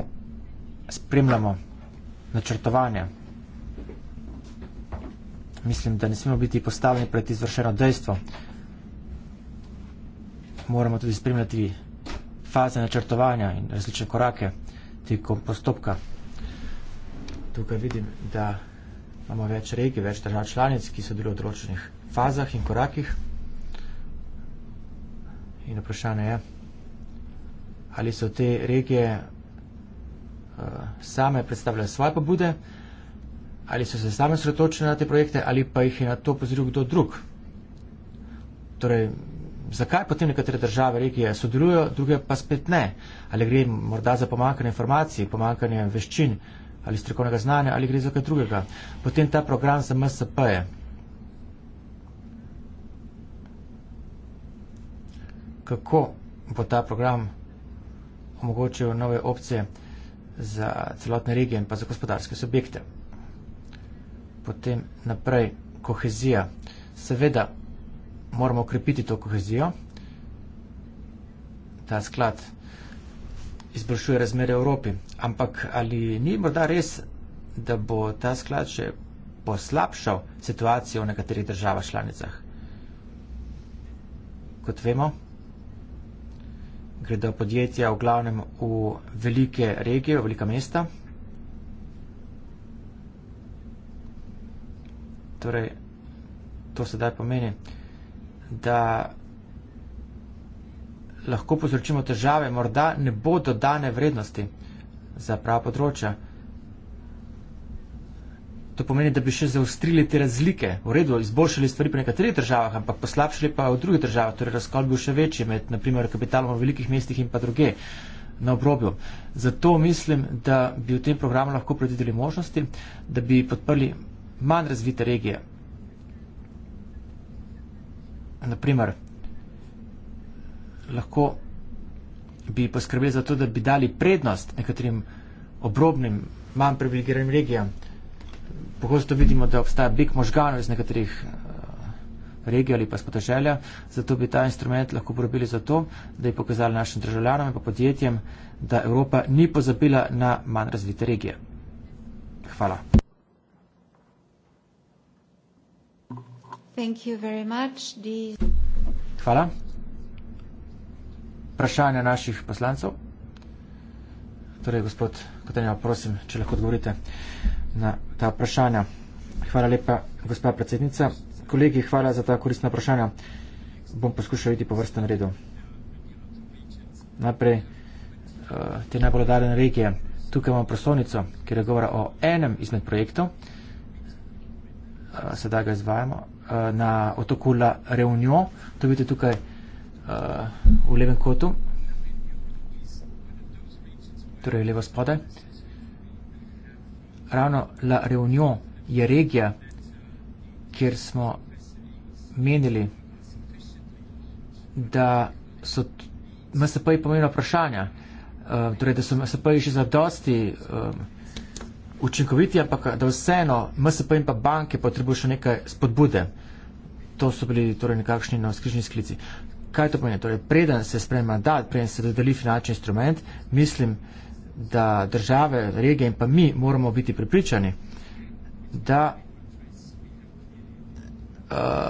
spremljamo načrtovanje. Mislim, da ne smemo biti postavljeni pred izvršeno dejstvo. Moramo tudi spremljati faze načrtovanja in različne korake tekom postopka. Tukaj vidim, da imamo več regij, več držav članic, ki so bili v odročenih fazah in korakih. In vprašanje je, ali so te regije uh, same predstavljale svoje pobude, ali so se same sretočile na te projekte, ali pa jih je na to pozoril kdo drug. Torej, zakaj potem nekatere države, regije sodelujo, druge pa spet ne? Ali gre morda za pomankanje informacij, pomankanje veščin ali strokovnega znanja, ali gre za kaj drugega? Potem ta program za MSP je. kako bo ta program omogočil nove opcije za celotne regije in pa za gospodarske subjekte. Potem naprej kohezija. Seveda moramo okrepiti to kohezijo. Ta sklad izboljšuje razmere v Evropi. Ampak ali ni morda res, da bo ta sklad še poslabšal situacijo v nekaterih državah članicah? Kot vemo, gredo podjetja v glavnem v velike regije, v velika mesta. Torej, to sedaj pomeni, da lahko povzročimo težave, morda ne bo dodane vrednosti za prava področja. To pomeni, da bi še zaustrili te razlike, v redu, izboljšali stvari pri nekaterih državah, ampak poslabšali pa v drugih državah, torej razkol bi bil še večji med, naprimer, kapitalom v velikih mestih in pa druge na obrobju. Zato mislim, da bi v tem programu lahko predvideli možnosti, da bi podprli manj razvite regije. Naprimer, lahko bi poskrbeli za to, da bi dali prednost nekaterim obrobnim, manj privilegiranim regijam pogosto vidimo, da obstaja beg možganov iz nekaterih eh, regij ali pa spodeželja, zato bi ta instrument lahko uporabili za to, da bi pokazali našim državljanom in pa podjetjem, da Evropa ni pozabila na manj razvite regije. Hvala. Hvala. Vprašanje naših poslancev. Torej, gospod Kotenjava, prosim, če lahko odgovorite na ta vprašanja. Hvala lepa, gospa predsednica. Kolegi, hvala za ta koristna vprašanja. Bom poskušal iti po vrstem redu. Najprej eh, te najbolj odaljene regije. Tukaj imamo prosovnico, kjer je govora o enem izmed projektov. Eh, sedaj ga izvajamo eh, na otoku La Reunion. To vidite tukaj v levem kotu. Torej, levo spodaj ravno La Reunion je regija, kjer smo menili, da so MSP-ji pomembna vprašanja, uh, torej, da so MSP-ji še zadosti um, učinkoviti, ampak da vseeno MSP in pa banke potrebujo še nekaj spodbude. To so bili torej, nekakšni navskrižni no, sklici. Kaj to pomeni? Torej, preden se sprejme mandat, preden se dodeli finančni instrument, mislim, da države, regije in pa mi moramo biti pripričani, da uh,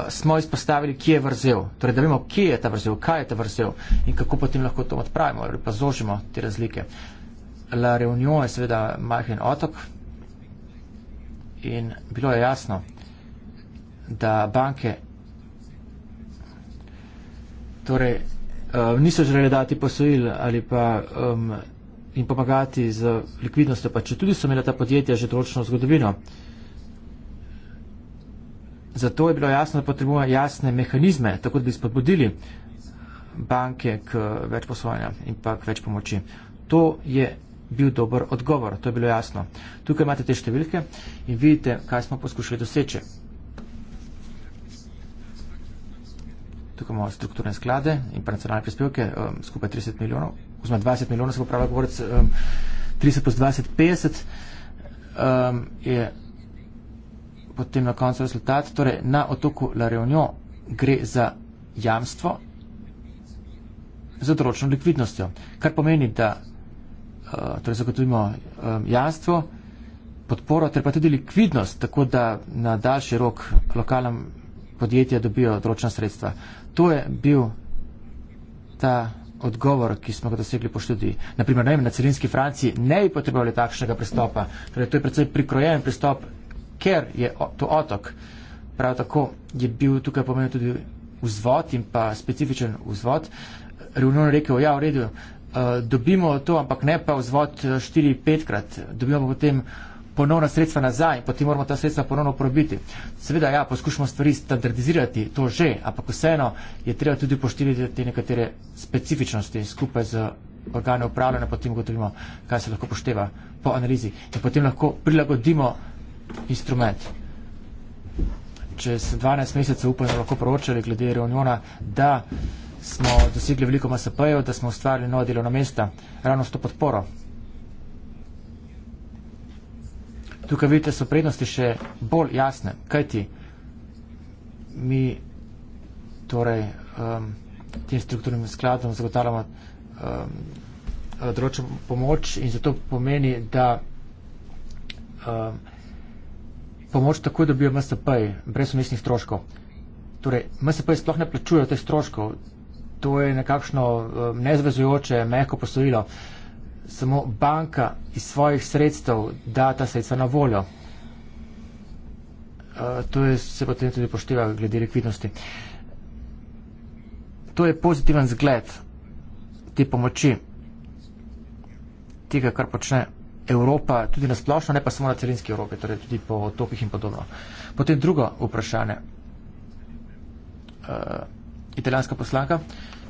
smo izpostavili, kje je vrzel. Torej, da vemo, kje je ta vrzel, kaj je ta vrzel in kako potem lahko to odpravimo ali pa zožimo te razlike. La Reunion je seveda majhen otok in bilo je jasno, da banke torej, uh, niso želeli dati posojil ali pa um, in pomagati z likvidnostjo, pa če tudi so imela ta podjetja že določeno zgodovino. Zato je bilo jasno, da potrebujemo jasne mehanizme, tako da bi spodbudili banke k več poslovanja in pa k več pomoči. To je bil dober odgovor, to je bilo jasno. Tukaj imate te številke in vidite, kaj smo poskušali doseči. tukaj imamo strukturne sklade in pa nacionalne prispevke, um, skupaj 30 milijonov, oziroma 20 milijonov se bo pravi govoric, um, 30 plus 20, 50 um, je potem na koncu rezultat. Torej, na otoku La Reunion gre za jamstvo za določeno likvidnostjo, kar pomeni, da uh, torej zagotovimo um, jamstvo, podporo ter pa tudi likvidnost, tako da na daljši rok lokalnem podjetja dobijo določena sredstva to je bil ta odgovor, ki smo ga dosegli po študiji. Naprimer, najmenj na celinski Franciji ne bi potrebovali takšnega pristopa. Torej, to je predvsej prikrojen pristop, ker je to otok. Prav tako je bil tukaj pomenil tudi vzvod in pa specifičen vzvod. Reunion rekel, ja, v redu, eh, dobimo to, ampak ne pa vzvod 4-5 eh, krat. Dobimo pa potem ponovna sredstva nazaj, potem moramo ta sredstva ponovno probiti. Seveda, ja, poskušamo stvari standardizirati, to že, ampak vseeno je treba tudi poštiviti te nekatere specifičnosti skupaj z organe upravljanja, potem gotovimo, kaj se lahko pošteva po analizi in potem lahko prilagodimo instrument. Čez 12 mesecev upaj smo lahko poročali glede reunjona, da smo dosegli veliko MSP-jev, da smo ustvarili nova delovna mesta, ravno s to podporo Tukaj vidite, so prednosti še bolj jasne. Kaj ti? Mi torej um, tem strukturnim skladom zagotavljamo um, določen pomoč in zato pomeni, da um, pomoč takoj dobijo MSP brez umestnih stroškov. Torej, MSP sploh ne plačujejo teh stroškov. To je nekakšno um, nezvezujoče, mehko posojilo. Uh, samo banka iz svojih sredstev da ta sredstva na voljo. Eh, to je, se potem tudi pošteva glede likvidnosti. To je pozitiven zgled te pomoči, tega, kar počne Evropa, tudi nasplošno, ne pa samo na celinski Evropi, torej tudi po otokih in podobno. Potem drugo vprašanje. Uh, italijanska poslanka. Uh,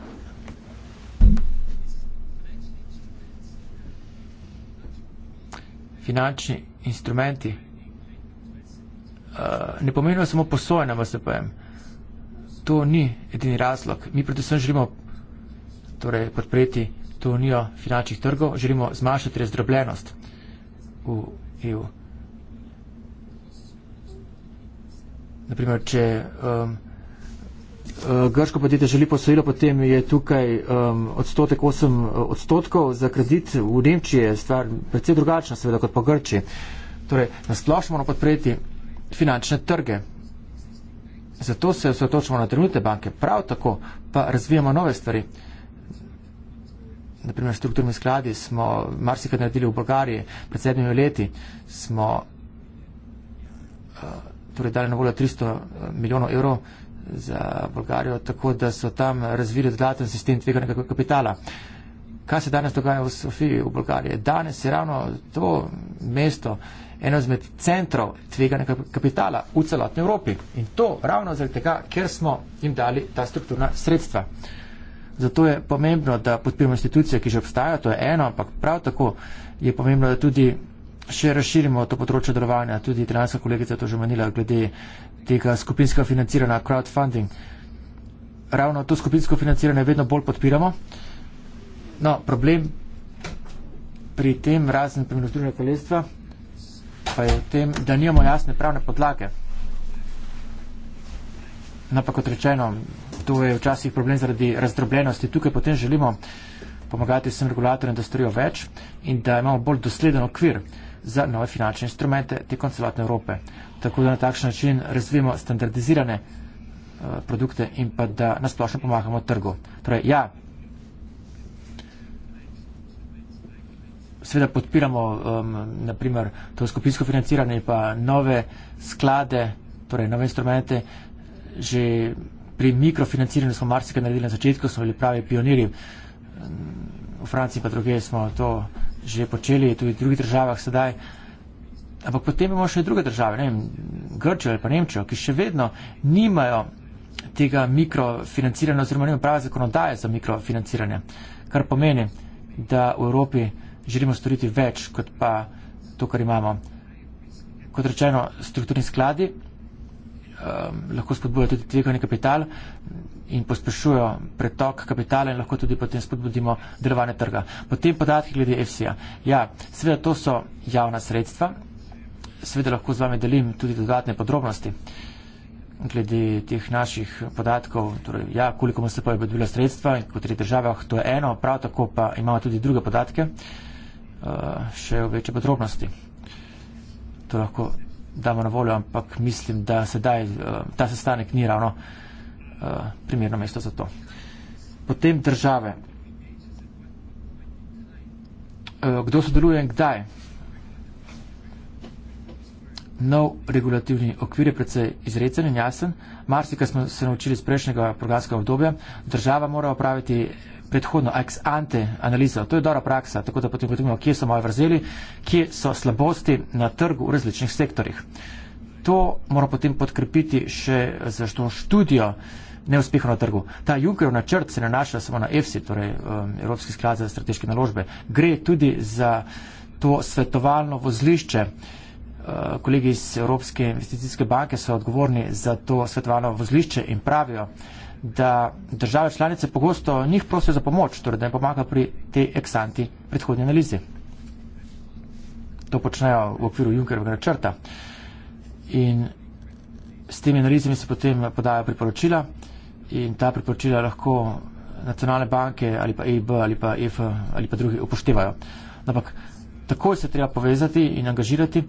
finančni instrumenti. Uh, ne pomenijo samo posoje na VSP-em. To ni edini razlog. Mi predvsem želimo torej, podpreti to unijo finančnih trgov, želimo zmanjšati razdrobljenost v EU. Naprimer, če um, Eh, grško podjetje želi posojilo, potem je tukaj um, odstotek 8 eh, odstotkov. Za kredit v Nemčiji je stvar precej drugačna, seveda, kot po Grči. Torej, nasplošno moramo podpreti finančne trge. Zato se osredotočamo na trenutne banke, prav tako pa razvijamo nove stvari. Naprimer, strukturni skladi smo marsikaj naredili v Bolgariji, pred sedmimi leti smo uh, torej dali na voljo 300 milijonov evrov za Bolgarijo, tako da so tam razvili dodaten sistem tveganega kapitala. Kaj se danes dogaja v Sofiji, v Bolgariji? Danes je ravno to mesto eno izmed centrov tveganega kapitala v celotni Evropi. In to ravno zaradi tega, ker smo jim dali ta strukturna sredstva. Zato je pomembno, da podpiramo institucije, ki že obstajajo, to je eno, ampak prav tako je pomembno, da tudi še razširimo to področje delovanja. Tudi italijanska kolegica je to že omenila glede uh, tega skupinska financirana crowdfunding. Ravno to skupinsko financiranje vedno bolj podpiramo. No, problem pri tem razen premenostrujne kraljestva pa je v tem, da nimamo jasne pravne podlage. Napak no, kot rečeno, to je včasih problem zaradi razdrobljenosti. Tukaj potem želimo pomagati vsem regulatorjem, da storijo več in da imamo bolj dosleden okvir za nove finančne instrumente te koncelatne Evrope tako da na takšen način razvijemo standardizirane eh, produkte in pa da nasplošno pomagamo trgu. Torej, ja, sveda podpiramo um, naprimer to skupinsko financiranje in pa nove sklade, torej nove instrumente, že pri mikrofinanciranju smo marsikaj naredili na začetku, smo bili pravi pioniri, v Franciji pa druge smo to že počeli, tudi v drugih državah sedaj. Uh, Ampak potem imamo še druge države, ne vem, Grčijo ali pa Nemčijo, ki še vedno nimajo tega mikrofinanciranja oziroma nimajo prave zakonodaje za mikrofinanciranje, kar pomeni, da v Evropi želimo storiti več kot pa to, kar imamo. Kot rečeno, strukturni skladi um, lahko spodbujajo tudi tvegani kapital in pospešujejo pretok kapitala in lahko tudi potem spodbudimo delovanje trga. Potem podatki glede EFSI-ja. Ja, seveda to so javna sredstva seveda lahko z vami delim tudi dodatne podrobnosti glede teh naših podatkov, torej ja, koliko mu se pa je podvila sredstva in kot je državah, to je eno, prav tako pa imamo tudi druge podatke, uh, še v večje podrobnosti. To lahko damo na voljo, ampak mislim, da sedaj uh, ta sestanek ni ravno uh, primerno mesto za to. Potem države. Kdo sodeluje in kdaj? Kdaj? nov regulativni okvir je precej izrecen in jasen. Marsika smo se naučili iz prejšnjega programskega obdobja. Država mora opraviti predhodno ex ante analizo. To je dobra praksa, tako da potem potem, kje so moje vrzeli, kje so slabosti na trgu v različnih sektorjih. To mora potem podkrepiti še za to študijo neuspeha na trgu. Ta Junckerov načrt se nanaša samo na EFSI, torej um, Evropski sklad za strateške naložbe. Gre tudi za to svetovalno vozlišče. Eh, kolegi iz Evropske investicijske banke so odgovorni za to svetovano vozlišče in pravijo, da države članice pogosto njih prosijo za pomoč, torej da jim pomaga pri te eksanti predhodnje analize. To počnejo v okviru Junckerovega načrta. In s temi analizami se potem podajo priporočila in ta priporočila lahko nacionalne banke ali pa EIB ali pa EF ali pa drugi upoštevajo. Ampak takoj se treba povezati in angažirati,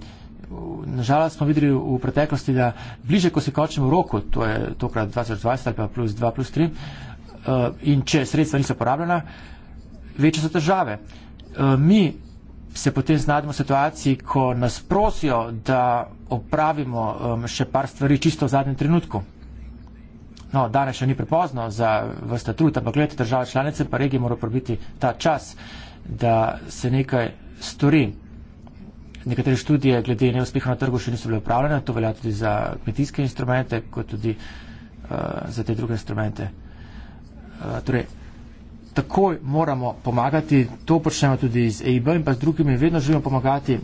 nažalost smo videli v preteklosti, da bliže, ko se končamo roku, to je tokrat 2020 ali pa plus 2 plus 3, eh, in če sredstva niso porabljena, večje so težave. Eh, mi se potem znajdemo v situaciji, ko nas prosijo, da opravimo eh, še par stvari čisto v zadnjem trenutku. No, danes še ni prepozno za vrsta trud, ampak gledajte, države članice pa regije morajo probiti ta čas, da se nekaj stori. Nekatere študije glede neuspeha na trgu še niso bile upravljene, to velja tudi za kmetijske instrumente, kot tudi uh, za te druge instrumente. Uh, torej, takoj moramo pomagati, to počnemo tudi z EIB in pa z drugimi, vedno želimo pomagati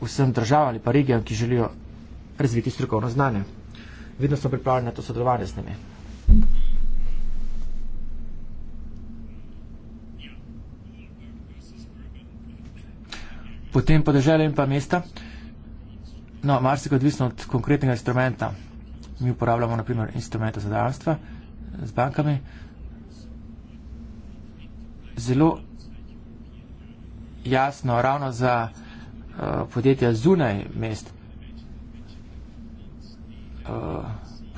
vsem državam ali pa regijam, ki želijo razviti strokovno znanje. Vedno smo pripravljeni na to sodelovanje z njimi. Potem podeželje in pa mesta. No, mar se ga odvisno od konkretnega instrumenta. Mi uporabljamo naprimer instrumente za danstva z bankami. Zelo jasno, ravno za uh, podjetja zunaj mest. Uh,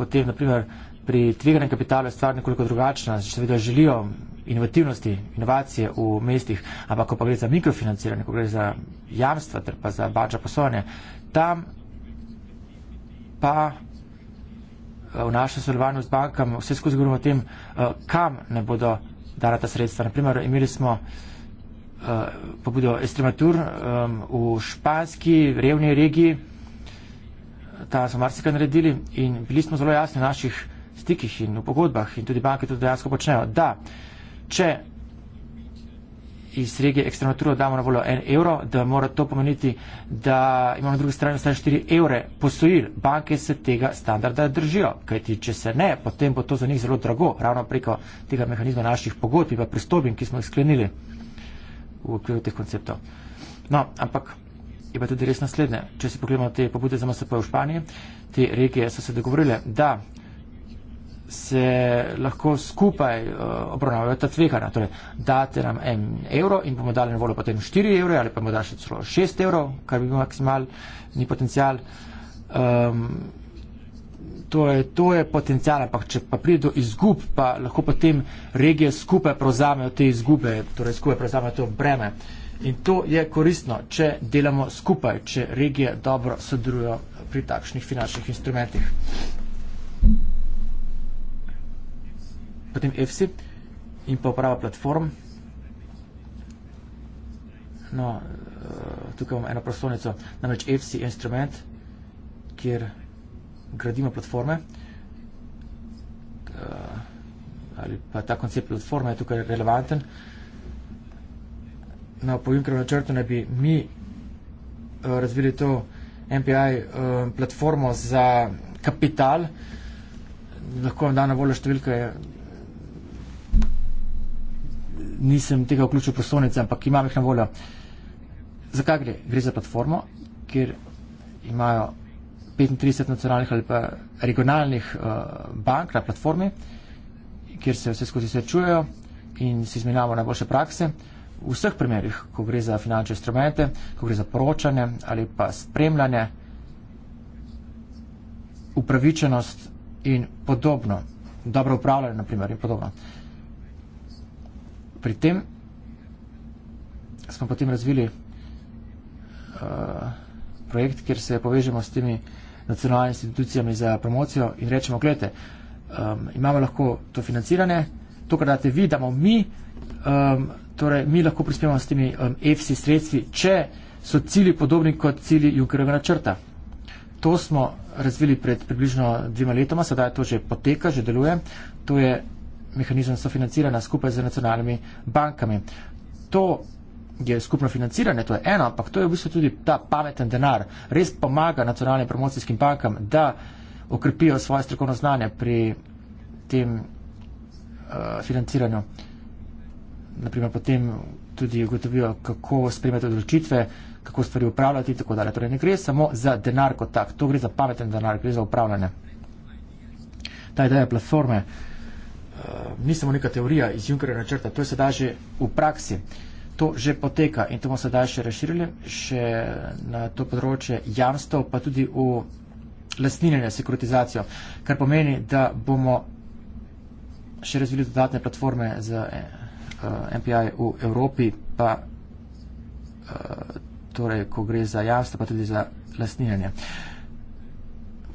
potem, naprimer, pri tveganem kapitalu je stvar nekoliko drugačna. Seveda želijo inovativnosti, inovacije v mestih, ampak ko pa gre za mikrofinanciranje, ko gre za jamstva ter pa za bača poslovanja, tam pa eh, v našem sodelovanju z bankam vse skozi govorimo o tem, eh, kam ne bodo dala ta sredstva. Naprimer, imeli smo eh, pobudo Estrematur v španski revni regiji, tam smo marsikaj naredili in bili smo zelo jasni v naših stikih in v pogodbah in tudi banke to dejansko počnejo. Da, uh, če iz regije Ekstrematuro damo na voljo en evro, da mora to pomeniti, da imamo na drugi strani vsaj 4 evre posojil. Banke se tega standarda držijo, kajti če se ne, potem bo to za njih zelo drago, ravno preko tega mehanizma naših pogodb in pristopin, ki smo jih sklenili v okviru teh konceptov. No, ampak je pa tudi res naslednje. Če si pogledamo te pobude za MSP v Španiji, te regije so se dogovorile, da se lahko skupaj uh, obravnavajo ta tvegana. Torej, date nam en evro in bomo dali na voljo potem 4 evre ali pa bomo dali še celo 6 evrov, kar bi bil maksimalni potencial. Um, to, je, to je potencial, ampak če pa pride do izgub, pa lahko potem regije skupaj prevzamejo te izgube, torej skupaj prevzamejo to breme. In to je koristno, če delamo skupaj, če regije dobro sodelujo pri takšnih finančnih instrumentih. Thank you potem EFSI in pa uprava platform. No, eh, tukaj imam eno prostornico, namreč EFSI instrument, kjer gradimo platforme. Eh, ali pa ta koncept platforme je tukaj relevanten. No, po vinkrom načrtu ne bi mi eh, razvili to MPI platformo za kapital. Lahko vam dano voljo številka je nisem tega vključil v prosovnice, ampak imam jih na voljo. Zakaj gre? Gre za platformo, kjer imajo 35 nacionalnih ali pa regionalnih uh, bank na platformi, kjer se vse skozi srečujejo in si izmenjamo najboljše prakse. V vseh primerjih, ko gre za finančne instrumente, ko gre za poročanje ali pa spremljanje, upravičenost in podobno, dobro upravljanje naprimer in podobno. Uh, pri tem smo potem razvili uh, projekt, kjer se povežemo s temi nacionalnimi institucijami za promocijo in rečemo, gledajte, um, imamo lahko to financiranje, to, kar date vi, damo mi, um, torej mi lahko prispevamo s temi um, EFSI sredstvi, če so cilji podobni kot cilji Junkerovega načrta. To smo razvili pred približno dvema letoma, sedaj to že poteka, že deluje. To je mehanizem sofinanciranja skupaj z nacionalnimi bankami. To je skupno financiranje, to je eno, ampak to je v bistvu tudi ta pameten denar. Res pomaga nacionalnim promocijskim bankam, da okrepijo svoje strokovno znanje pri tem uh, financiranju. Naprimer, potem tudi ugotovijo, kako sprejmeti odločitve, kako stvari upravljati in tako dalje. Torej, ne gre samo za denar kot tak, to gre za pameten denar, gre za upravljanje. Ta ideja platforme. Uh, Eh, ni samo neka teorija iz Junkerja načrta, to je sedaj že v praksi. To že poteka in to bomo sedaj še razširili še na to področje jamstov, pa tudi v lasninjenje, sekuritizacijo, kar pomeni, da bomo še razvili dodatne platforme za eh, MPI v Evropi, pa eh, torej, ko gre za jamstvo, pa tudi za lasninjenje.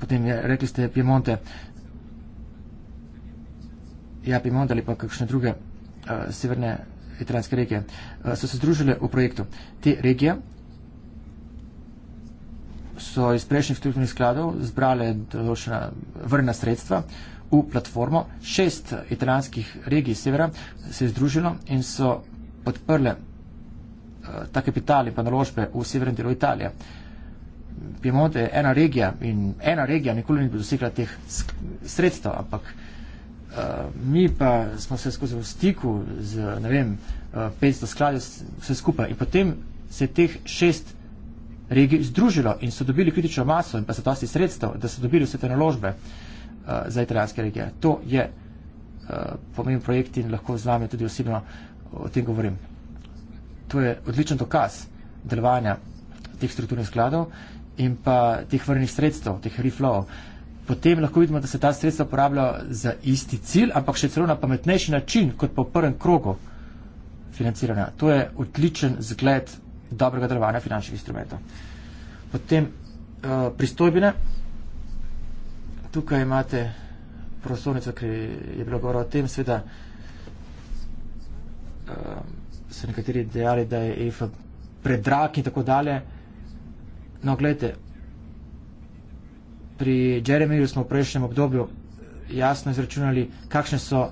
Potem je, rekli ste, Piemonte, ja, Piemont ali pa kakšne druge uh, severne italijanske regije, uh, so se združile v projektu. Te regije so iz prejšnjih strukturnih skladov zbrale določena vrna sredstva v platformo. Šest italijanskih regij iz severa se je združilo in so podprle uh, ta kapital in pa naložbe v severnem delu Italije. Piemonte je ena regija in ena regija nikoli ni dosegla teh sredstev, ampak uh, Eh, mi pa smo se skozi v stiku z, ne vem, uh, eh, 500 skladov, vse skupaj. In potem se je teh šest regij združilo in so dobili kritično maso in pa so dosti sredstev, da so dobili vse te naložbe uh, za italijanske regije. To je uh, pomemben projekt in lahko z vami tudi osebno o tem govorim. To je odličen dokaz delovanja teh strukturnih skladov in pa teh vrnih sredstev, teh reflow. Uh, potem lahko vidimo, da se ta sredstva uporabljajo za isti cilj, ampak še celo na pametnejši način, kot po prvem krogu financiranja. To je odličen zgled dobrega delovanja finančnih instrumentov. Potem uh, pristojbine. Tukaj imate prostornico, ki je bilo govora o tem, sveda uh, eh, so nekateri dejali, da je EFA predrag in tako dalje. No, gledajte, pri Jeremiju smo v prejšnjem obdobju jasno izračunali, kakšne so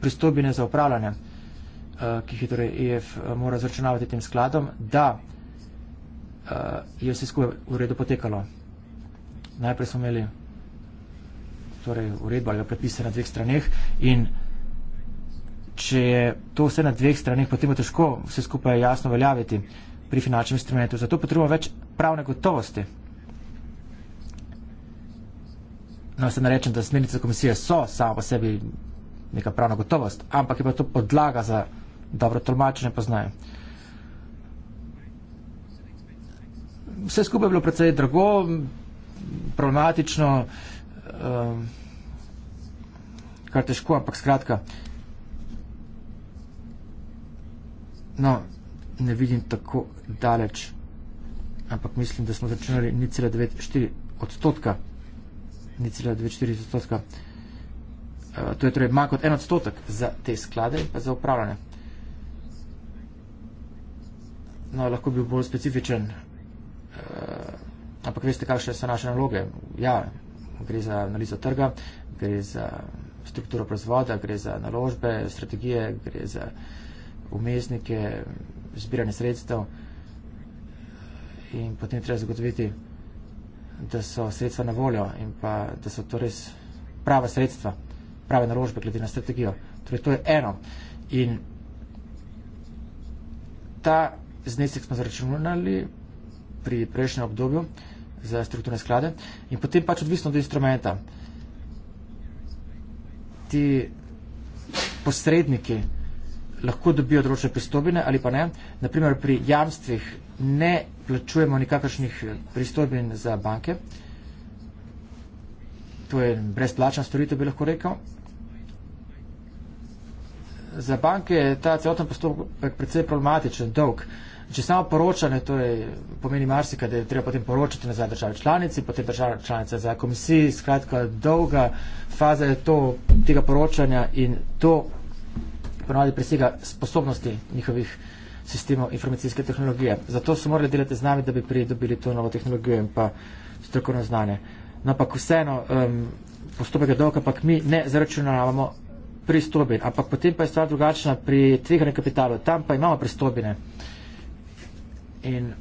pristojbine za upravljanje, uh, ki jih je torej EF eh, mora zračunavati tem skladom, da uh, je vse skupaj v redu potekalo. Najprej smo imeli torej, uredbo ali predpise na dveh straneh in če je to vse na dveh straneh, potem bo težko vse skupaj jasno veljaviti pri finančnem instrumentu. Zato potrebujemo več pravne gotovosti. No, se ne rečem, da smernice komisije so samo po sebi neka pravna gotovost, ampak je pa to podlaga za dobro tolmačenje poznaje. Vse skupaj je bilo precej drago, problematično, um, kar težko, ampak skratka. No, ne vidim tako daleč, ampak mislim, da smo začeli 0,94 odstotka. 0,24 odstotka. Eh, to je torej manj kot en odstotek za te sklade in pa za upravljanje. No, lahko bi bil bolj specifičen, eh, ampak veste, kakšne so naše naloge. Ja, gre za analizo trga, gre za strukturo proizvoda, gre za naložbe, strategije, gre za umestnike, zbiranje sredstev eh, in potem treba zagotoviti da so sredstva na voljo in pa, da so to res prava sredstva, prave naložbe glede na strategijo. Torej, to je eno. In ta znesek smo zračunali pri prejšnjem obdobju za strukturne sklade in potem pač odvisno od instrumenta. Ti posredniki lahko dobijo določene pristobine ali pa ne. Naprimer, pri jamstvih ne plačujemo nikakršnih pristojbin za banke. To je brezplačna storitev, bi lahko rekel. Za banke je ta celoten postopek precej problematičen, dolg. Če samo poročanje, to je, pomeni marsika, da je treba potem poročati nazaj države članici, potem države članice za komisiji, skratka dolga faza je to, tega poročanja in to ponavadi presega sposobnosti njihovih uh, sistemov informacijske tehnologije. Zato so morali delati z nami, da bi pridobili to novo tehnologijo in pa strokovno znanje. No, ampak vseeno, um, postopek je dolg, ampak mi ne zaračunavamo pristobin. Ampak potem pa je stvar drugačna pri tveganju kapitalu. Tam pa imamo pristobine. In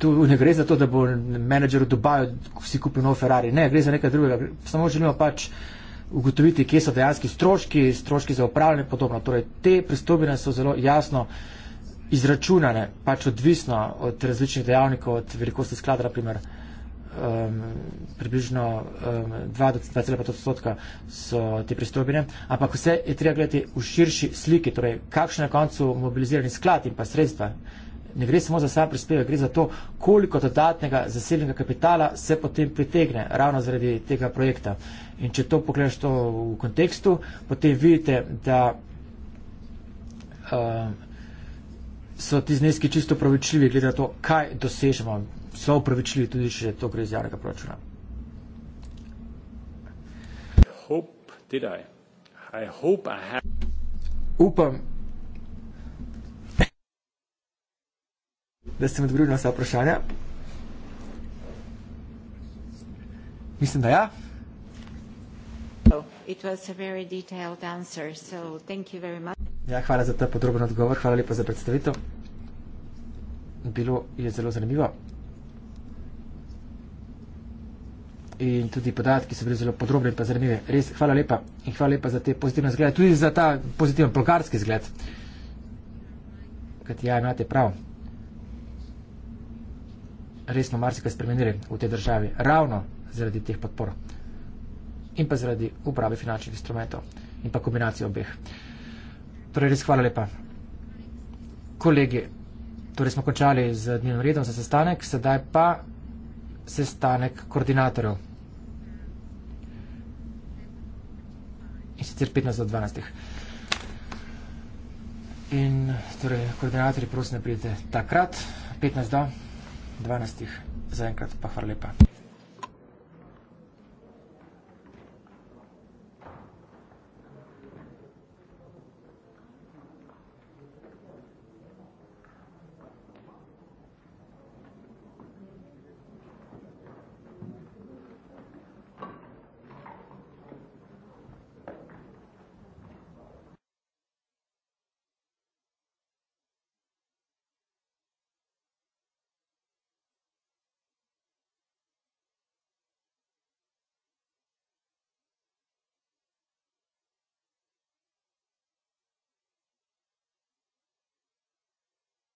tu ne gre za to, da bo menedžer v Dubaju si kupil nov Ferrari. Ne, gre za nekaj drugega. Samo želimo pač ugotoviti, kje so dejanski stroški, stroški za upravljanje in podobno. Torej, te pristopine so zelo jasno izračunane, pač odvisno od različnih dejavnikov, od velikosti sklada, naprimer, um, približno um, 2,5 odstotka so te pristopine, ampak vse je treba gledati v širši sliki, torej, kakšen je na koncu mobilizirani sklad in pa sredstva ne gre samo za sam prispevek, gre za to, koliko dodatnega zasebnega kapitala se potem pritegne ravno zaradi tega projekta. In če to pogledaš to v kontekstu, potem vidite, da uh, so ti zneski čisto pravičljivi, glede na to, kaj dosežemo. So upravičljivi tudi, če to gre iz javnega proračuna. Upam, da sem odgovoril na vse vprašanja. Mislim, da ja. Answer, so ja, hvala za ta podroben odgovor, hvala lepa za predstavitev. Bilo je zelo zanimivo. In tudi podatki so bili zelo podrobni in zanimivi. Res, hvala lepa in hvala lepa za te pozitivne zglede, tudi za ta pozitiven plogarski zgled. Kaj ti ja, imate prav resno marsikaj spremenili v tej državi, ravno zaradi teh podpor in pa zaradi uporabe finančnih instrumentov in pa kombinacije obeh. Torej, res hvala lepa. Kolegi, torej smo končali z dnevnim redom za sestanek, sedaj pa sestanek koordinatorjev. In sicer 15 do 12. In torej, koordinatorji, prosim, ne pridete takrat, 15 do 12. 12. Zaenkrat pa hvala lepa.